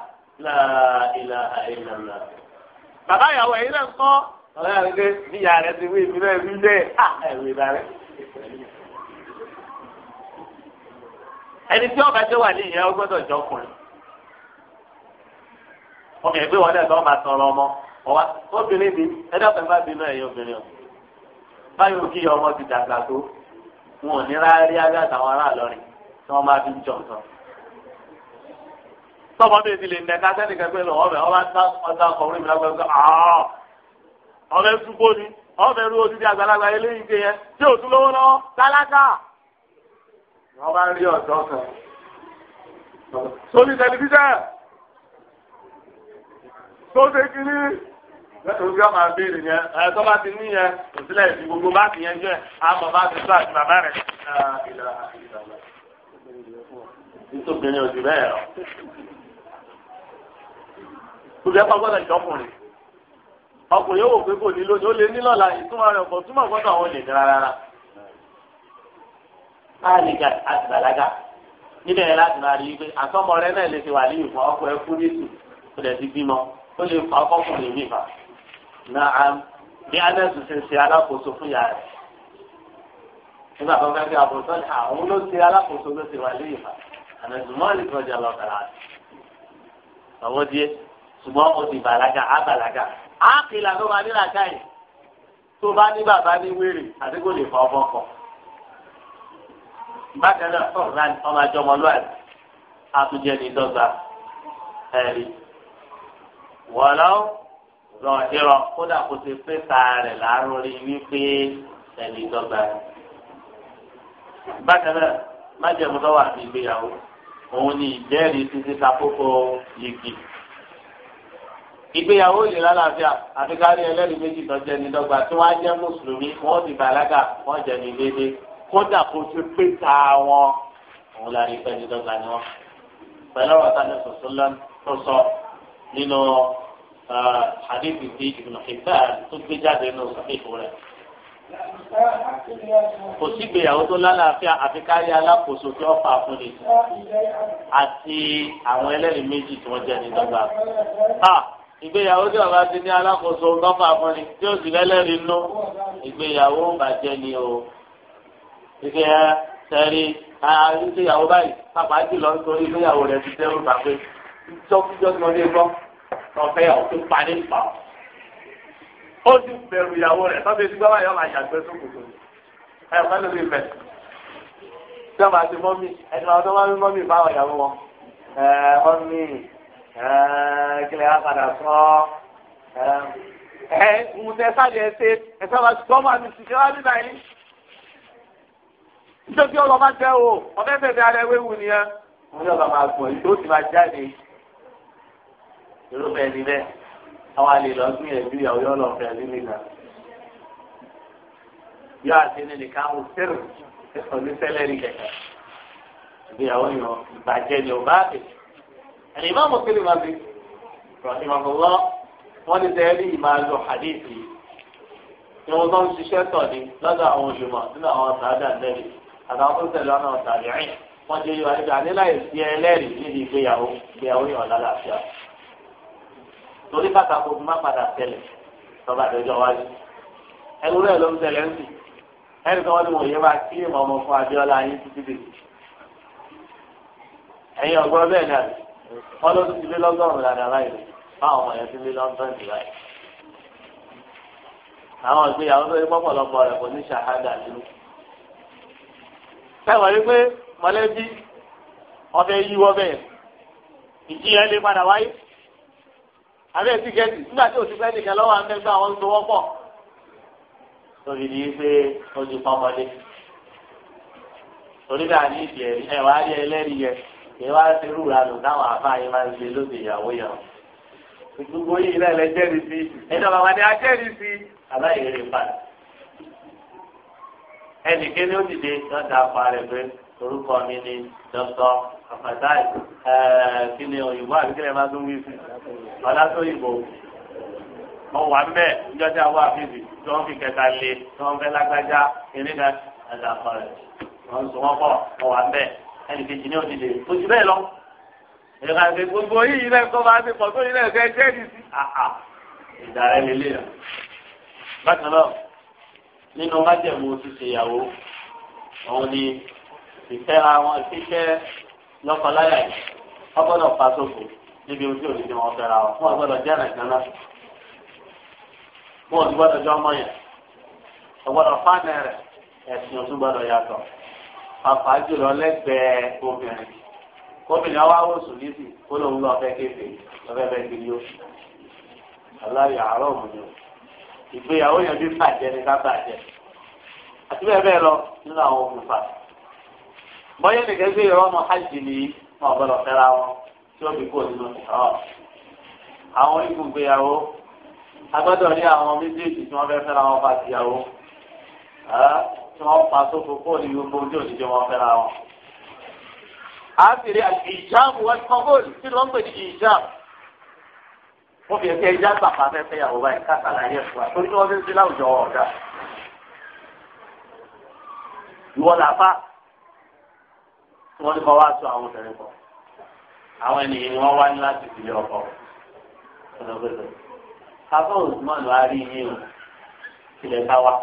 bàbá ìyàwó ẹ̀yin náà kọ́ ọ̀rẹ́ àgbẹ̀ bí ìyá rẹ̀ ti wí ìbílẹ̀ ìbílẹ̀ ẹ̀rù ìdàrẹ́ ẹni tí ọba ṣe wà ní ìyẹn ọgbọ́dọ̀ jọ ọkùnrin ọmọ ẹgbẹ́ wọn náà lọ́ọ́ máa ọmọ ọwá obìnrin bi ẹni ọ̀pẹ bá bínú ẹ̀yìn obìnrin ọ̀hún báyọ̀ kí ọmọ ti dàgbà tó wọn ò ní rárí ágbé àtàwọn ará lọ́rin tí wọ́n máa fi ń jọ nǹkan. tọ́mọ bíi ti lè nẹ ká sẹ́ni kẹgbẹ́ lọ ọbẹ̀ ọba ọta ọkùnrin mi lágbẹ́ gbẹ́ ọ̀ọ́ ọbẹ̀ túbọ̀ ni ọbẹ̀ ru odidi àgbàlagbà eléyìí wọ́n bá rí ọ̀dọ́ kan. sórí tẹlifíṣàn tó ṣe kiri lẹ́tọ̀ọ́ bí wọ́n máa béèrè yẹn ẹ̀ tó bá ti ní yẹn òsílẹ̀ ìdí gbogbo bá ti yẹn jẹ́ àmọ́ bá ti sọ àti bàbá rẹ̀. nítorí òsì bẹ́ẹ̀ rọ. gbogbo ẹ̀kọ́ gbọ́dọ̀ ìjọkùnrin ọkùnrin yóò wò pé kò ní lónìí ó lé nílọ́la ìtumọ̀ rẹ̀ ọ̀pọ̀ túmọ̀ báàlìgà àti bàlágà níbẹ̀ yẹn láti máa rí i pé àtọ́mọ rẹ náà lè ti wà níyì fún ọkọ ẹ fún nísù kó lè ti bímọ ó lè fa ọkọ fún èmi fà náà bí anẹ́sù ṣe ṣe alákòóso fún ìyá rẹ̀ nígbà tó fẹ́ fi àbòsọ́ ni àwọn ló ṣe alákòóso ló ṣe wà níyì fà anẹ́sù mọ́ọ̀lì tó jẹ lọ́kàrà rẹ̀ ọwọ́ díẹ̀ ṣùgbọ́n o ti bàlágà á á kìlà tó bá nílà káyì tó bá ní bàbá ní wèrè àti kò lè fọ ọkọ̀ bákan náà sọ̀rọ̀ láti ọmọ àjọ ọmọlúwàbí àtúnjẹ ní dọ́gba ẹ̀rí wọ́lọ́ rọ̀dìrọ̀ kódà kò ti pé sàárẹ̀ láàárọ̀ rí wípé ẹ̀rí dọ́gba bákan náà májèmú lọ́wọ́ àti ìgbéyàwó òun ni ìjẹ́rìí títí takókò yìgì ìgbéyàwó yìí lálàáfíà àfi kárí ẹlẹ́rìí méjì tó jẹ́ ní dọ́gba tí wọ́n á jẹ́ mùsùlùmí wọ́n ti bàlágà wọ́n jẹ́ ní déédéé kódà kó ṣe pé ta wọn òun la rí pẹ́ẹ́ni dọ́gba ni wọn. pẹ̀lú ọ̀rọ̀ sáré sọ̀sọ́lá tó sọ nínú hadithi ti Ibn Hibban tó gbé jáde nínú sàfihù rẹ̀. kò sí ìgbéyàwó tó lálàáfíà àfi káyé alákòóso tí wọ́n fà fún ni àti àwọn ẹlẹ́rìí méjì tí wọ́n jẹ́ ní dọ́gba ìgbéyàwó tí bàbá ti ní alákòóso gọ́fà fún ni tí ó sì lẹ́lẹ́rìí nú ìgbéyàwó bàjẹ́ ni o ìfẹ́ sẹ́rí àárín tó yàwó báyìí pàpà jùlọ nítorí tó yàwó rẹ̀ ti dẹ́rù bà pé jọ́kíjọ́ tí wọ́n lé gbọ́ ọ̀fẹ́ ọ̀tún parí pa ọ́. ó sì bẹ̀rù ìyàwó rẹ̀ tọ́jú ti gbọ́ báyìí ọ̀ma tó kù tó ẹ̀ fẹ́ lórí ìfẹ́. ìjọba àti mọ́mí ẹni àwọn tó máa ń mọ́mí báwọn ìyàwó wọn ọ̀nì kílẹ̀ àkàdà sọ ẹ̀ ń tẹ́ sáà nítorí kí ọlọ́mọ jẹ́ o ọ̀fẹ́ fẹ́ fẹ́ ara ẹwé wù nìyẹn mo ní ọba máa gbọ̀n ìdó ti máa jáde irúfẹ́ ni bẹ́ẹ̀ àwọn àlè lọ gbìyànjú ìyàwó yọ lọ fẹ́ nílé náà yọ àti nílé káwọn sẹ́rù onísẹ́lẹ̀rì kẹ̀kẹ́ ìgbéyàwó yàn ìbàjẹ́ ni ò bá bẹ̀ ẹ̀yìn máa mọ̀ kí lè máa bẹ̀ rọ̀hìmọ̀lọ́ wọ́n ní sẹ́ẹ̀lì máa lọ hadithi ni wọ́n tó ń ṣiṣẹ́ tọ̀ ni lọ́dọ̀ àwọn olùmọ̀ nínú àwọn sàádà nẹ́bí àtàwọn tó tẹ̀lé ọ̀nà ọ̀tàlẹ̀ rìn wọ́n jẹ́ yóò àyíká níláyè sí ẹlẹ́rìí níbi ìgbéyàwó ìgbéyàwó yàn lálàáfíà torí kàkàkó má padà tẹ̀lé tọ́ba àtẹ̀jọ́ wájú ẹgbẹ́ ló ń tẹ̀lé ń sì ẹnì kan wọ́n ti wòye wá kí ìmọ̀ ọmọ fún Abíọ́lá yín títí dè ẹ̀yin ọ̀gbọ́n bẹ́ẹ̀ ni àbí wọ́n ló ti lé lọ́gọ́rùn-ún dáadáa báyìí báwọn ọmọ yẹn ti lé lọ́gọ́rùn-ún báyìí àwọn ìgbéyàwó tó yẹ pọ́pọ̀lọpọ̀ rẹ̀ kò ní ṣàhádà nínú sẹ́wọ̀n yìí pé mọ̀lẹ́bí ọbẹ̀ yí wọ́bẹ̀ ìjìyà lè padà wáyé abẹ́ tíkẹ́tì nígbà tí òsì fẹ́ẹ́ nìkan lọ́wọ́ àmẹ́gbẹ́ àwọn ń sọwọ́ pọ̀ lórí ni pé ojú pọ́nmọ́lé torí náà ní ìdí ẹ̀rí ẹ̀ wá rí ẹlẹ́rìí yẹ kí wá sí rúra lò táwọn àfáàyè máa ń ṣe lóde ìyàwó yẹn gbogbo yìí náà lẹ jẹ́rìí sí ẹ̀dọ̀ bàbá ni a jẹ́rìí sí àbáyé rè padà ẹnìkan ni ó dìde wọn dà pa rẹ pé orúkọ mi ni dr afatai kí ni òyìnbó àbí kílẹ̀ máa tún wí sí ọlátòyìnbó mo wà ń bẹ̀ níjọ́ tí a wá àfihàn tí wọ́n fi kẹta lé tí wọ́n fẹ́ lágbájá ìníkà ẹ̀dà pa rẹ̀ wọ́n sọ wọ́n pọ̀ mo wà ń bẹ̀ ẹnìkejì ni ó dìde ó ti bẹ́ẹ̀ lọ ìrìnà àti gbogbo yìí lẹ kọ́ máa ti pọ̀ tó yìí lẹ kẹ́ jẹ́ ìdàrẹ́ lélẹ̀ nínú májẹ̀mú ṣíṣe ìyàwó òun ni ìfẹ́ àwọn ṣíṣẹ́ lọ́kọláyà yìí wọ́n gbọ́dọ̀ pa sóko níbi ojú òní ni wọ́n fẹ́ra wọn wọ́n gbọ́dọ̀ jẹ́ ẹ̀rẹ̀ kan náà wọ́n ti gbọ́dọ̀ jọ ọmọ yẹn wọ́n gbọ́dọ̀ fáànì rẹ̀ ẹ̀sìn òtún gbọ́dọ̀ yàtọ̀ pàpà jùlọ lẹ́gbẹ̀ẹ́ obìnrin obìnrin wa wò sùn nísì kó lóun lọ fẹ́ kéfèé lọ fẹ́ fẹ́ gbé yó aláyọ̀ àárọ̀ òmùdó ìgbéyàwó yẹn bí bàjẹ́ ni ká bàjẹ́ àti bẹ́ẹ̀ bẹ́ẹ̀ lọ nínú àwọn òkùnfà bọ́yẹ́ nìkan gbé ìrọ́mọ hajj ni wọn ò gbọdọ̀ fẹ́ra wọn tí wọ́n fi kó nínú ìrọ́ àwọn onígun ìgbéyàwó agbọ́dọ̀ ní àwọn méjèèjì tí wọ́n fẹ́ fẹ́ra wọn fa tí wọ́n pa sófo kó ní gbogbo ojú òṣìṣẹ́ wọn fẹ́ra wọn. a sì wọn kọ́ ó fi ẹ̀kẹ́ ẹja pàpà fẹ́fẹ́ yàwó báyìí kásálà yẹ fún wa torí wọ́n fi ń sí láwùjọ ọ̀dà. ìwọ làpá tí wọ́n ní kọ́ wá tó àwọn obìnrin pọ̀ àwọn ènìyàn ni wọ́n wá ní láti fi ọkọ̀ ọ̀dọ́gbẹ̀dọ̀. káfọ́ òsùmọ̀lù á rí yín o tilẹ̀ bá wa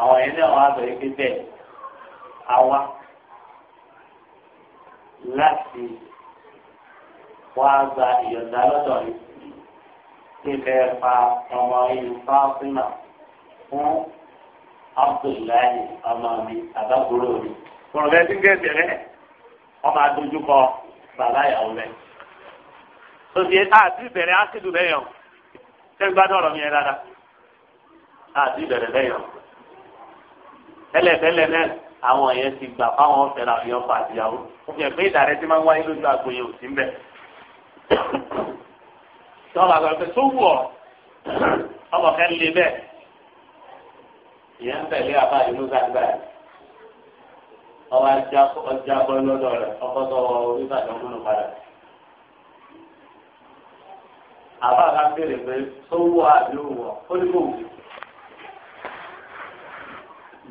àwọn ẹ̀yìn náà wà bẹ̀rẹ̀ pé bẹ́ẹ̀ àwa láti wọ́n gba ìyọ̀ǹda lọ́dọ̀ yìí kí fẹ́ pa ọmọ ìlú fáfínà fún Abdullahi ọmọ mi àbábúrò mi. Kọ̀ọ̀lẹ́ ti ń gé bẹ̀rẹ̀ wọ́n máa dojú kọ bàbá ìyàwó rẹ̀. Sọ̀tì àti ìbẹ̀rẹ̀ ásìdù bẹ́ẹ̀ yàn. Sẹ́yìn gbádùn ọ̀rọ̀ mi yẹn dáadáa. Àti ìbẹ̀rẹ̀ bẹ́ẹ̀ yàn. Tẹ́lẹ̀tẹ́lẹ̀ náà àwọn yẹn ti gbà fáwọn ọ̀fẹ́ làwọn àtìyàwó. Ó fi hàn pé ìdàrẹ́ ti máa ń wáyé lójú àgbòyè tí wọn bá sọ tó wù ọ ọmọ fẹ lé bẹ́ẹ̀ ìyẹn ń àbá ìlú gbàgbà yìí ọba ọjà bọ lọ́dọ̀ rẹ̀ ọkọ sọwọ orí ìbàdàn múnú padà àbá ká béèrè pé tó wù ọ àbí òwù ọ ó ní kò wù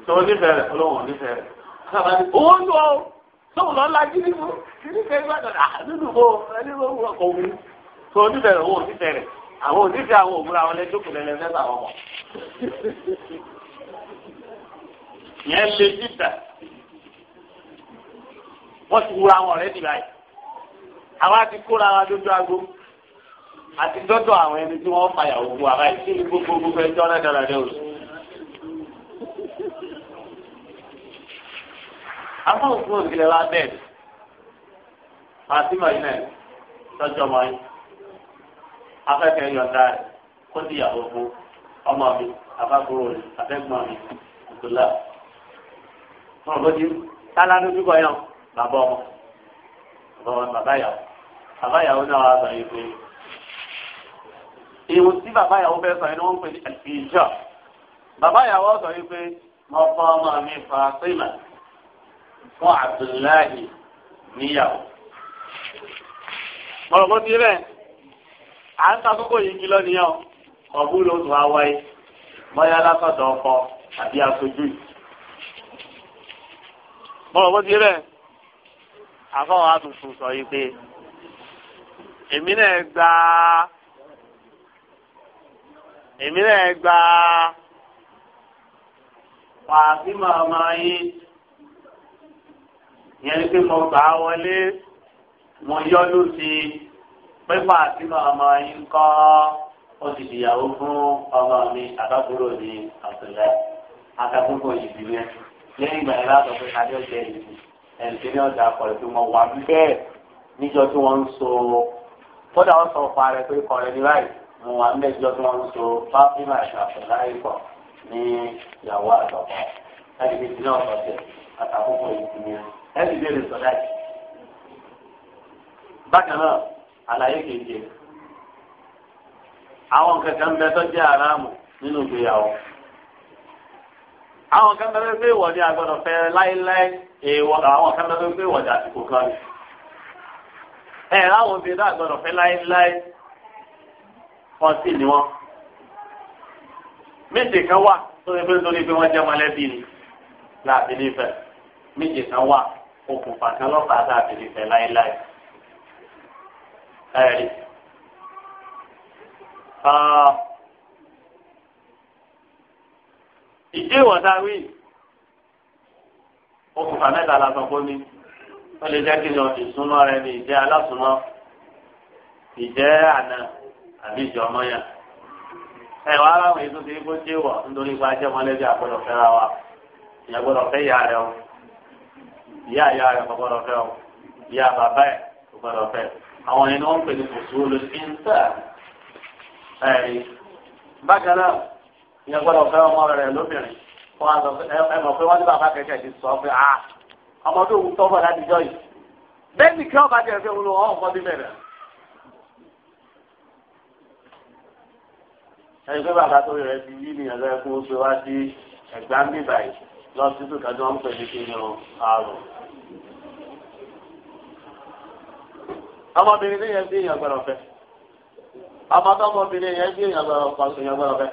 tó nífẹ̀ẹ́ rẹ̀ olóhùn nífẹ̀ẹ́ rẹ̀ ó ń lọ tóun lọ jí níbo jíjí fẹ́ gbàdọ̀ àdúdù bò ẹni tó oníbẹ̀rẹ̀ owó òṣìṣẹ́ àwọn òṣìṣẹ́ àwọn òmùra wọn lẹ́jọ́kùn lẹ́lẹ́ mẹ́ta wọn mọ̀. yẹn lé títà wọ́n ti wúra wọn rẹ́ dìbà yìí àwa ti kóra wa dójú agbó àti dọ́dọ̀ àwọn ẹni tí wọ́n fàyàwó bu àbáyé kí ni gbogbo gbogbo ẹjọ́ rẹ̀ dára dẹ́ òṣù. àwọn òkú òsìlẹ̀ wa bẹ́ẹ̀ fatima yìí náà lọ́jọ́ ọmọ yìí afẹ́fẹ́ yọ̀ǹda rẹ̀ kó di ìyàwó fún ọmọ mi afákòrò rẹ̀ afẹ́gbọ́n mi ìgbòlá wọn bó ti tálá lójú kọ yàn bàbá ọmọ bàbá ọmọ bàbá yàwó bàbá yàwó náà wà sọ yìí pé ìwò tí bàbá yàwó fẹ́ sọ yìí ni wọ́n ń pè ní ìjọ bàbá yàwó sọ yìí pé mo fọ́ ọmọ mi fatima fún Abdullahi níyàwó. mọ̀rọ̀ ti rẹ̀ à ń ta kókó yìí kí lọ́nìyàn ọ̀bú ló tún á wáyé mọ́yá látọ̀dọ̀ ọkọ àbí aṣojú yìí. mọ̀rọ̀ ti rẹ̀ àfọwọ́ àtúntò sọ yìí pé èmi náà gba èmi náà gba Fàtímà máa yín ìyẹn ni pé mo gbà á wọlé mo yọdún sí i pépà àti ọmọ yín kọ́ ó ti dìyàwó fún ọmọ mi àbábúrò ní àtúnlẹ̀ akẹ́kọ̀ọ́ ìbí rẹ̀ lẹ́yìn ìgbà yẹn látọ̀ pé adé ọ̀jẹ̀ ìlú ẹ̀ǹtí ní ọjà àkọ́rẹ́ tó mọ wà bẹ́ẹ̀ níjọ tí wọ́n ń so kódà wọ́n sọ fún ara pé kọ̀rẹ́ ní báyìí mo wà ń bẹ́ẹ̀ níjọ tí wọ́n ń so fáfíìmù àti àfẹ́láyé pọ̀ ní ìyàwó àtọ̀kọ̀ láti fi ti náà sọ̀tẹ̀ àtàkùkọ ìsinmi ẹni béèrè sọdá yìí. bákan náà àlàyé kejì àwọn kankan bẹ tó jẹ aráàmù nínú ìgbéyàwó àwọn kan bẹ pé ìwọ ni agbọ́dọ̀ fẹ́ láéláé èèwọ àwọn kan bẹ pé ìwọ ni àsìkò kan ni ẹ láwọn obìnrin náà gbọ́dọ̀ fẹ́ láéláé ọtí ni wọn méje kan wà tó ṣe pé nítorí pé wọn jẹ mọ̀lẹ́bí ni láàbí nífẹ̀ẹ́. méje kan wà okùnfà kan lọ́fà tá a fi lè fẹ́ láéláé. Ẹ̀rí. Ìdí ìwọ̀nta wí okùnfà mẹ́ta la sọ fún mi wọ́n lè jẹ́ kí ìsúná rẹ ni ìjẹ́ alásùnmọ́ ìjẹ́ àná àbí ìjọ ọmọ yẹn. Ẹ wá láwọn èso ti kó jẹ́wọ̀ nítorí ipa jẹ́ àgbọ̀dọ̀ fẹ́ra wa ìyàgbọ́dọ̀ fẹ́ o. ìyá ìyá rẹ̀ kò gbọ́dọ̀ fẹ́ o ìyá bàbá ẹ̀ kò gbọ́dọ̀ fẹ́ àwọn ẹni wọ́n ń pè ní usulul insan ẹ̀rí bákan náà ìyẹn gbọ́dọ̀ fẹ́ ọmọ rẹ̀ lóbìnrin wọ́n á ẹ mọ̀ pé wọ́n ní bàbá kẹ̀kẹ́ ti sọ pé a ah, ọmọ tó wù tọ́bọ̀ láti jọ yìí bẹ́ẹ̀ni kí ọba jẹ fẹ́ wúlò ọ̀hún kọ́ bí bẹ̀rẹ̀. ẹni pé bàbá tó rẹ̀ ti yí nìyẹn lọ́yẹ̀ fún ó wá sí ẹ̀gbá ń bíbà yìí lọ sí tó kájú wọn pẹ̀lú kí ni ọ̀rùn. ọmọbìnrin ní yẹn bí èèyàn gbọ́dọ̀ fẹ́ ọmọdọ́mọbìnrin yẹn bí èèyàn gbọ́dọ̀ fẹ́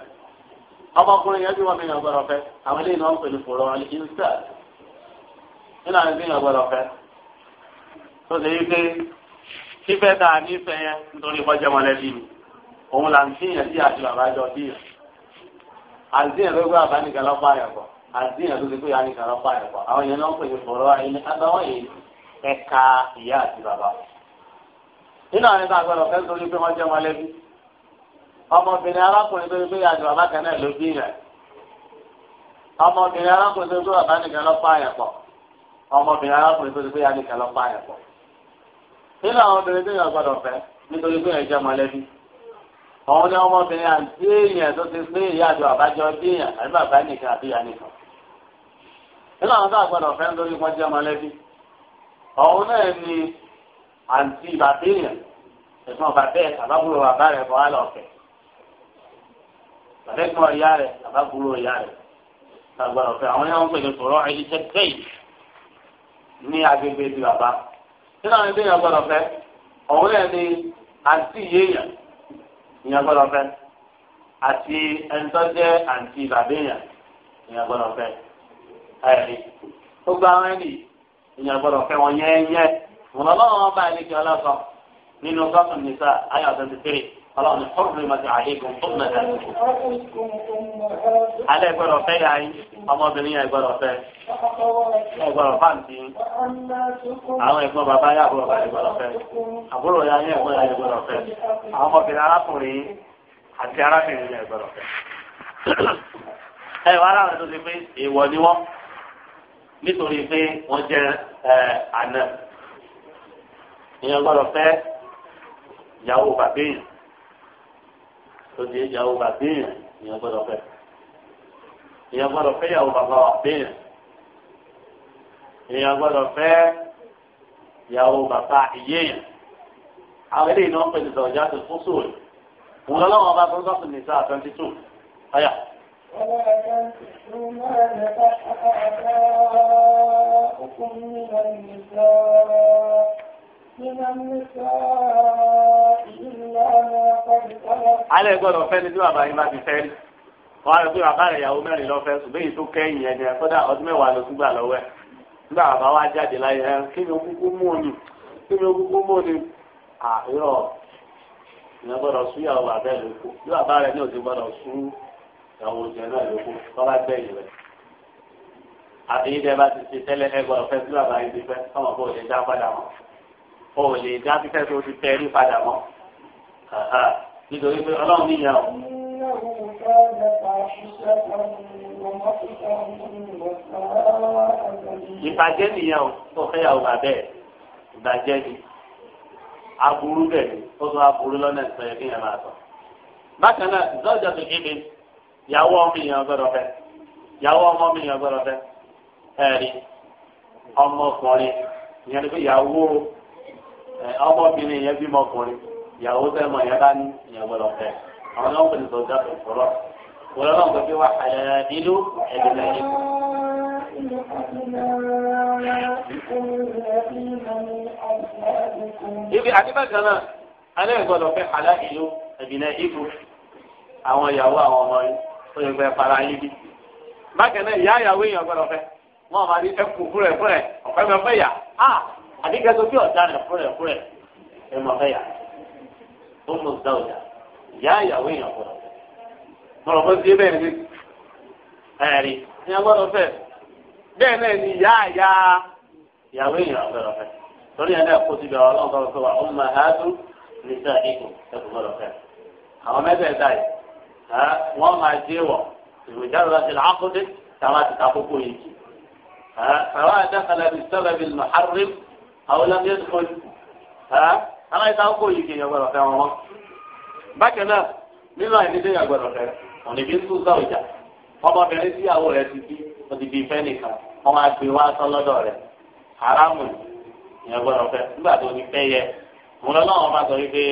ọmọkùnrin yẹn bí wọn bí èèyàn gbọ́dọ̀ fẹ́ àwọn eléyìí náà ń pè ní fòrò àlìkíńsà nínú àwọn èèyàn gbọ́dọ̀ fẹ́ tó ṣe yí pé fífẹ́ tá a nífẹ̀ẹ́ yẹn nítorí ìfọ́jẹ́ mọ̀lẹ́bí mi òun là ń tíyàn sí àti bàbá jọ tíyàn àdíyàn ló gbé àbá nìkan lọ́pọ̀ àyàpọ̀ àdíyàn ló ti gbé ànìkan lọ́pọ̀ àyàpọ̀ àwọn èèyàn náà ń pè ní fòrò àyìn àtàwọn nínú àwọn ẹgbẹ́ àgbẹ̀rọ̀ fẹ́ sórí pé wọ́n jẹ́ wọn lẹ́bí ọmọbìnrin arákùnrin tó ń gbé yàtọ̀ abákan náà ló bí yẹn ọmọbìnrin arákùnrin tó ń gbé bàbá nìkan lọ pa àyàn pọ̀ ọmọbìnrin arákùnrin tó ń gbé yàtọ̀ nìkan lọ pa àyàn pọ̀ nínú àwọn obìnrin tó yàn gbọdọ̀ fẹ́ nítorí pé yẹn jẹ́ mọ̀lẹ́bí òun ni ọmọbìnrin àti èèyàn tó ti gbé ìyàtọ̀ àbájọ bí yẹn àbí bàbá nìkan àbí yà nìkan nínú àwọn tó àgbọdọ̀ fẹ́ nítorí pé wọ́n jẹ́ mọ̀lẹ́bí òun náà ni àǹtí bàbá èèyàn ẹ̀gbọ́n bàbá ẹ̀ àbábúrò bàbá rẹ̀ bọ́ àlọ́ ọ̀fẹ́ bàbá ẹ̀gbọ́n ìyá rẹ̀ àbábúrò ìyá rẹ̀ àgbà ọ̀fẹ́ àwọn yẹn wọ́n pè ní sọ̀rọ̀ ẹni tẹ́ tẹ́yì ní agbègbè ti bàbá nínú àwọn ẹgbẹ́ yẹn gbọ́dọ̀ fẹ́ ọ̀hún yẹn ni àǹtí yéèyàn ìyẹn gbọ́dọ̀ fẹ́ àti ẹni tó jẹ́ àǹtí bàbá èèyàn ìyẹn gbọ́dọ̀ fẹ́ ẹ̀rí gbogbo àwọn ẹni ìyẹn gbọ́dọ̀ fẹ́ wọn yẹ́ẹ́yẹ́ ولله عليك ولا صم من وقاف النساء آية 23 الله من حرمت عليكم أمة على يقول رفايا عين أما بنية يقول رفايا يقول رفانتي أما يقول بابا يقول رفايا يقول رفايا أقول يا يقول يقول رفايا أما بالعرفوري àti arábìnrin ní ẹgbẹ̀rún fẹ́. ẹ wá aráàlú tó ti pé èèwọ̀ ni wọ́n nítorí pé wọ́n èèyàn gbọ́dọ̀ fẹ́ ìyàwó bàbéèyàn tó di ìyàwó bàbéèyàn èèyàn gbọ́dọ̀ fẹ́ èèyàn gbọ́dọ̀ fẹ́ ìyàwó bàbá bàbéèyàn èèyàn gbọ́dọ̀ fẹ́ ìyàwó bàbá ìyéèyàn àwọn eléyìí ni wọ́n pè ní sọ̀rọ̀ jáde fún sóòlù òun lọ́wọ́ bá tó sọ́kùn ní sáà twenty two ọ̀yà. ولا تنكحوا ما نكح آباؤكم من النساء alẹ́ gbọ́dọ̀ fẹ́ ni tí bàbá yín bá ti fẹ́ rí wọ́n á rí pé bàbá rẹ̀ ìyàwó mẹ́rin lọ́fẹ́ sùn bẹ́ẹ̀ tó kẹ́yìn ẹ̀ jẹ́ kódà ọdún mẹ́wàá ló tún lọ́wọ́ ẹ̀ nígbà bàbá wa jáde láyé ẹ̀ kí ni okúkú mú ni kí ni okúkú mú ni àìrọ̀ ìyẹn gbọ́dọ̀ sún ìyàwó bàbá ẹ̀ lóko bí bàbá rẹ̀ ní òsì gbọ́dọ̀ sún ìyàwó o lè dá fífẹ́ tó ti tẹ́ rí padà mọ́ nítorí pé ọlọ́run níyà o. ìbàjẹ́ nìyà o tó fẹ́yàwó bàbẹ́ ẹ̀ ìbàjẹ́ ni aburú bẹ̀ ni ó tún aburú lọ́nà ìsọ̀yẹ́ kí yẹn máa sọ. bákan náà zọ́jà tó kéde ìyàwó ọmọ èèyàn gbọ́dọ̀ fẹ́ ìyàwó ọmọ èèyàn gbọ́dọ̀ fẹ́ ẹ̀rí ọmọkùnrin ìyẹn ni pé ìyàwó ọmọbìnrin yẹn bímọ ọkùnrin ìyàwó sẹ́mọ̀ yẹn bá ní ìyẹn gbọ́dọ̀ fẹ́ àwọn náà kò ní sọ jáde fọlọ́ wọ́n lọ́nà pé kí wà á nílò ẹ̀dẹ̀ lẹ́yìn. ibi àdìbàkàn náà alẹ́ gbọ́dọ̀ fẹ́ àlá ìlú ẹ̀bìnà ìbò àwọn ìyàwó àwọn ọmọ yìí ó lè fẹ́ fara yín bí. bákan náà ìyá ìyàwó èèyàn gbọ́dọ̀ fẹ́ wọ́n máa ní ẹkùn fúrẹ̀ fúrẹ̀ ọ̀pẹ́ mẹ́fẹ́ yà á. Ah! àbí kẹsàn-án fi ọ̀dà rẹ̀ fúnrẹ̀ fúnrẹ̀ ẹ mọ̀ fẹ́ yà ó mú ọ̀dà ọ̀dà ìyá ìyàwó èèyàn fún ọ. mọ̀rọ̀ bó ti yé bẹ́ẹ̀ ni ẹ̀rí ni a gbọ́dọ̀ fẹ́ bẹ́ẹ̀ náà ni ìyá àyà ìyàwó èèyàn gbọ́dọ̀ fẹ́ torí ẹ̀ náà kó ti bẹ̀rẹ̀ ọlọ́run gbọ́dọ̀ fẹ́ wa ó mọ àádú ní sáà ikú ẹ̀kú gbọ́dọ̀ fẹ́. àwọn mẹ́tẹ̀ẹ̀ta yìí wọ́n máa dé wọ̀ ìròjáde láti làákúndé táwọn ti ta kókó yìí. فواء دخل بالسبب المحرم àwọn ọlọ́mọdé tó kọ́ àwọn ìta kó yìí kéèyàn gbọ́dọ̀ fẹ́ wọn mọ́. bákan náà nínú àìní déyà gbọ́dọ̀ fẹ́ òní bí tún sọ ìjà ọmọbìnrin tí ìyàwó rẹ̀ ti bí òdìbí ìfẹ́ nìkan wọn máa gbé sọ lọ́dọ̀ haramu ìyẹn gbọ́dọ̀ fẹ́ nígbà tó ní yẹ sọ wípé.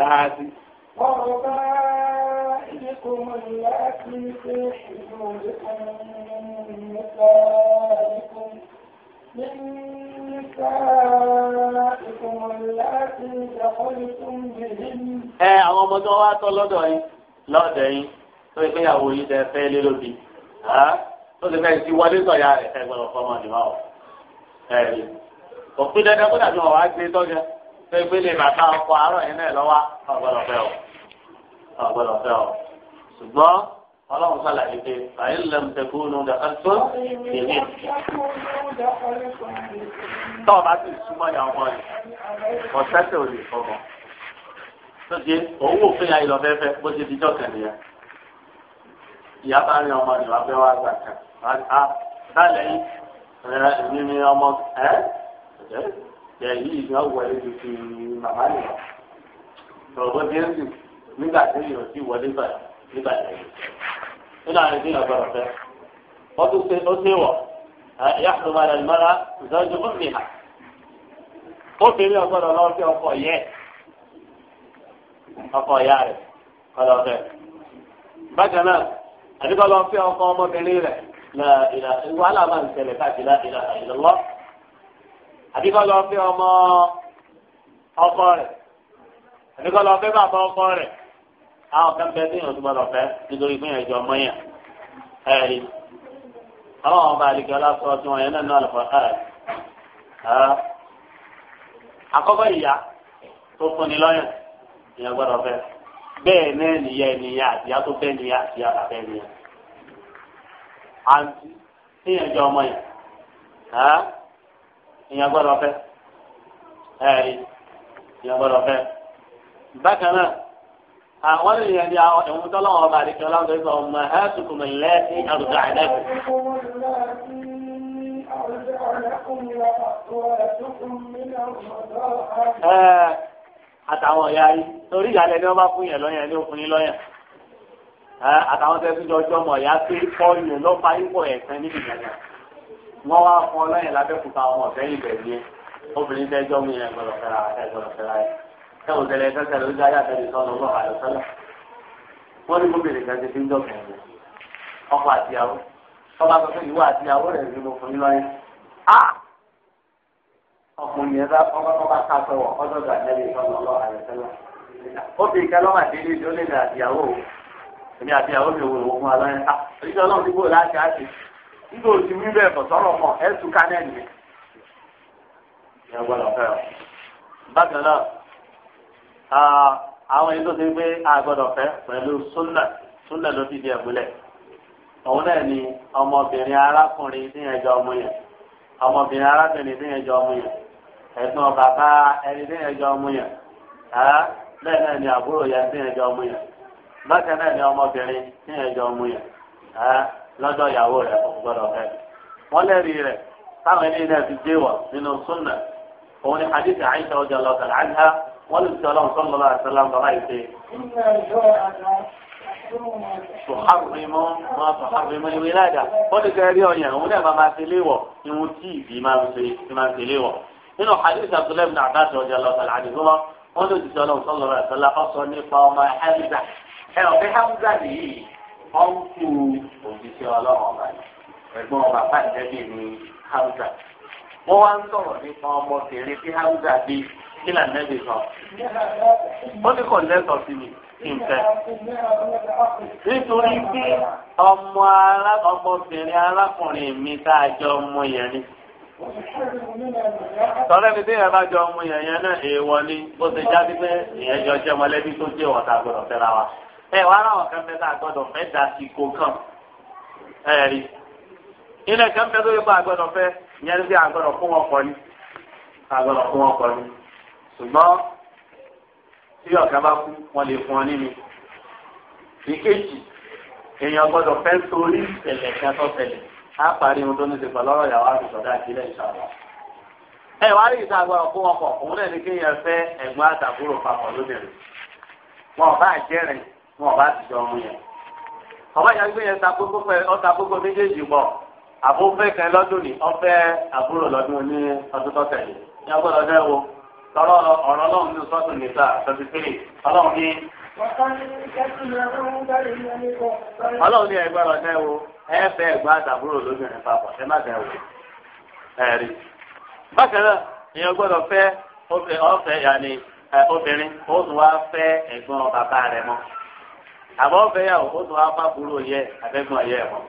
láti. أزواجكم التي في حدودكم من نسائكم من نسائكم التي دخلتم بهن. ẹ àwọn ọmọ tó wá tọ́ lọ́dọ̀ yín lọ́dọ̀ yín tó ìgbéyàwó yín tẹ fẹ́ lé lóbi tó ti fẹ́ ti wọlé sọ̀yà rẹ̀ ẹ gbọ́dọ̀ fọmọ ìwà ọ̀ ẹ̀rí òfin dandan kó dàbí wọn wá gbé tọ́jà tó ìgbélé bàtà ọkọ̀ àárọ̀ yẹn náà lọ́wọ́ ọ̀gbọ́dọ̀ fẹ́ ọ̀ ọ̀gbọ́dọ̀ fẹ́ ọ. ṣùgbọ́n ọlọ́run sàlàyé pé àyè lẹ́m tẹkùnú dàkàtó ìní. tọ́ ọba sì súnmọ́ ìyá ọmọ rẹ̀ ọ̀sẹ̀ ò lè fọmọ. tó ṣe òun wò fún ìyá fẹ́fẹ́ bó ṣe di jọ́kẹ̀ nìyẹn. ìyá bá rí ọmọ rẹ̀ wá fẹ́ wá gbàkà. a ah, sálẹ̀ yìí èmi ni ọmọ ẹ̀ ẹ̀ yìí ni ọ̀wọ́ ẹ̀ ti fi màmá nìyẹn. tọ̀gbọ́n bí ó sì nígbà tí yóò ti wọlé báyìí nígbà tí yóò nínú àwọn ìdílé ọgbọrọ fẹ wọn tún ṣe ó ṣe wọ yàtọ̀ máa lẹ́nu mọ́ra ìdájọ́ ó mìíràn obìnrin ọgbọrọ lọ sí ọkọ yẹ ọkọ ya rẹ kọlọ fẹ bákan náà àdìgbò lọ sí ọkọ ọmọbìnrin rẹ wàhálà máa ń ṣẹlẹ̀ káàkiri ìlà ìlọlọ àdìgbò lọ sí ọmọ ọkọ rẹ àdìgbò lọ sí bàbá ọkọ rẹ àwọn kan bẹ téèyàn tó gbọ́dọ̀ fẹ́ nítorí fún ìrìnàjò ọmọ yẹn ẹ̀rí àwọn ọba àdìgẹ ọlọsọ tí wọn yẹn náà náà lọfọ ẹ àkọ́kọ́ ìyá tó fún ni lọ́yàn ìyẹn gbọ́dọ̀ fẹ́ bẹ́ẹ̀ náà nìyá ènìyàn àtìyá tó fẹ́ nìyá àtìyá bàbá ènìyàn àǹtí téèyàn jọ ọmọ yẹn ìyẹn gbọ́dọ̀ fẹ́ ẹ̀rí ìyẹn gbọ́dọ̀ fẹ́ bákan náà. àwọn ènìyàn ní àwọn ẹ̀wọ̀n tó lọ́wọ́ ọba àdìkẹ́ ọlọ́dọ̀ ìgbà ọmọ ẹ̀ tukùn mi lẹ́ẹ̀sì àrùtà àdẹ́kù. àtàwọn ọ̀yà yìí torí ìyàlẹ̀ ni wọ́n bá fún yẹn lọ́yàn ní òfin lọ́yàn àtàwọn tẹ́ fi jọjọ́ mọ̀ ọ̀yà pé ipò níbi ìyàlẹ̀ wọ́n wá fún lábẹ́kúta ọmọ bẹ̀rẹ̀ táwọn tẹ̀lé kẹ́kẹ́ ló dá yàtọ̀ ní sọ́nà ọlọ́run àlọ́sọ́lá wọ́n ní gómìnà kan ti ń dọ̀kẹ́ rẹ̀ ọkọ àtìyàwó ọba sọ pé ìwọ àtìyàwó rẹ̀ ni mo fún yín lọ́yìn á ọkùnrin yẹn bá ọba ká sọ̀wọ́ ọdọ́dọ̀ àtẹ̀lé sọ́nà ọlọ́run àlọ́sọ́lá ó fi ìkẹ́ lọ́mà dé ní ìdílé ní àtìyàwó èmi àtìyàwó mi wò lówó fún wa lọ́yìn á ìjọ náà dìbò láti àti nígbà òsì wí bẹ́ẹ̀ bọ̀ àwọn ẹni tó ti gbé agbọ́dọ̀ fẹ́ pẹ̀lú súnà súnà ló di ẹ̀gbọ́lẹ̀ òun náà ni ọmọbìnrin arákùnrin tí yẹn ọmọ yẹn ọmọbìnrin arákùnrin tí yẹn ọmọ yẹn ẹni ọmọ yẹn bẹ́ẹ̀ náà ni àbúrò yẹn tí yẹn ọmọ yẹn bákan náà ni ọmọbìnrin tí yẹn ọmọ yẹn lọ́dọ̀ ìyàwó rẹ̀ kò gbọ́dọ̀ fẹ́ wọ́n lẹ́rìí rẹ̀ táwọn ẹni náà ti dé wọ̀ nínú súnà òun ni wọ́n lè sọ ọlọ́run sọ́nà lọ́la àtàlà bàbá ìpè. Tùhárùmímọ́ máa tùhárùmímọ́ ìwé láàdá. Wọ́n ti kẹ́ rí ọyàn òun náà máa ṣe léwọ̀ irun tí ìbí máa ń ṣe ti máa ṣe léwọ̀. Nínú Hadith Abdullahi bin Abbas ọjà lọ sọ̀rọ̀ àdìgúnmọ́, wọ́n lè sọ ọlọ́run sọ́nà lọ́la àtàlà ọ̀sọ̀ nípa ọmọ Hamza. Ẹ ọ̀fẹ́ Hamza nìyí, wọ́n kú òṣìṣẹ́ ọlọ́run ọ̀bà ẹ̀gbọ́n bàbá ìjẹ́bí ni Hamza. Wọ́n wá ń sọ̀rọ̀ nípa ọmọbìnrin kí là nẹ́bí sọ. ó ní kò lẹ́sọ̀ sí mi kí n fẹ́. nítorí pé ọmọ ọmọbìnrin arákùnrin mi tá a jọ ọmọ yẹn ni. sọ̀rọ̀ ni tí ìyẹn bá jọ ọmọ yẹn yẹn náà èèwọ̀ ni bó ṣe jáde pé ìyẹn jọ jẹ́ mọ̀lẹ́bí tó jẹ́ ọ̀tá gbọ́dọ̀ fẹ́ra wa. ẹ wá ráwọn kan fẹ́ tá a gbọ́dọ̀ fẹ́ dà sí ko kan. ẹ rí ilé kan fẹ́ tó yẹ kó a gbọ́dọ̀ fẹ́ ìyẹn ní bí a gbọ́dọ̀ fún wọn kọ́ ni a gbọ́dọ̀ fún wọn kọ́ ni ṣùgbọ́n tí ọ̀gá bá kú wọ́n lè fún ọ nínú. ìkejì èèyàn gbọ́dọ̀ fẹ́ sórí ìṣẹ̀lẹ̀ kan tó tẹ̀lé á parí ohun tó ní ti pẹ̀lú ọ̀rọ̀ ìyàwó àtúnṣọ̀dá àkílẹ̀ ìṣàlọ́. ẹ wá rí ìta agbára fún ọkọ òun náà ní kéèyàn fẹ́ ẹ̀gbọ́n àtàbúrò papọ̀ lóbìnrin wọn ò bá jẹ́rìn wọn ò bá tìjọ ọmú yẹn. ọba ìyàgbé yẹn ọta gbogbo méjèèjì pọ̀ àbúfẹ́ kan lọ́dún ní ọfẹ́ àbúrò lọ́dún ní ọdún tó tẹ̀lé ní ọgbọ́dọ̀ fẹ́ wo tọrọ ọ̀rọ̀ ọlọ́run ní sọ́tún nìta thirty three ọlọ́run ní. ọlọ́run ní ẹgbẹ́ ọ̀rọ̀ náà wo ẹ fẹ́ ẹ̀gbọ́n àtàbúrò lóbìnrin papọ̀ ẹ má bẹ̀ wò ẹ̀rí. bákan náà èèyàn gbọ́dọ̀ fẹ́ ọ̀fẹ́ yàní obìnrin ó tún wá fẹ́ ẹ̀gbọ́n bàbá rẹ̀ mọ́ àbọ̀ ọ̀fẹ́ yà ó tún wá fàbúrò yẹ àbẹ́gbọ̀n yẹ mọ́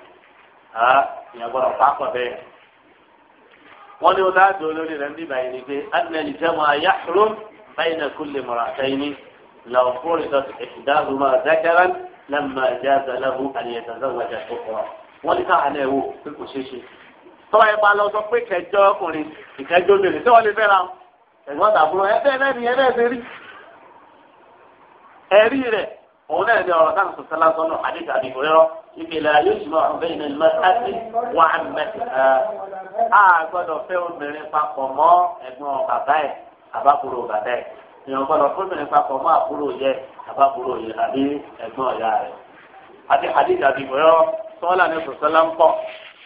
èèyàn gbọ́dọ̀ pápọ̀ bẹ́ẹ̀ wọ́n ní wọ́n dáadọ́ lórí rẹ̀ níbà yìí ni pé adìyẹ jẹ́ wọn àyà rún báyìí náà kó lè mọ̀ra sẹ́yìn ní làwọn fúnrin tó ti ìdáhùn máa dákẹ́rán lẹ́mọ̀ ẹ̀jẹ̀ àgbàláhùn àlìyẹ̀tàn sọ́wọ́jà tó kọ́ wọ́n ní káà náà wò pé kò ṣeé ṣe. tọ́wọ́ ẹ̀ bá lọ sọ pé kẹjọ ọkùnrin ìkẹjọ obìnrin tí wọ́n lè fẹ́ra ẹ̀gbọ́n òun náà ní ọ̀rọ̀ táwọn sọ̀tà lásán náà àdé tàbí ìrẹ́rọ́ ìpìlẹ̀ yóò ṣùgbọ́n àwọn bẹ́ẹ̀ ní mẹ́tàdé wà mẹ́tàdá. a gbọ́dọ̀ fẹ́ obìnrin papọ̀ mọ́ ẹ̀gbọ́n bàbá ẹ̀ àbákúrò bàbá ẹ̀ èèyàn gbọ́dọ̀ fẹ́ obìnrin papọ̀ mọ́ àbúrò yẹ àbákúrò yẹ àbí ẹ̀gbọ́n ìyá rẹ̀. àti àdé tàbí ìrẹ́rọ́ sọ́lá ní sọ̀tà láńpọ̀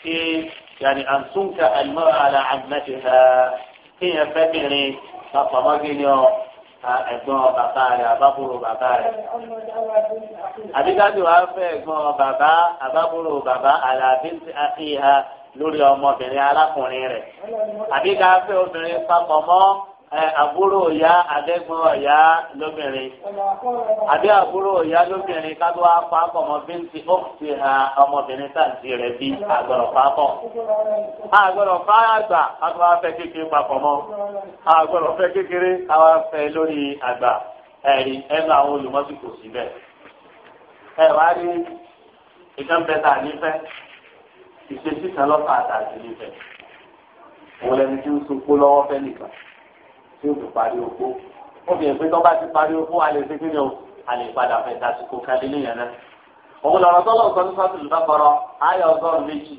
kí yàní ẹ̀gbọ́n bàbá rẹ̀ àbábòrò bàbá rẹ̀. àbíkájú wa fẹ́ ẹ̀gbọ́n bàbá àbábòrò bàbá àlàbí àfihàn lórí ọmọbìnrin arákùnrin rẹ̀. àbíká fẹ́ obìnrin papọ̀ mọ́ àbúrò ìyá àdẹ́gbọ́n ìyá lóbìnrin àbí àbúrò ìyá lóbìnrin kátó wá pápọ̀ ọmọ bíntì ọ̀sẹ̀ ha ọmọbìnrin tàǹtì rẹ̀ bí àgbọ̀rọ̀ pápọ̀ àgbọ̀rọ̀ fáàgbà kátó wá fẹ́ kékeré papọ̀ mọ́ àgbọ̀rọ̀ fẹ́ kékeré káwá fẹ́ lórí àgbà ẹ̀rí ẹnu àwọn olùmọ́sí kò sí bẹ́ẹ̀ ẹ wá rí ìjọba nífẹ̀ ìṣesí kan lọ́fà àtàkì nífẹ̀ tí o tún parí oko obìnrin pé tó bá ti parí oko a lè ṣe kí ni o a lè padà fẹ́ dasìkò kálí nìyẹn náà òun lọ̀rọ̀ tó lọ́wọ́ sọ́dún sọ́dún lùbá kọ́rọ́ ayé ọgọ́rùn méjì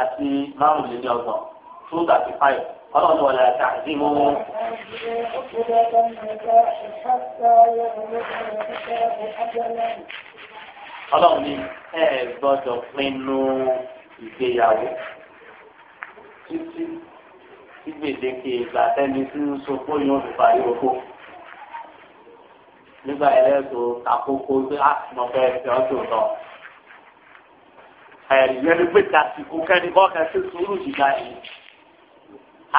àti márùnléní ọgbọ̀n two thirty five ọlọ́run wọlé àti àdìmú. ọlọ́run ní ẹ gbọ́dọ̀ pinnu ìgbéyàwó títí sí gbèdéke ìgbà tẹ́ni tí ń sopó yóò fi parí oko nígbà yẹn lẹ́sọ̀ kakoko pé a ah, mọ fẹ́ fi ọjọ́ lọ. ẹ̀yẹ́ ni pé tàsìkò kẹ́ni kọ́ kẹ́ sí sùúrù ìgbà yìí.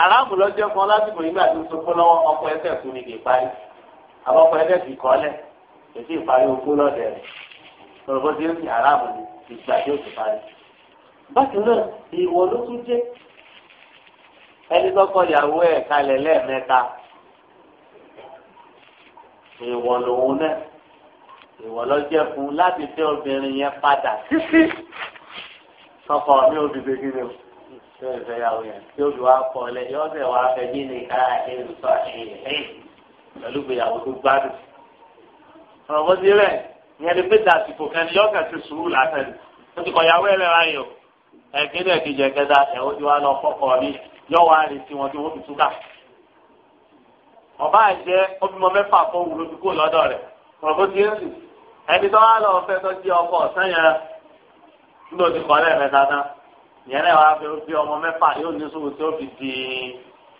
aráàmù lọ́jọ́ kan lásìkò nígbà tí ń sopó lọ́wọ́ ọkọ̀ ẹsẹ̀ kù ní kì í parí. àbọ̀kọ̀ ẹsẹ̀ kì í kọ́lẹ̀ kì í sì parí oko lọ́dẹ̀ rẹ̀. sọ̀rọ̀ bó ti ń sin aráàmù ni ìgbà yóò ti parí. bákan náà ìwọ ló tún jẹ́ ẹni tọkọ ìyàwó ẹ̀ kalẹ̀ lẹ́ẹ̀mẹ́ta ìwọ lòun náà ìwọ lọ jẹ fún láti fẹ́ obìnrin yẹn padà títí tọkọ mi ò dìde kí ni o tí o fẹ́ yàwó yẹn tí o fi wá pọ lẹ yọ ọsẹ wàá fẹ́ yí ni ká ẹ̀yìn sọ ẹ̀yìn pẹ̀lú ìgbéyàwó tó gbádùn ọ̀rọ̀ bó ti rẹ ìyẹn ni pé dàsìkò kan ni yọkàn ti sùúrù látẹnu o ti kọ ìyàwó ẹ̀ lẹ́ra yìí o ẹ̀kẹ́dẹ̀ kejì ẹ̀kẹ́dá ẹ̀wọ́n ti wá lọ fọ́kọ̀ọ́ mi yọ wá retí wọn tí wọ́n fi túkà ọba àjẹ obìnrin mẹ́fà fún òwúrò tó kó lọ́dọ̀ rẹ̀ ọ̀rọ̀ tí ń sùn ẹni tó wá lọ fẹ́ tó jẹ́ ọkọ ọ̀sán yẹn nígbà tí kọ́lẹ́ rẹ̀ dáadáa ìyẹn náà wàá fi bí ọmọ mẹ́fà yóò ní sùn tí ó fi di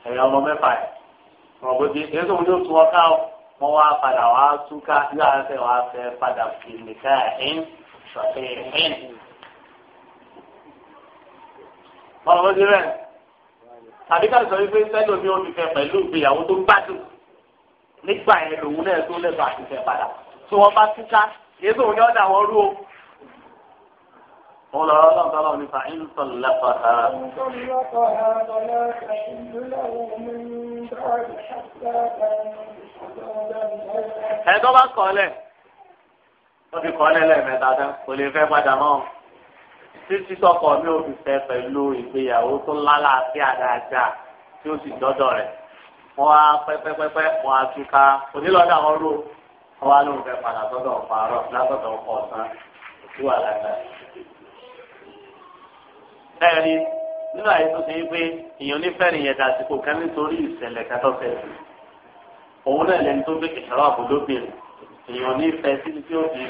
ẹ̀yìn ọmọ mẹ́fà yẹn ọ̀rọ̀ tí ń sùn yóò tún ọ ká ọ wọ́n padà wá túká yóò á fẹ́ wá fẹ́ padà fi nìkan ẹ̀hín ṣọ̀fẹ́ ẹ̀hín. ọ̀rọ̀ tí rẹ̀ tàbí ká sọ wípé sẹ́lómi ó fi fẹ́ pẹ̀lú ìgbéyàwó tó gbádùn nígbà yẹn lòun náà tó lẹ́tọ̀ àti fẹ́ padà tí wọ́n bá túká yéésù òun ni ọ̀dà wọn rú o. Wọ́n lọ rọ́ lọ́nà tọ́lọ́ nípa ìǹtọ̀n lẹ́kọ̀ọ́ ha. Ẹ̀dọ́ bá kọ́ lẹ̀. Wọ́n fi kọ́ lẹ̀ lẹ́ẹ̀mẹ́ta tán, kò lè fẹ́ padà mọ́ títí tọkọ mi ò fi fẹ́ pẹ̀lú ìgbéyàwó tó lálàáfíà dáadáa tí ó sì dọ́dọ̀ rẹ̀ wọ́n á pẹ́pẹ́pẹ́pẹ́ wọ́n á túká onílọ́dà wọn ró wọ́n á lóun fẹ́ padà sọ́dọ̀ ọ̀pààrọ̀ látọ̀dọ̀ ọkọ̀ ọ̀sán tí wà lágbà. ẹ̀rí nínú àyè tó ṣe pé èèyàn nífẹ̀ẹ́ nìyẹn dàsìkò kan nítorí ìṣẹ̀lẹ̀ kẹtọ́fẹ̀ òun náà lẹni tó gbé kẹsàrọ̀ àbúlóbìnrin èèyàn nífẹ̀ẹ́ sí tí ó fi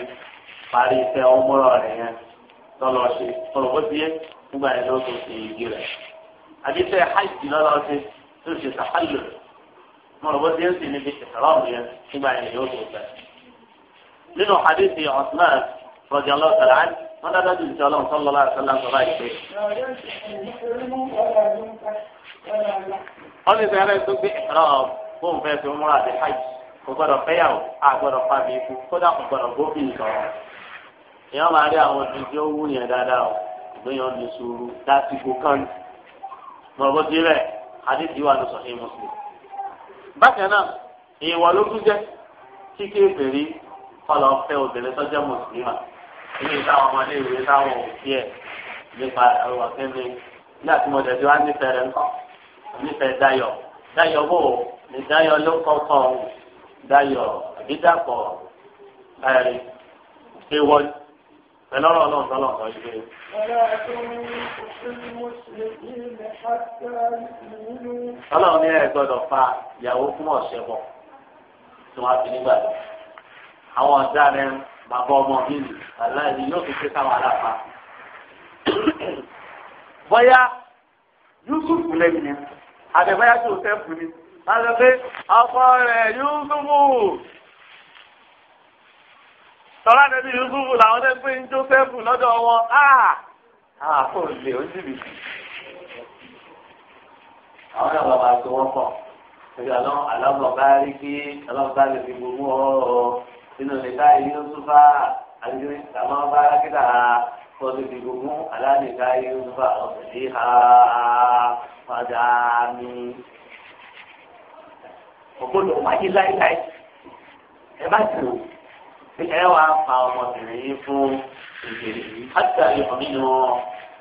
parí iṣẹ́ ọmọ lọ́lọ́ ṣe kọlọ́kọ́ ti yẹ nígbà yẹn lọ́wọ́ tó ṣe igi rẹ̀ àbí sẹ́ hajj lọ́lọ́ ṣe tó ṣe sàhálù kọlọ́kọ́ ti yẹ sì níbi ìsàlámù yẹn nígbà yẹn yóò tó ṣe. nínú hadithi Uthman rọjà lọ́sàlá wọn dáadáa ju ìṣẹ́ ọlọ́run sọ́lọ́ láàṣálá sọ́lá ìṣe. wọ́n ti sẹ́rẹ̀ tó gbé ìsàlámù fóun fẹ́ fi múra àti hajj kò gbọ́dọ̀ fẹ́yàwó àgbọ̀dọ̀ pàbí ikú kódà kò gbọ́dọ̀ gbófin sọ̀rọ̀ èèyàn máa rí àwọn ibi tí ó wú yẹn dáadáa o ìgbéyàn ní sùúrù dásìkò kan mọ̀bọ́ síbẹ̀ àdìsí wà ní sọ̀hìn mùsùlùm. bákan náà ìwọ ló tún jẹ́ kí kéèbèrè kọlọ fẹ́ obìnrin sọ́jọ́ mùsùlùmá ilé táwọn ọmọdé ìwé táwọn òbí ẹ̀ nípa ẹ̀rọ kẹ́mi ní àtúmọ̀dé tí wọ́n á nífẹ̀ẹ́ rẹ̀ ńkọ́ nífẹ̀ẹ́ dayọ̀ dayọ̀ bò ní dayọ̀ ló kọ́kọ́ dayọ̀ àbídàpọ̀ ẹ̀rí ṣé wọ́n فلرى الله طلاق عجبه ولا تنقص المسلمين حتى يؤمنوا ọlọ́run ní ẹ̀ gbọ́dọ̀ fa ìyàwó fún ọ̀sẹ̀ bọ̀ tí wọ́n á fi nígbà lọ. àwọn ọ̀daràn bàbá ọmọ mi nì aláìní yóò fi ṣe káwọn aláfa. bọ́yá yusuf tọ́lá nẹ́bí yusufu làwọn ẹ̀ ń jósẹ́fù lọ́dọ̀ wọn àpò ah! ah, lè ó jìbì. àwọn náà bàbá tó wọ́n pọ̀ pẹ̀lú àlọ́bọ̀ bá rí kí ọlọ́ọ̀bá lè fi gbogbo ọ̀rọ̀ nínú nìka yusufa àti àwọn bá kíkà kọ́ lè fi gbogbo alánìka yusufa ọ̀sẹ̀ ha padà mi. ọgbọ́dọ̀ wáyé láéláé ẹ bá ti ẹ wá fa ọmọbìnrin yìí fún ìgbèrè àti àyẹ̀wò nínú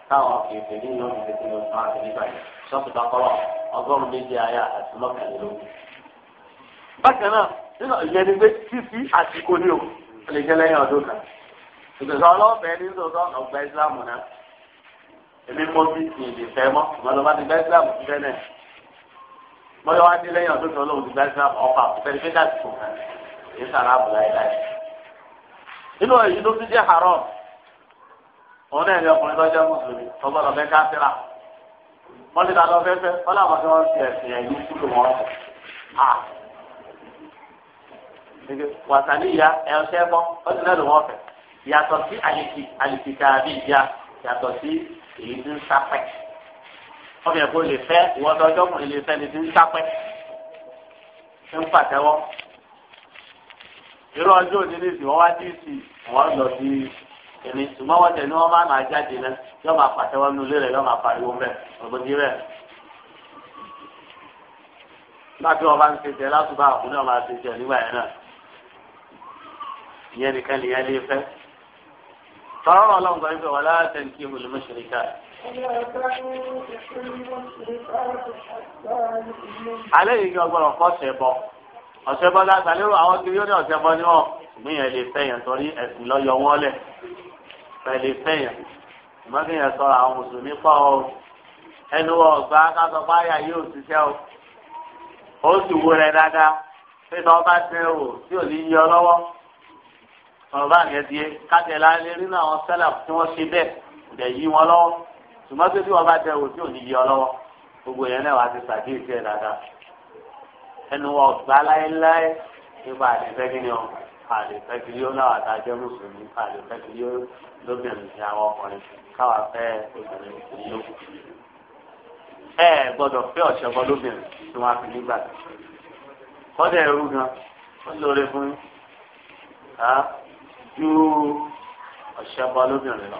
táwọn kìrìtì nínú ìgbésẹ̀ lọ sọ àti nígbà yìí sọ́ọ̀tù bàkọ́rọ̀ ọgọ́rùn-ún méjì àyà àti mọ́kànlélógún. bákan náà nínú ìyẹn ni pé fífi àsìkò ní o lè jẹ́ lẹ́yìn ọdún kan ìgbésẹ̀ ọlọ́ọ̀bẹ ní sọ́tọ́ ọgbà ìsìlámù náà èmi mọ bí ti ìdìfẹ́ mọ́ ìmọ̀lọ́ bá ti gbá ìsìlámù ti fẹ́ náà mọ́lọ́ wá dé lẹ́yìn ọdún kan lóhùn ti gbá ìsìlámù ọ̀pá fẹ́ẹ́ fẹ́ẹ́ dàsìkò kan èyí sàrà àbùláyé láyé inú èyí ló fi jẹ́ haram òun náà ní ọkùnrin lọ́jọ́ mùsùlùmí ọgbọ́dọ̀ fẹ́ káfíra wọ́n ti dáná fẹ́fẹ́ wọ́n làwọn tí wọ́n ti ẹ̀sìn ẹ̀yìn kúlù wọn à wàtàlí ìyá ẹ̀ọ́sẹ́ mọ́ ó ti lẹ́nu wọn fẹ́ yàtọ̀ sí àlìkìkà àbí ìyá yàtọ̀ sí èyí tí ń sápẹ́ ọmọ ẹ̀kọ́ lè fẹ́ ìwọ́n tọ́jọ́ kùnrin lè fẹ́ irú ọjọ́ òní ní wọ́n wá dí ìsìn wọ́n lọ sí èmi ṣùgbọ́n tẹ̀ ní wọ́n máa máa jáde náà yọ máa pàtẹ́wọ́ nínú ilé rẹ̀ yọ máa pariwo mẹ́ ọ̀gbọ́dí rẹ̀. láti wọn bá ń ṣe jẹ látúbà àkùn náà máa ṣe jẹ nígbà yẹn náà ìyẹn nìkan nìyẹn lè fẹ́. tọ́rọ̀ ọlọ́run gbọ́ ibẹ̀ wọ́n láti ń kí olùmọ̀ṣẹ̀ríkà. alẹ́ yìí ni ọgbọ́n ọ̀sẹ̀ bọ́ láti àlérò àwọn kiri yóò ní ọ̀sẹ̀ bọ́ ní wọn ṣùgbọ́n yẹn lè fẹ́ yẹn torí ẹ̀sìn lọ́yọ̀ wọn lẹ̀ fẹ́ lè fẹ́ yẹn ṣùgbọ́n kí yẹn sọ̀rọ̀ àwọn mùsùlùmí pọ̀ o ẹnu ọ̀gbá kásọ̀ páyà yóò ṣiṣẹ́ o ó sì wo rẹ̀ dáadáa pé tọ́ tẹ o tí ò ní yọ lọ́wọ́ ọ̀rọ̀ yẹn di kájẹ̀lá lè rí náà àwọn sẹ́là tí wọ́n ṣe bẹ́ẹ̀ ìdẹ̀ yí wọn lọ́wọ́ ṣùgbọ́n tó tí wọ́n tẹ o tí ò ní yọ lọ́wọ́ gbogbo yẹn náà wàá ti ṣàkíyèsí ẹ̀ dáadáa ẹnu wa ọ̀gbá láéláé nípa àdìsẹ́kìlì ọ̀ àdìsẹ́kìlì ó láwà tá a jẹ́ mùsùlùmí àdìsẹ́kìlì ó lóbìnrin sí àwọn ọkùnrin káwa fẹ́ obìnrin sí yó. ẹ ẹ gbọ́dọ̀ fẹ́ lóbìnrin tí wọ́n fi nígbà tó. kọ́dà ẹrú gan ó lóore fún yín ju ọ̀ṣọ́gbọ́ lóbìnrin lọ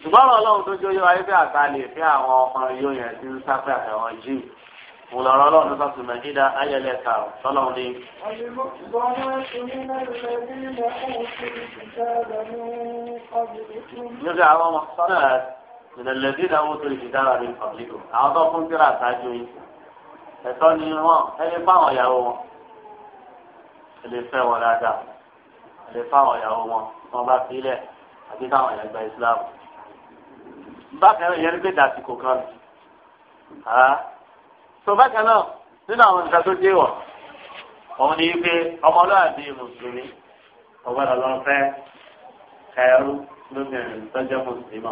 ṣùgbọ́n ọlọ́run tó jó yọ ayé bí àgbà fẹ́ àwọn ọkùnrin yóò yẹn ti ń sáfẹ́ àtàwọn jíì ولرى الله نصف المجيدة أي لك صلوا لي والمحضرات من الذين أوتوا الكتاب من قبلكم نرجع على محصنات من الذين أوتوا الكتاب من قبلكم أعطاكم قراءة عجوي ẹ̀tọ́ ni wọn ẹni fáwọn ìyàwó wọn ẹni fẹ́ wọn dáadáa ẹni fáwọn ìyàwó wọn wọn bá filẹ̀ àbí káwọn ìyàwó gba islam bákan náà yẹn ní pé dàsìkò kan tó bákan náà nínú àwọn nǹkan tó dé wọ̀ òun ni pé ọmọlúwàbí mùsùlùmí ọgbọ́dọ̀ lọ fẹ́ ẹrú lóbìnrin tó jẹ́ mùsùlùmí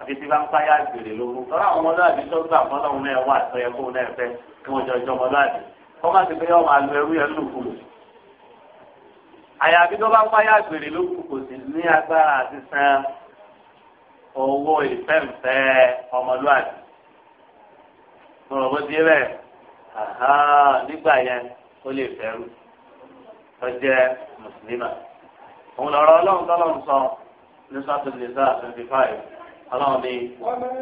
àti tí bá ń páyà gbèrè lógún tọ́lá àwọn ọmọlúwàbí tó gbà fọ́lọ́hún náà wà tó yẹ kó náà fẹ́ kí wọ́n jọ jọ ọmọlúwàbí kọ́ má ti pé yọ máa ẹrú yẹn lùkù àyàfi tó bá ń páyà gbèrè lógún kò sì ní agbára àti san owó ìfẹ́ǹfẹ́ ọmọlúwàbí mọ̀rọ̀ ti rẹ̀ nígbà yẹn ó lè fẹ́rù tó jẹ́ mùsùlùmá. òun lọ̀rọ̀ ọlọ́run tọ́lọ́run sọ ní sátidé sáà twenty five ọlọ́run ní. ومن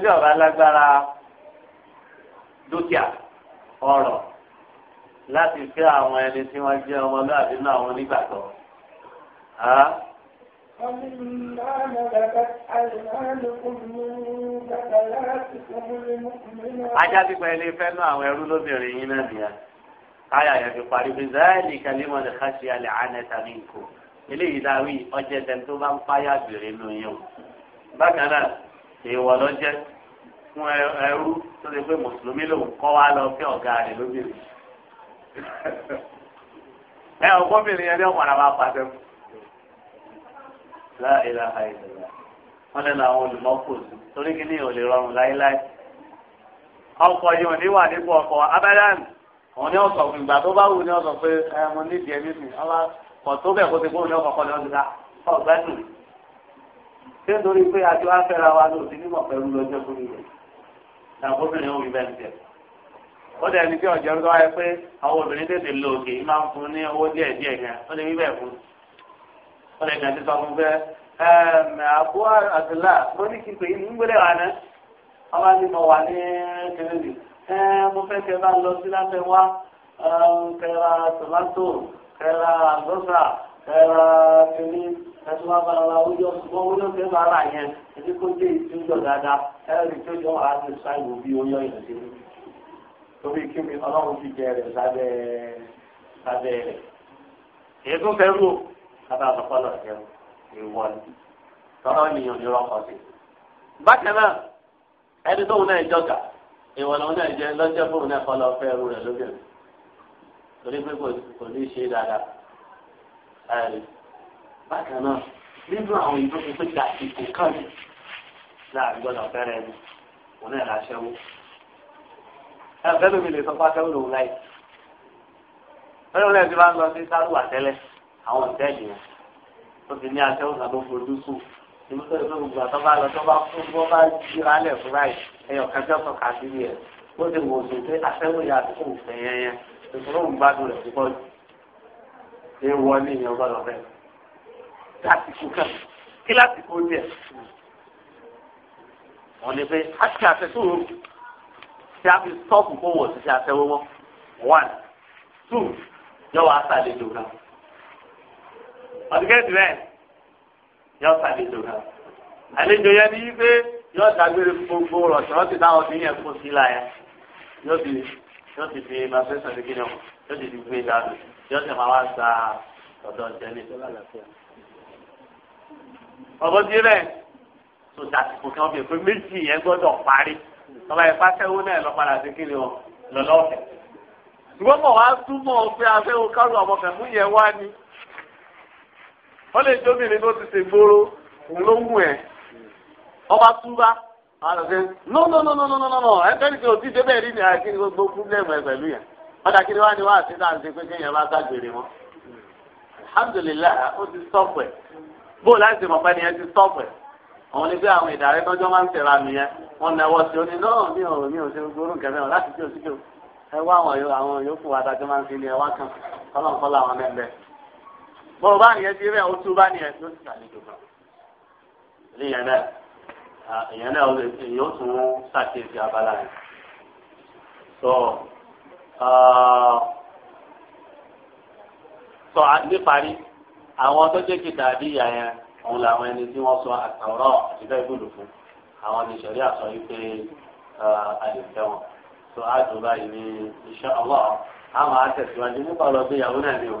tí ọba lágbára dúkìá ọrọ̀ láti fẹ́ àwọn ẹni tí wọ́n jẹ́ ọmọlúwàbí náà àwọn onígbàgbọ́. ها ومما ملكت أيمانكم من فتياتكم المؤمنات ajá pípa ilé fẹ́ nú àwọn ẹrú lóbìnrin yín náà nìyà káyà yẹn fi parí pé záàlì kalimọ̀ ní káṣí alẹ́ ànẹ́ta ní nkó eléyìí dáwì ọjẹ́ tẹ́ni tó bá ń páyà bèrè nù yín o bákan náà èèwọ̀ lọ́jẹ́ fún ẹrú tó ti pé mùsùlùmí lòun kọ́ wá lọ fẹ́ ọ̀gá rẹ̀ lóbìnrin ẹ ọgbọ́n bìnrin yẹn ní ọ̀pọ̀ àrà máa fún láìlà àìlèlà wọn lè làwọn olùmọ́kò sí torí kí ní ò lè rọrùn láíláí. ọkọ̀ yìí ò ní wà nípò ọkọ̀ abẹ́rẹ́ òun ni ọ̀sọ̀ ìgbà tó bá wù ni ọ̀sọ̀ pé ẹ mo ní ìdí ẹ̀mí mi ọba kọ̀ tó bẹ̀ kó ti kó ní ọkọ̀ kọ́ ni ọ̀sọ̀ ta ọ̀gbẹ́ nù. ṣé nítorí pé àjọ afẹ́ra wa ló ti nímọ̀ pẹ̀lú lọ́jọ́ tó nílẹ̀ làbóbìnrin òun ibẹ̀ ń tẹ̀. ó dẹ̀ ní bí ọ̀jọ́ tó wáyé pé àwọn obìnrin tètè lo òkè máa ń fún ní owó díẹ̀ yẹn ó lè wí bẹ́ẹ̀ fún un wọn lè gàdí sọ Eh, fẹ ẹ àbú àtìlá mo ní kí n pè é ní gbélé wa náà ọba ní mo wà ní kẹrìndì ẹ mo fẹ́ kẹ bá lọ sí lábẹ́ wa kẹra tomato kẹra àgbọ̀sà kẹra kìnní ẹtùmọ̀ abala ọjọ́ ṣùgbọ́n wọ́n yóò fẹ́ bá ara yẹn ẹni kó dé ìtújọ dáadáa ẹ rí tó jọ wà á ti sá ìwò bí sábà sọ́kọ́ lọ jẹun ìwọ ni tọ́rọ ènìyàn ní rọ́kọ̀ sí. bákan náà ẹni tóun náà jọ̀gà ìwọ lòun náà jẹ lọ́jọ́ fóun náà kọ́ lọ fẹ́ ẹrú rẹ̀ lóbìnrin torí pé kò ní ṣe dáadáa bákan náà nínú àwọn ìlú tó gbéjà ìkó kan ní láàrin gbọ́dọ̀ fẹrẹ ẹni òun náà láṣẹwó ẹ fẹlẹ mi lè sọ pé aṣẹwó lòun láì fẹlẹ mi lè ti máa ń lọ sí sáréwà tẹ́lẹ̀ àwọn ìtẹ́ẹ̀lì yẹn ó ti ní aṣẹ́wọ̀n kan tó fojú sùn ìlú tó ìlú gbogbo àtọ́ba lọ tó bá fún bó bá yíra lẹ̀ fún báyìí ẹyọ kẹjọ sọ kàdúrì ẹ̀ ó ti wò sùn pé aṣẹ́wọ̀n yà àdúgbò fẹ̀ yẹn ìṣòro ń gbádùn rẹ̀ púpọ̀ jù ṣé wọ́n ní ìyẹn gbọ́dọ̀ bẹ́ẹ̀ láti kú kàn kí láti kó díẹ̀ wọ́n ní pé a ti àfẹ́sọ̀rọ̀ tí a fi stọ́ọ̀pù kó wọ̀ sí ti àfẹ́wọ́ one two yọ wá sàlẹ̀ jù náà ọ̀dùkẹ́tì rẹ̀ yọ sàlejò náà àlejò yẹn ni wípé yọ dàgbére gbogbo rọ̀ṣọ̀ ọ́ ti dáhùn sí yẹn kó sí láyà yóò ti yóò ti fi máa fẹ́ sọ̀rọ̀ kí ni o ti fi gbé dànù yóò ti máa wá sa ọ̀dọ̀ ìjẹ́lẹ̀ tó lálàáfíà. ọ̀bọ̀n ti rẹ̀ tó dàtìkù kí wọ́n fi pé méjì yẹn gbọ́dọ̀ parí ọba ìpàtẹ́wọ́ náà lọ padà sí kí ni lọ́lọ́ọ̀fẹ́. ìwọ́n mọ̀ wá túmọ̀ pé afẹ́wọ́ kárù ọmọkẹ́ fún yẹn wá ni ó lè jóbìnrin tó ti ṣe gbóró òun ló wù ẹ́ ọba túbá àwọn ọ̀sẹ̀ no no no no no no no ẹ fẹ́ẹ́ ní kí o ti débẹ̀ rí ni àkíní gbogbo fúlẹ̀mù ẹ pẹ̀lú yẹn ọ̀dà kí ni wá ní wá àti náà ṣe pé kéèyàn bá ságbèrè wọn alhamdulilayi ó ti sọ̀pẹ̀ bó láti mọ̀ pé nìyẹn ti sọ̀pẹ̀ àwọn onígbé àwọn ìdàrẹ́ tọ́jọ́ máa ń tẹ̀ra nìyẹn wọn náwó sí oní náà mi ò mi ò ṣe gbóró kẹfẹ́ wọn láti kí o sí kí ẹ wá àwọn yòókù adájọ́ máa ń fi ní ẹwà kan kọ́lọ́ńkọ́lọ́ àwọn ẹgbẹ́ bó bá yẹn ti rẹ̀ ó tú bá nìyẹn ló ti ṣàlejò kan. ilé yẹn náà èèyàn náà èèyàn ó tún ṣàkíyèsí abala rẹ̀. sọ sọ níparí àwọn tó jẹ́ kìtà bí ìyá yẹn òun làwọn ẹni tí wọ́n sọ àtàwọ̀rọ̀ àti bẹ́ẹ̀ gbọ́dọ̀ fún àwọn ní sẹ̀rí àsọ yìí pé a lè fẹ́ wọn. sọ àdùn báyìí ní iṣẹ́ ọlọ́ọ̀ àwọn àtẹ̀síwájú nípa ọlọ́gbẹ́yàwó náà ni o.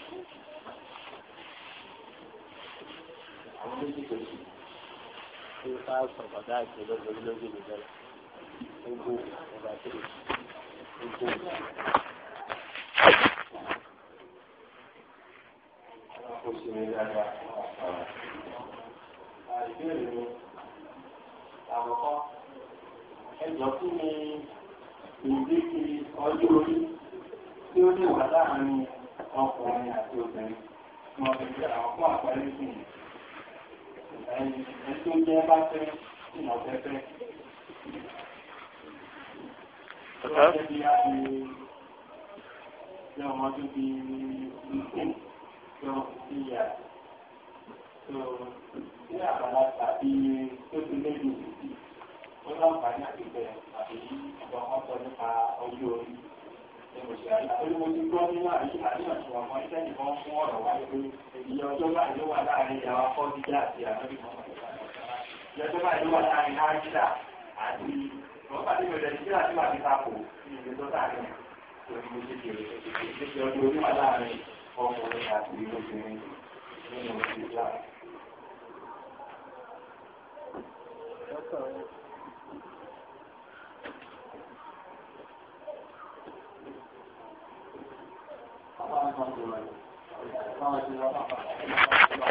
àwọn méjì tó ṣe tí ó ká sọ bàdá àti lọ́gbọ̀n lójú mi bẹ́ẹ̀ ó gbó bídà àti ànábì mọ́mọ́ ìjọba báyìí ló wà láàrin náà bídà àti ọ̀pá tí bẹ̀rẹ̀ sí àti wà ní sápò ní ìlú tó sáré lórí mo ṣe kéré ṣe ṣe ọdún oníwà láàrin ọkùnrin àti obìnrin nínú ìgbà. Thank you.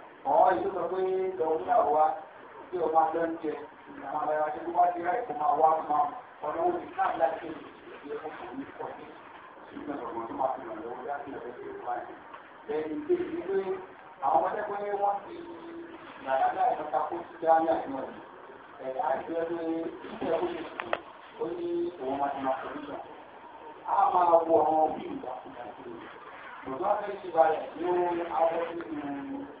ọ̀hún ìlú sọ pé lọ́wọ́ níyàwó wa tí o máa lọ jẹ ìyàwó ara ṣe tó wá sí ra ìkó máa wá máa ọ̀nà òbí náà láti ṣe ìyẹ̀wò fún mi kọ̀ ní ṣùgbọ́n ọ̀gbọ̀n tó máa fi hàn lọ́wọ́ láti ọ̀rẹ́ tó wá ní. lẹ́yìn tí èyí pé àwọn ọmọdé pé wọ́n ti yàrá láì lọ́ta kó ti dá ní àjọ yìí ẹ̀ àìsí ẹ pé iṣẹ́ ó lè sùn ó ní òun máa ti máa pẹ̀lú ìgbà. a máa wọ àwọn òbí ìgbà kúta sí i. lọ́dọ̀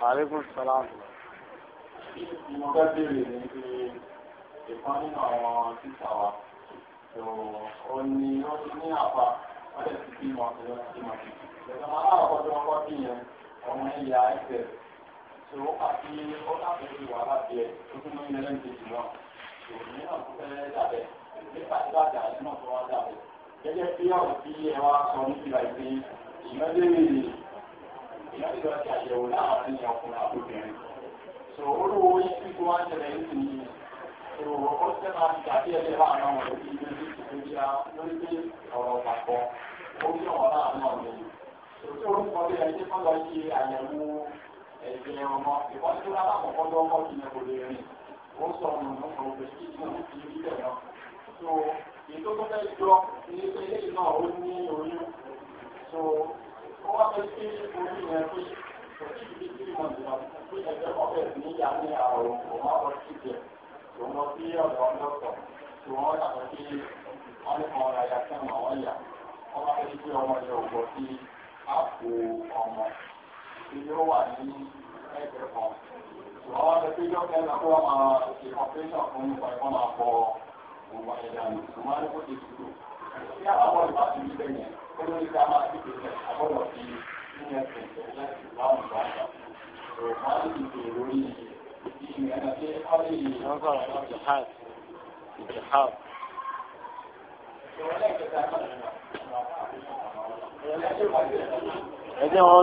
Àlékún sàlámù. ọmọ ẹ̀yà ẹ̀fẹ̀. Ṣé ó kà sí ó láti láti ẹ̀ tó tún ní ilé ń tètè náà? Òní náà tó Nípa tí bàjẹ́ tó wá dàbẹ̀. Gẹ́gẹ́ bí ọ̀rọ̀ bí ẹ sọ níbi ìgbà ìgbé ìmọ̀lẹ́rìí ìyá ti àyẹ̀wò láwọn àríyàn ọkùnrin àbóbìnrin. so olówó yín tí kò wá ń ṣẹlẹ̀ yìí ti yìí so ó ṣe máa ń dàbí ẹgbẹ́ láàárín àwọn òbí ilé ní ìpínlẹ̀ lórí pé ọ̀rọ̀ pàpọ̀ ó bí ọ̀rọ̀ láàárín àwọn èyí. so tí orúkọ bí ẹni kọ́ lọ ṣe àyẹ̀wò ẹ̀jẹ̀ ọmọ ìwádìí alákọ̀ọ́kọ́ lọ́kọ́ ti yẹ kò lè rìn ó sọ ọ̀nà náà wọ́n fẹ́ sí orí yẹn pé kò sí olórí wọn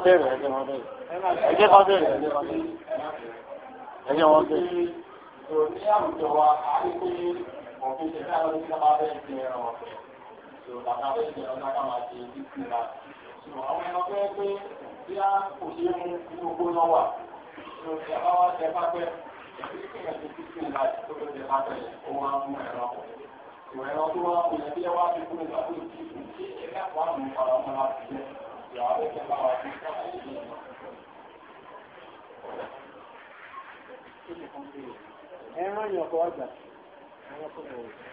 bẹ̀rẹ̀, tó ẹran yọ̀kọ̀ ọjà ẹran tó bọ̀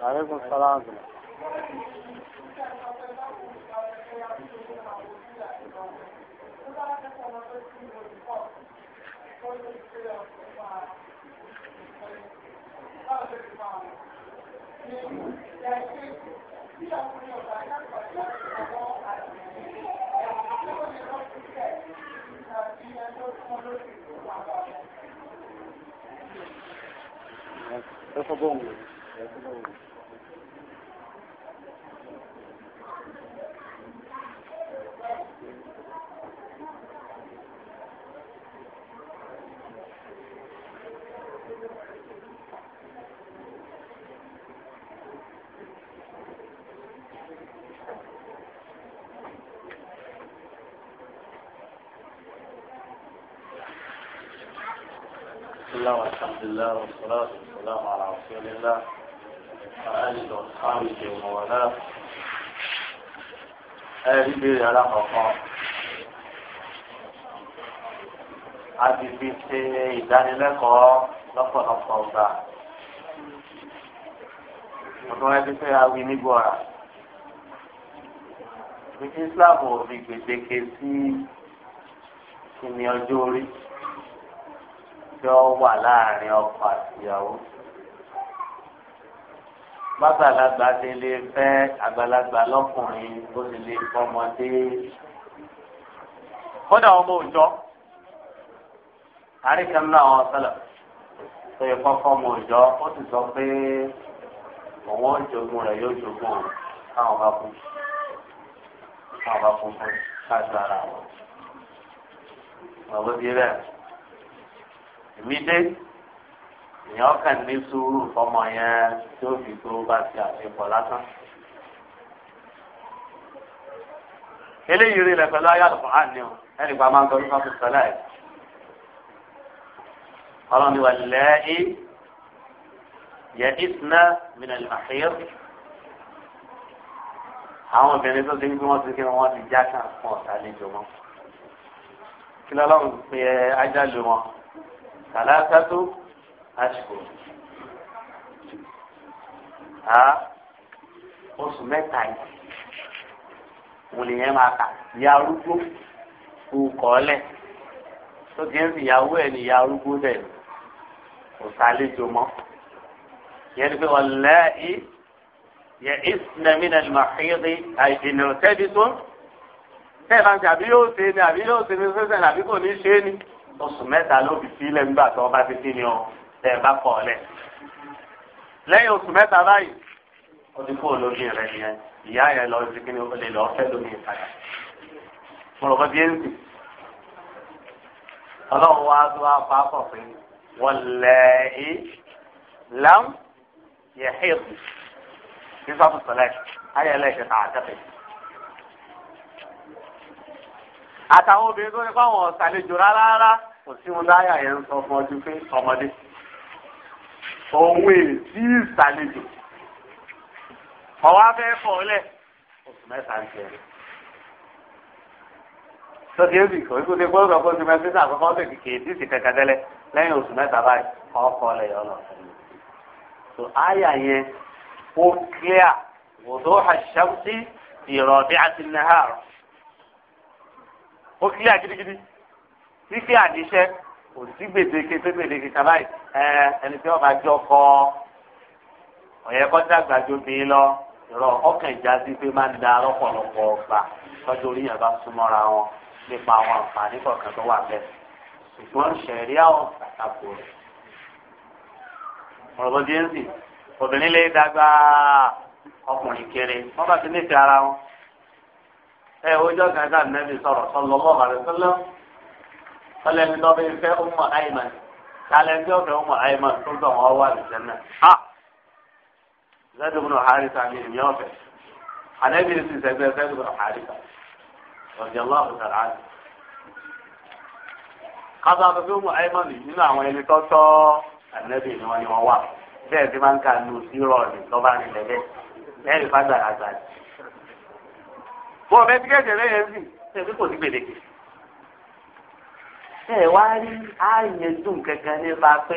还我刷单子呢。تتضمن الله والحمد لله والصلاة والسلام على رسول الله وآله وأصحابه ومن والاه ẹ̀rí béèrè alákọ̀ọ́kọ́ a ti fi ṣe ìdánilẹ́kọ̀ọ́ lọ́pọ̀lọpọ̀ ọgbà ọdún ẹbí fẹ́ awi nígbọ̀ra ní Islam ò ní gbèdéke sí ìní ọjọ́ orí tí ó wà láàrin ọkọ àtìyàwó bàgbàlagbà ti lè fẹ́ àgbàlagbà lọ́kùnrin ó sì lè fọmọdé kódà ọmọ òòjọ́ àríkan náà wọn sọlọ tó yẹ kọ́kọ́ ọmọ òòjọ́ ó sì sọ pé òun ó jogún rẹ̀ yóò jogún òun káwọn bá kú káwọn bá kú fún káàtó ara wọn èmi dé èèyàn kàn ní sùúrù fọmọ yẹn tí ó fi tó bá ti àṣepọ̀ lásán. eléyìí rí lẹ pẹ̀lú ayáàlú fún àná o ẹnì kan máa ń gbọ́dọ̀ fún sọlá ẹ ọlọ́run ni wà lẹ́yìn yẹ ìsúná mìíràn àfẹ́yẹ́ àwọn obìnrin tó ti ń gbé wọn ti kí wọn ti já kan fún ọ̀tá àlejò wọn kí lọ́lọ́run pe ajá lu wọn sàlásàtò àṣìkò a oṣù mẹ́ta yìí wò lè yẹn máa kà ya arúgbó kò kọ́ lẹ̀ tó kí n sì yàwó ẹ̀ ní ya arúgbó dẹ̀ kò sálejò mọ́ yẹn ni pé wọ́n lẹ́ ẹ́ yẹ ìsìnàmínà màkìrì àìdènà tẹ́bi tó tẹ́ẹ̀ bá ń ṣe àbí yóò ṣe ni àbí yóò ṣe ni sẹ́sẹ̀ àbí kò ní ṣe ni oṣù mẹ́ta ló fi sílẹ̀ nígbà tó bá ti sí ni ọ tẹ̀ bá kọ̀ ọ́ lẹ̀. lẹ́yìn oṣù mẹ́ta báyìí ó ti kó olórí rẹ̀ nìyẹn ìyá yẹn lọ sí kí ni ó lè lọ fẹ́ lómi ìpadà. mo rọ̀ bọ́ bí ẹ̀ǹtì ọlọ́run wá tó wá pa pọ̀ pé wọ́n lẹ̀ ẹ́ lám yẹ hẹ́ẹ̀kù kí sọ́tù sọ̀lẹ̀ ayẹ̀lẹ̀ kẹta àtẹ̀tẹ̀ àtàwọn obìnrin tó ní fáwọn ọ̀sàlejò rárá rárá kò sí wọn láyà yẹn ń sọ fún ọdún pé ọmọdé òun èyí tí ìsàlejò ọwọ́ afẹ́ fọ́ọ́lẹ̀ oṣù mẹ́ta ń tẹ̀lé sọdí ẹbí kò ní kó ní gbọ́dọ̀ kó ní mẹ́fí sàn àkọ́kọ́ ọ̀sẹ̀ kìkì èdè sì kẹ̀kẹ́ tẹ́lẹ̀ lẹ́yìn oṣù mẹ́ta báyìí ọkọ̀ lẹ̀ yọ lọ. tó àyà yẹn ó kíá wòdó àṣàmùsí ìrọ̀bí àti nàhàrọ̀ ó kíá gidigidi fífi àníṣe kò sí gbèdéke pé gbèdéke kaba ẹni tí wọn bá jọ kọ ọyẹ kọ dàgbà ju mi lọ rọ ọkàn ìjà sí pé máa ń da lọ́pọ̀lọpọ̀ ọgbà tọjú orí yẹn bá súnmọ́ra wọn nípa àwọn àǹfààní kọ̀ọ̀kan tó wà bẹ́ẹ̀ ṣùgbọ́n ṣẹ̀ríà ọ̀tàkù rẹ̀. ọ̀rọ̀ díẹ̀ sì obìnrin lè dàgbà ọkùnrin kéré wọ́n bá ti nífẹ̀ẹ́ ara wọn. ẹ ojọ́ kan sáà nẹ́bí sọ̀rọ̀ sọ́lọ́ mọ́ ọlẹ́ni lọ́bẹ̀ ìfẹ́ ọmọ àìmọ̀ kálẹ́ńdé ọ̀fẹ́ ọmọ àìmọ̀ tó dọ̀ wọ́n wà ní sẹ́nà. zẹ́dùn nù harisa ni èmi ọ̀fẹ́ ànẹ́bí ti sẹ́gbẹ́ zẹ́dùn nù harisa ọ̀jẹ̀ lọ́ọ̀fù tàrà á ní. kátó afẹ́fẹ́ ọmọ àìmọ̀ nì nínú àwọn ẹni tó tọ́ ànẹ́bí ni wọ́n ni wọ́n wà bẹ́ẹ̀ ti máa ń ka nù sí rọ̀ọ̀lì lọ́ba ní lẹ́lẹ́ lẹ́yìn fágbára àgbà ẹ wá rí ààyè dùn kankan nípa pé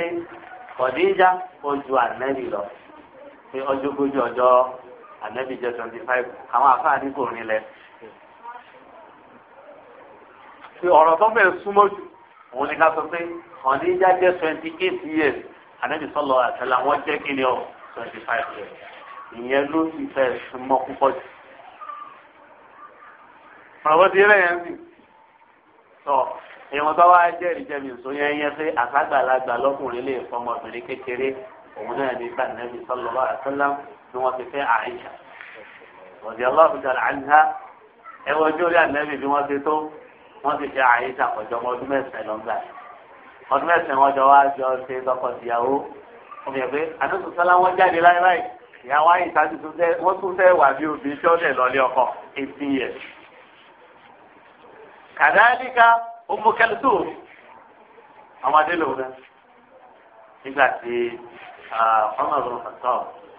kọ̀díjà ojú ànẹ́bì lọ pé ọjọ́gójì ọjọ́ ànẹ́bì jẹ́ twenty five àwọn àfáàní kò rinlẹ̀. pé ọ̀rọ̀ tó bẹ̀rẹ̀ súnmọ́ jù òun ni ká sọ pé kọ̀díjà jẹ́ twenty eight years ànẹ́bì sọ̀lọ̀ àtẹlẹ àwọn jẹ́ kí ni ọ twenty five years ìyẹn ló ti fẹ́ súnmọ́ púpọ̀ jù. ọ̀rọ̀ bó ti rẹ̀ yẹn sì èèyàn bá wá jẹ́rìí jẹ́mi ìṣó yẹn yẹn pé àkágbàlagbà lọ́kùnrin lè fọmọbìnrin kékeré òun náà ní bá nàbí sallallahu alaihi wasallam ni wọ́n ti fẹ́ Àìṣà radiyallahu ta'ala anha ẹ wọ orí ànábì bí wọ́n ti tó wọ́n ti fẹ́ Àìṣà kọjọ ọdún mẹ́sàn lọ́gbà ọdún mẹ́sàn-án jọ wá jọ ṣe tọkọ ọmọ yẹn àdúgbò ọmọ kẹlẹtọ àwọn adélò rẹ nígbà tí ọmọ rẹ fàtọ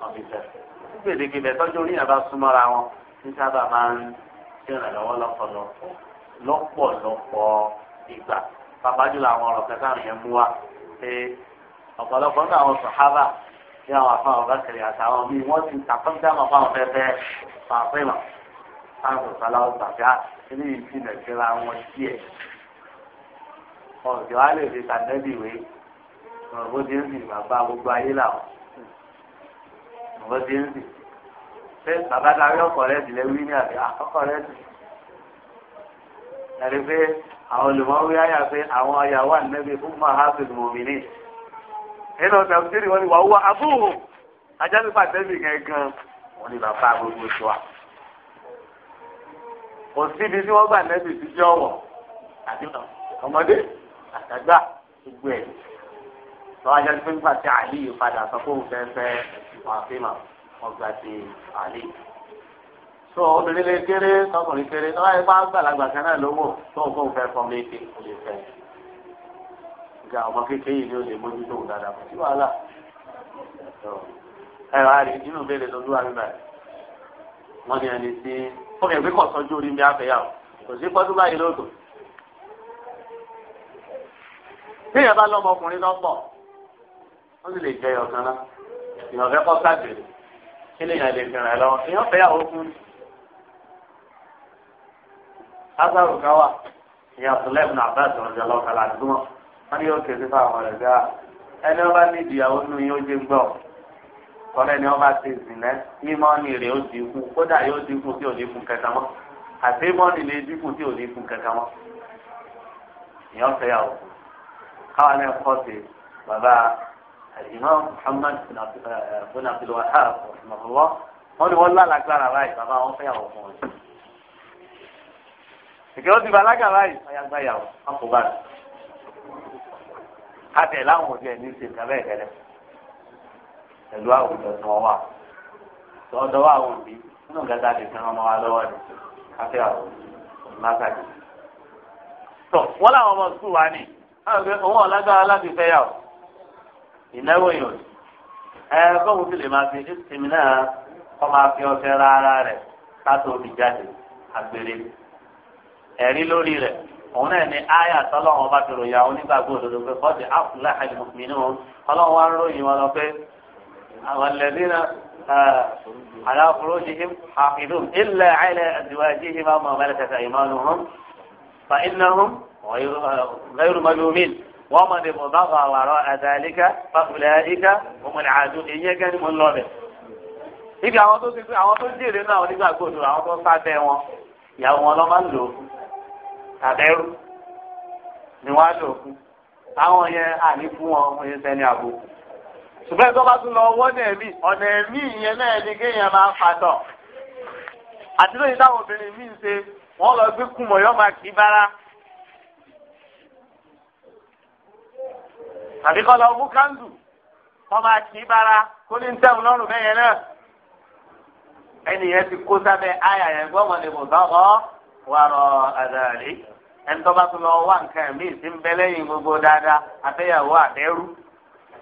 ọmọ ìfẹ́ gbèdéke bẹ́ẹ̀ tọ́jú orí yàrá súnmọ́ra wọn ní sábà máa ń ṣèrànlọ́wọ́ lọ́pọ̀lọpọ̀ lọ́pọ̀lọpọ̀ ìgbà pàápàá jùlọ àwọn ọ̀rọ̀ kẹta yẹn mú wa pé ọ̀pọ̀lọpọ̀ ní àwọn sàhábà ní àwọn afáwọn ọ̀gá kiri àtàwọn míì wọ́n ti tàkọ́ńtà àwọn afáwọn fẹ́fẹ́ pàápẹ́ mọ̀ táwọn sọ̀tàlá ọ̀gbàgbà ah, nínú ìfìlẹ̀ síra wọn díẹ̀ ọ̀jọ̀ á lè fi sànẹ́bì wé bó ti ń sìn bàbá gbogbo ayé làwọn bó ti ń sìn pé bàbá darí ọkọ rẹ sì wí ní àbí ọkọ rẹ sì ẹni pé àwọn olùmọ̀wé ayà pé àwọn ọyà wà nẹ́bí fún mahasid mọ̀mìnì nínú tẹ̀síìrì wọn ni wà wá abúrò ajábípa tẹ́bì gangan wọn ni bàbá gbogbo tó wa kò síbi tí wọ́n gbà nẹ́bí ti jẹ́ ọ̀wọ̀ àti ọmọdé àtàgbà gbogbo ẹ̀ lọ́wọ́ ajá pé nígbà tí àlè yìí padà sọ pé òun fẹ́ẹ́ fẹ́ fàfímà ọgbà ti àlè. tó obìnrin lè kéré tọkùnrin kéré lọ́wọ́ ẹ bá gbàlagbà kan náà lówó tó òun fóun fẹ́ fọmọ èké kò lè fẹ́. ìgbà ọmọ kékeré yìí ni ó lè mójútó òun dáadáa kò sí wàhálà. ẹ wá rí inú béèrè lójú àbíbá wọn ni ẹni tí ó kẹ̀ pé kọ̀ sọ́jú orí mi àfẹ́yàwó kò sí pọ́tú báyìí lóòótọ́ téèyàn bá lọ́mọkùnrin lọ́pọ̀ ó sì lè jẹ ọ̀kan náà èèyàn fẹ́ kọ́ sáàgbèrè kí lèèyàn lè fi ràn ẹ́ èèyàn fẹ́ yàwó fún mi. asaru kan wà ìyá abdullahi ibn abbas ọ̀rọ̀ ọ̀kà làdúgbò wọn ni yóò kéde fún àwọn ọ̀rẹ́ gbà ẹni wọn bá ní ìdíyàwó nù yóò jẹ gbọ́ kọ́lẹ́ ni wọ́n bá ti zìnẹ́ mímọ́ni rẹ̀ ó dínkù kódà yóò dínkù tí ò ní kún kẹta mọ́ àti mímọ́ni lè dínkù tí ò ní kún kẹta mọ́ ìyàn fẹ́ yàwó fún káwọn náà kọ́ sí bàbá Imam Muhammad bin Abdul Wahhab rahimahullah wọn ni wọn lálágbára báyìí bàbá wọn fẹ́ yàwó fún wọn. ìkẹ́ ó ti bàlágà báyìí ọ̀yà gbá yàwó wọn kò bá rẹ̀. káàtẹ̀ láwọn òbí ẹ̀ ní ṣe ìkàbẹ́ ìkẹlẹ̀ pẹ̀lú àwùjọ tí wọ́n wà tọ́jọ́ wà wọ́n bí nínú gàdá lè fi ọmọ wa lọ́wọ́ ni káfíà ọ̀hún lásàkì. tọ́ wọ́n láwọn ọmọ sùkúù wa ni àwọn pé òun ọ̀lágbára láti fẹ́ yà ó ìnáwó yìí ò sí ẹ bóun sì lè máa fi ìsinmi náà kọ́ máa fi ọ̀fẹ́ rárá rẹ̀ kátó omi jáde àgbèrè ẹ̀rí lórí rẹ̀ òun náà ni aya tọ́lọ́wọ́n bá fi ròyìn àwọn onígbàgbọ́ òdodo pé kọ́ọ̀dì àfúlà àìmọ̀mí ni wọn ọlọ́wọ́n wá ń ròyìn wọn lọ pé àwọn lẹ́dínà على فروجهم حافظون إلا على أزواجهم وما ملكت أيمانهم فإنهم غير ملومين ومن مضى وراء ذلك فأولئك هم العادون ìyẹn gẹ́gẹ́ mo ń lọ bẹ̀. ibi àwọn tó ti pé àwọn tó jèrè náà àwọn nígbà gbòdò àwọn tó sábẹ́ wọn ìyàwó wọn lọ́ máa ń lò ó tàbẹ́rù ni wọ́n á lò ó fún àwọn yẹn àní fún wọn wọ́n yẹn sẹ́ni àbò. ṣùgbọ́n ìtọ́ bá tún lọ ọwọ́ náà mí ọ̀nà ẹ̀mí ìyẹn náà ni kéèyàn máa fàtọ̀ àti lóyìn táwọn obìnrin míì ṣe wọ́n lọ gbé kùmọ̀ yọ máa kì í bára àbí kọ́ lọ mú káńdù kọ́ máa kì í bara kó ní tẹ̀wọ̀n lọ́rùn bẹ́ẹ̀ yẹn náà. ẹni yẹn ti kó sábẹ́ àyà yẹn gbọ́mọ̀ ni bùtọ́ kọ́ wà rọ àdàlẹ́ ẹni tó bá tún lọ wá nǹkan mí sí ń bẹ lẹ́yìn gbogbo dáadáa àtẹ̀yàwó àtẹ̀rú.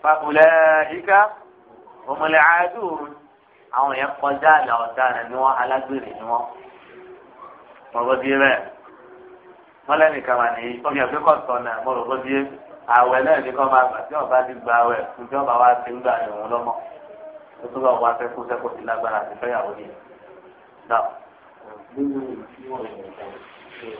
fàkùlẹ̀ ìka òmùlẹ̀ àádùrù àwọn yẹn kọjá àlà ọ̀daràn ni wọ́n alágbèrè ni wọ́n. mọ̀rọ̀ rẹ̀ mọ́lẹ́nìkan wà ní ọmọ ìyàgbẹ́kọ̀ọ́ àwẹ̀ náà ní kọ́ máa gbà tí ọba ti gba àwẹ̀ fún tí ọba wa ti ń gbà ìrùn lọ́mọ ó tún lọ́ọ́ wá sẹ́kùn sẹ́kùn sí lágbára àti fẹ́yàwó ni. wọ́n ní kíkẹ́ bí wọ́n ti máa ń sọ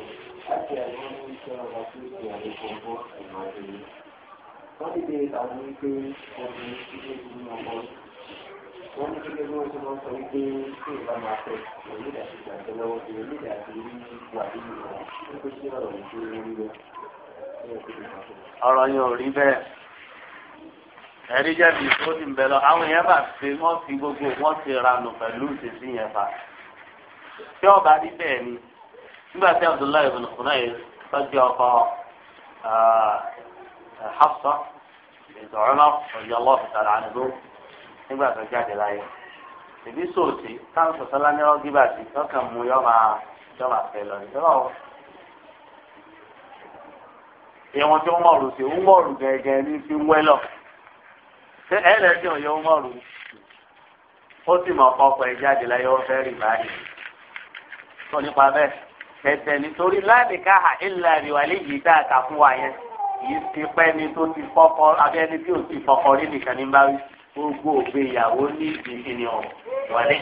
wípé kí ìbá máa fẹ́ òní ìdàtí lọ́wọ́ sí òní ìdàtí wà nínú wọn ó pèsè ọ̀rọ̀ ìṣòro orí ọ̀rọ̀ yẹn ò rí bẹ́ẹ̀ ẹ̀rí jẹ́bi tó ti ń bẹ lọ àwọn yẹn bá fi wọ́n fi gbogbo wọ́n ti ranù pẹ̀lú ìṣesí yẹn fa tí ọba rí bẹ́ẹ̀ ni nígbà tí Abdullahi ibn Khunayy tọ́jú ọkọ ah, Hafsa ètò ọ̀nà ọ̀yọ́ lọ́ọ̀fù tààrà àdúgbò nígbà tó jáde láyé ìbí sòòtì táwọn sọ̀tọ́lá ní ọgíbàtì tọ́kàn mú yọ́ máa yọ́ máa fẹ́ lọ nígbà ìwọ̀n tí wọ́n mọ̀rù sí wọ́n mọ̀rù gẹ́gẹ́ ní fi wẹ́lọ̀ ṣé ẹlẹ́sìn ọ̀yọ́ wọ́n mọ̀rù ó sì mọ̀ ọkọ̀ ẹ̀ jáde láyé wọ́n fẹ́ rì báyìí tó nípa bẹ́ẹ̀ tẹ̀tẹ̀ nítorí láàdìká hà ìlà ìwàlẹ̀ yìí tá a kà fún wa yẹn kì í ti pẹ́ ni tó ti fọ́kọ abẹ́ni tí ò ti fọ́kọ rí nìkan ní báyìí gbogbo òbí ìyàwó ní ìdíkìní ọ wọlé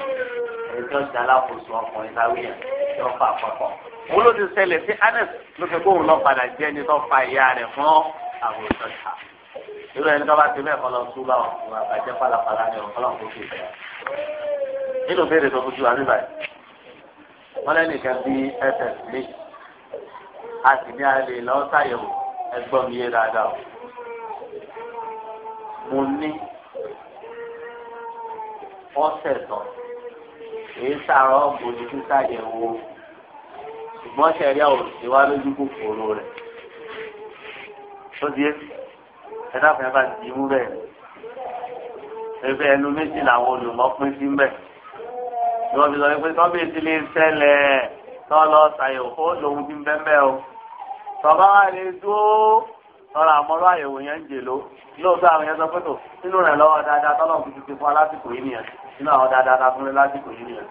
ẹjọ́ ìdálákòóso ọkùnrin láwùyà ẹjọ́ fà pọpọ. wọn ló ti ṣẹlẹ̀ sí anes ló fẹ́ kóun lọ padà jẹ ẹni tó fa ìyá rẹ̀ fún àwọn ìjọ ìta irú ẹni tó bá ti bẹ́ẹ̀ kọ́ lọ sùn bá wọn àbàjẹ́ pàlàpàlà ni ọ̀kọ́ lọ́n kó fi bẹ́ẹ̀. nínú béèrè tó fojú wa níbàyí wọn lẹ́nu kan bí fs mi a sì ní alẹ́ lọ́ọ́ sàyẹ̀wò ẹgbọ́n mi yé dáadáa mo ọ̀sẹ̀ tán èyí sàrọ̀ ọ̀gbọ̀n ní sísàyẹ̀wò ṣùgbọ́n sẹ̀ríà ò sí wá lójú kòkòrò rẹ̀ tó di ẹ bá ti mú bẹ́ẹ̀ ẹgbẹ́ ẹnu méjì làwọn olùmọ̀ pín sí mbẹ́ ni fi sọ pé tọ́bí ti lè ṣẹlẹ̀ tọ́ lọ ṣàyẹ̀wò ó lòun ti ń bẹ́ẹ̀ o tọ́ba wa lè dúró lọ́ra àmọ́rọ́ àyẹ̀wò yẹn ń jèló lóòótọ́ àwọn yẹn sọ pé tó nínú rẹ̀ lọ́wọ́ dáadáa tọ́lọ̀ fi ti fún alásìkò yìí nìyẹn nínú àwọn dáadáa ta fún lásìkò yìí nìyẹn.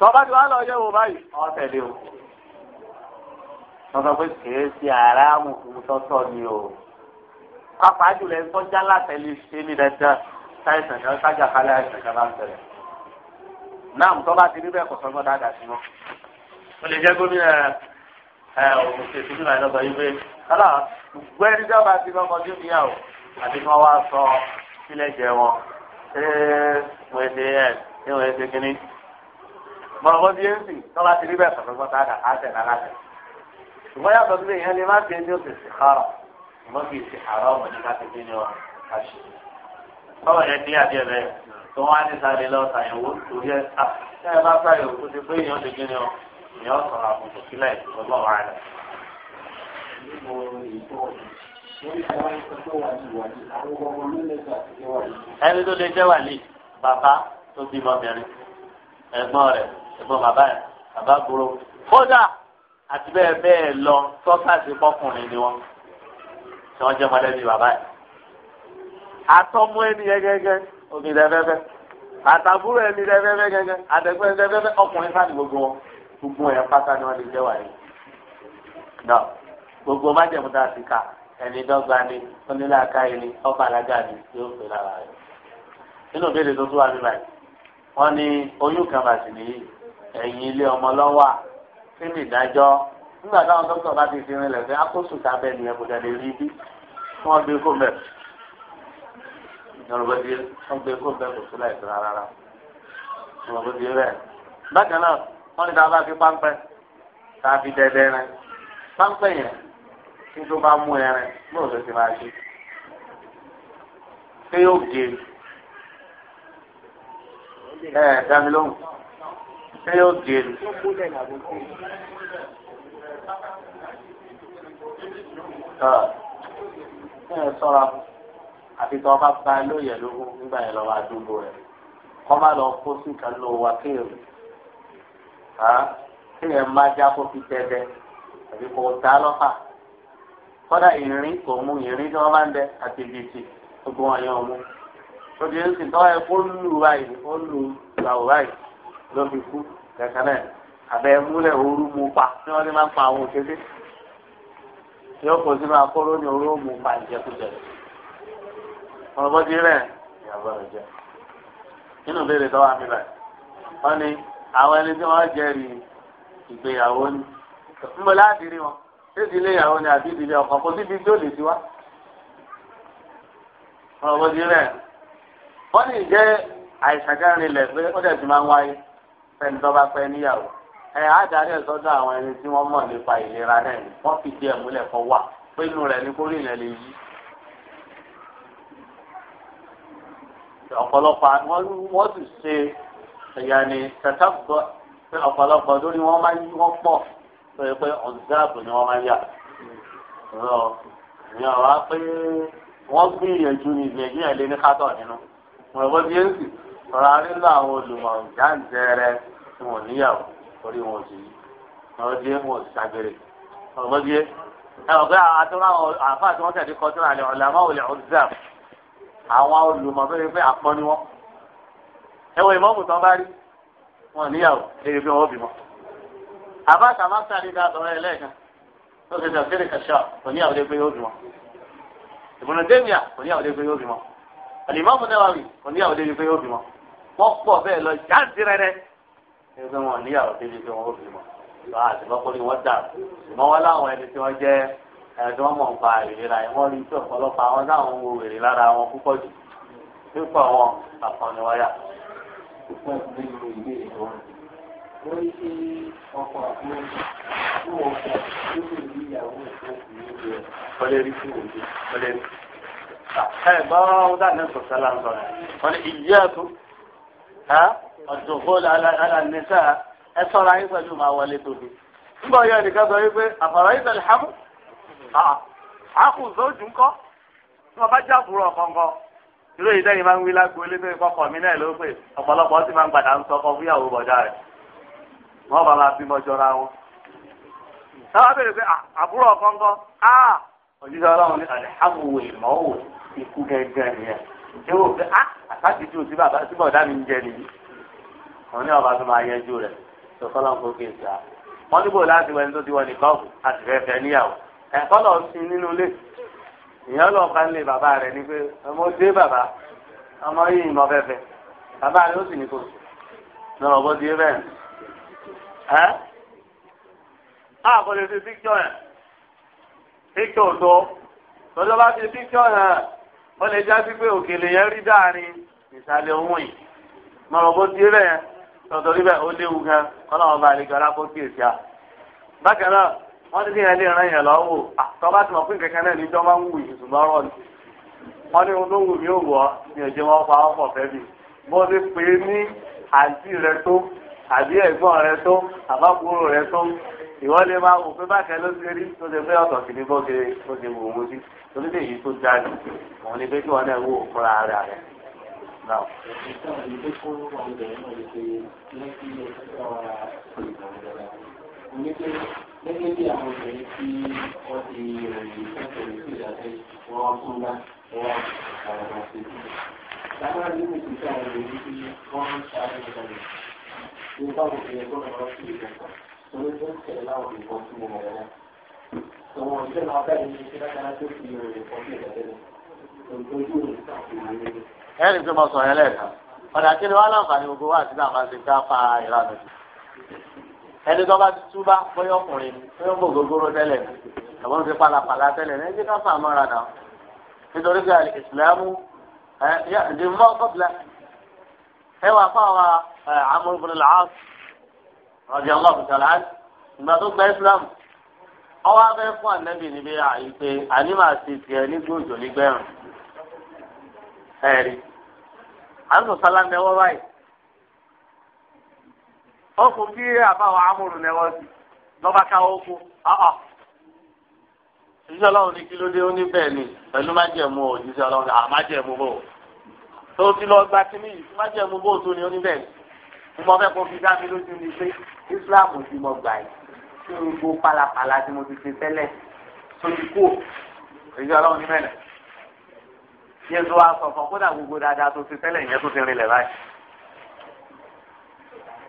tọ́ba ti wá lọ yẹ̀wò báyìí ọ tẹ̀lé o. wọ́n pé kèé ṣe àràmù fún tọ́tọ́ ni o. pápá jùlọ ẹni tó já ṣe ní dandan táìsàn kan sájà kálẹ̀ àìsàn kan bá ń tẹ̀lé. náà tọ́ba ti rí bẹ́ẹ̀ kọ̀ ẹ ṣe fi yà ó sọ sílẹ̀ jẹ wọn ṣé ti rí bẹ́ẹ̀ pẹ̀lú pátá ṣùgbọ́n yàtọ̀ sílẹ̀ yẹn lè má ṣe ní òsè sí xarọ̀ ṣùgbọ́n kì ṣe xarọ̀ ọmọ ní káfí kí ni wọ́n á ṣe. yẹn dín àdé rẹ̀ tó wọ́n á ní sáré lọ sàyẹ̀wò torí ẹ̀ èèyàn sọ̀rọ̀ àbùkù sílẹ̀ lọ́wọ́ wa rẹ̀. ẹni tó lè jẹ́ wàlí bàbá tó bímọ obìnrin ẹ̀gbọ́n rẹ̀ ẹ̀gbọ́n bàbá rẹ̀ bàbá gbòòrò kódà àti bẹ́ẹ̀ bẹ́ẹ̀ lọ sọ́kàtì pọ́kùnrin ni wọ́n tí wọ́n jẹ́ mọ́lẹ́bí bàbá yìí. àtọ́mú ẹni yẹn gẹ́gẹ́ àtàbúrò ẹni lẹ́fẹ́fẹ́ gẹ́gẹ́ àtẹ̀gbẹ́ ẹni ọkùnrin sáà ní gbogbo wọn gbogbo ẹ̀ pátá ni wọ́n lè jẹ́ wàyí. nà gbogbo májèmú tá a ti kà ẹni dọ́gba ni onílàákàyè ni ọba alága ni yóò fẹ́ lára rẹ̀. nínú ìbéèrè tó tún wà mí báyìí wọ́n ní oyún kan bàtì nìyí ẹ̀yìn ilé ọmọ lọ́wọ́ kí ni ìdájọ́ nígbà táwọn dókítà bá ti fi rinlẹ̀ pé akóso tábẹ́ nìyẹn kò dẹ̀ lè rí bí wọ́n gbé kó mẹ́ yorùbá di wọ́n gbé kó mẹ́ kò sí láì sọ rárá yorùbá di rẹ̀ bákan náà wọ́n ní sábà fi páńpẹ́ sábì dẹ́dẹ́ rẹ páńpẹ́ yẹn kí tó bá mú ẹ rẹ bóun ló ti máa ṣe ṣé yóò gé ẹ dámi lóhùn ṣé yóò gé ni. ẹ ẹ sọ́ra àti tí wọ́n bá ba lóye lóhùn nígbà yẹn lọ́wọ́ àdúgbò rẹ̀ kọ́ má lọ kó sí ìkànnì owó akéèrè kéèyàn má já kó fi tẹ́tẹ́ àbí kò tá lọ́fà kọ́dà ìrìn kò mú ìrìn tí wọ́n bá ń dẹ àti ìdìtì gbogbo wọn yẹn mú lóde ń sìn tọ́wọ́ ẹ kó lù báyìí ó lù ìgbàwó báyìí ló fi kú kẹ̀kẹ́ náà àbẹ múlẹ̀ ooru mu pa tí wọ́n ti máa ń pa àwọn òkété yóò kó sínú akóró ní oró mu pa ìjẹkújẹ ọ̀rọ̀ bọ́dí rẹ̀ ìyàbọ̀ rẹ̀ jẹ́ nínú ìbéèrè tọ́wọ́ àmì báyìí wọ́n ní àwọn ẹni tí wọ́n jẹ́rìí ìgbéyàwó ni ń bọ̀ láti rí wọn ṣé ìdílé ni àbí ìdílé ọkọ kò síbi tí ó lè ti wá. ọ̀rọ̀ bó ti rẹ̀ wọ́n ní ìjẹ́ àìsàn kẹrin ilẹ̀ pé ó dẹ̀ ti máa ń wáyé fẹ́ni tó bá pẹ́ níyàwó ẹ̀ á darí ẹ̀ àwọn ẹni tí wọ́n mọ̀ nípa ìlera náà ni wọ́n fi díẹ̀ múlẹ̀ kọ́ wà pé inú rẹ̀ ní kórè yẹn lè yí. ọ̀pọ̀lọpọ̀ wọ́n sì ṣe ìyàní tẹ̀tàbọ̀ pé ọ̀pọ̀lọpọ̀ lórí wọn máa ń yí wọn pọ̀ tó pé ọ̀záàbù ni wọ́n máa ń yà. ìyá wa pé wọ́n gbìyànjú ní nàìjíríà lé ní kátọ̀ nínú. wọ́n bọ́ bí èsì ọ̀rọ̀ arílò àwọn olùmọ̀ jáǹtẹ̀rẹ̀ tí wọ́n níyàwó orí wọn sì yí. wọ́n bí wọn sì ṣàgbèrè. wọ́n bọ́ bí ẹ ọ̀gá àtúrà àfáà tí wọ́n tẹ̀lé kọ́tún àlẹ́ ọ̀làmọ́ òlẹ̀ ọ̀záàbù àwọn olùmọ̀ tó pé àpọ́n ni wọ́n ẹ wọ ìmọ̀ọ́mù tán bá rí wọn níyàwó èyí fi wọn bímọ. àbá kàmá sáré dá àtọ̀rọ̀ ẹ lẹ́ẹ̀kan tó ṣe tẹ̀sílẹ̀ kàṣà kò níyàwó lé pé yóò bímọ. ìbùnú dèmíà kò níyàwó lé pé yóò bímọ. àlìmọ́ọ̀mù Nawawi kò níyàwó lé pé yóò bímọ. wọ́n pọ̀ bẹ́ẹ̀ lọ jáǹtì rẹ̀rẹ̀ ẹgbẹ́ wọn níyàwó lé pé wọn bímọ. àti lọ́kùnrin wọn dà ṣùgbọ́n wọn láwọn ẹni tí wọ́n jẹ́ ẹni tí wọ́n mọ̀ nípa ìlera ẹ̀ wọ́n rí tí ọ̀pọ̀lọpọ̀ àwọn náà ń wo wèrè lára wọn púpọ̀ jù pípọ̀ wọn àkànni wáyà ṣùgbọ́n nínú ilé ìwọ wọ́n ní kí ọkọ̀ àbúrò tí wọ́n kọ́ tó lè rí ìyàwó ìfọ́kùn nílé ẹ̀. ọlẹ́rí fún òde ọlẹ́rí. ẹ bọ́ọ̀ wọn dà ní sọ̀tà láǹtọ̀ rẹ̀ wọ́n ní ìyá tó ọ̀dùn fún alànìṣà ẹ sọ̀rọ̀ ayé pẹ̀lú màá wọlé tóbi. nígbà yóò nìkan sọ wípé àfàrà yìí tẹ̀lé hámù. àkùnzó jù ń kọ́ tí wọ́n bá jáfùrọ̀ kọ̀ọ̀kan irú èyí sẹ́yìn máa ń wí lágbóolé tó ìfọkọ̀ mi náà ló pè ọ̀pọ̀lọpọ̀ sì máa ń padà ń sọkọ fúyàwó bọ̀dá rẹ̀ wọ́n bá máa bímọ jọra wọn. táwa bèrè pé àbúrò ọ̀kọ́ńkọ́ á òjíṣẹ́ ọlọ́run ní àlẹ́hàmùwò ìmọ̀wò ikú gẹ́gẹ́ nìyẹn. ṣé wò pé á àtàkì tí o sí bàbá sí bọ̀dá mi ń jẹ nìyí. wọ́n ní ọba tó máa yẹjú rẹ̀ tó fọ́lọ́n kó kí ìyá lọ bá lé bàbá rẹ ni pé ọmọ dé bàbá ọmọ yìí mọ fẹfẹ bàbá rẹ ó sì ní kò sùn lọrọ bó di bẹ́ẹ̀ ẹ á kò lè fi píkítọ yẹn píkítọ tó lọ́jọ́ bá fi píkítọ yẹn ó lè já sí pé òkèlè yẹn rí dáàrin ìsàlẹ̀ ohun yìí lọrọ bó di bẹ́ẹ̀ tọ̀tọ̀ níbẹ̀ ó léwu gan ọlọ́run bá alákòókè sí bákan náà wọ́n ti kéèyàn lè ràn yàn lọ́wọ́ àtọ́lá ti mọ̀ pé kẹ̀kẹ́ náà níjọ́ máa ń wù yìí ṣùgbọ́n rọ̀ ni wọ́n ní ohun tó wù mí ò wọ́ ni ò jẹ́ wọ́n pa ọkọ̀ fẹ́ mi bó ti pè é ní àǹtí rẹ tó àbí ẹ̀gbọ́n rẹ tó àbákùúrò rẹ tó ìwọ lè máa wò pé bákẹ́ ló ti rí tó ṣe pé ọ̀tọ̀ kìíní bó ṣe bó ṣe wù ú sí torí lè yí gẹ́gẹ́ bí àwọn obìnrin tí wọ́n ti ròyìn fẹ́fẹ́ sí ìdájọ́ wọn wá tún bá wọn àràbà sí i. Lágbára ní kò sí àwọn obìnrin tí wọ́n ń ṣáájú ìdájọ́. Ní báwo ni ẹgbẹ́ wọn lọ sí ìdájọ́? Torí tó ń tẹ̀lé láwọn nǹkan tí mo mọ̀ wọn. Àwọn ọ̀sẹ̀ máa bẹ̀rẹ̀ ní ṣe dáadáa tó fi ròyìn fọ́n sí ìdájọ́ náà. Òǹtọ́jú rẹ̀ ṣàfihàn. Ẹ̀rí tó mọ sọ̀rọ̀ ẹlẹ́ẹ̀kan. Ọ̀dà kí ni wọ́n láǹfààní gbogbo wà sí ẹni tó bá ti túbá bóyá ọkùnrin ni bóyá ọmọ ògógóró tẹ́lẹ̀ ni àwọn ti palapàla tẹ́lẹ̀ ní ẹjẹ́ ká fà mọ́ra náà nítorí pé ìsìlámù ẹ̀ẹ́dì mọ́ kọ́bìlà ẹ wà fún àwọn Amr ibn al-As radiyallahu ta'ala anhu ìgbà tó gba ìsìlámù ọwọ́ abẹ́ fún ànábì níbi àyè pé ànímà ti tiẹ̀ nígbòjò nígbẹ̀rún ẹ̀rí àǹtọ̀ sálá ń báyìí ọkùn kí àbáwọ amúrù lẹwọ sí lọba káwọ kú ọhọ ìṣẹ́ ọlọ́run ní kí ló dé ó ní bẹ́ẹ̀ ni pẹ̀lú májẹ̀mú o ìṣẹ́ ọlọ́run àà májẹ̀mú bò tó ti lọ gba kí ní ìṣẹ́ bò tó ni ó ní ni mo fẹ́ kó fi dá mi lójú ni pé Islam ti mọ gbà yìí tí mo gbó pálapàla tí mo ti ṣe tẹ́lẹ̀ tó ti kú ìṣẹ́ ọlọ́run ní bẹ́ẹ̀ ni yéésù wa sọ fún kódà gbogbo dáadáa tó ti tẹ́lẹ̀ yẹn tó ti rinlẹ̀ báyìí.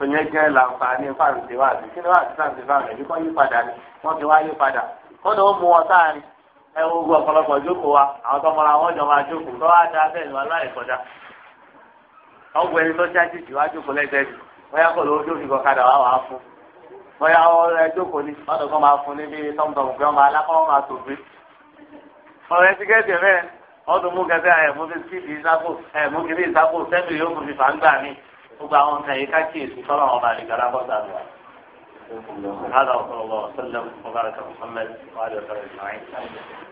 tòyẹ jẹ́ làǹfààní fáǹsì wà sí kí ni wà sí fáǹsì fáǹsì ẹ̀bí kọ́ yí padà ni wọ́n ti wá yí padà kọ́ni ó mú wọn sáàrin ẹ wo gbogbo ọ̀pọ̀lọpọ̀ jókòó wa àwọn tó mọra wọn jọ máa jókòó tó wá da bẹ́ẹ̀ ọgbọ ẹni tó ṣáàjì jù wá jókòó lẹ́gbẹ̀ẹ́ bi wọ́n yá kó tó fi kọ́kadà ọ ẹ jókòó ni wọ́n tó kọ́ máa fún ní bí tọ́mùtọ́mù pé máa gbogbo àwọn nǹkan yìí kákìyèsí tọ́lọ̀ ọba àdìgbàlá bọ́ sàdùn هذا وصلى الله وسلم وبارك محمد وعلى اله وصحبه اجمعين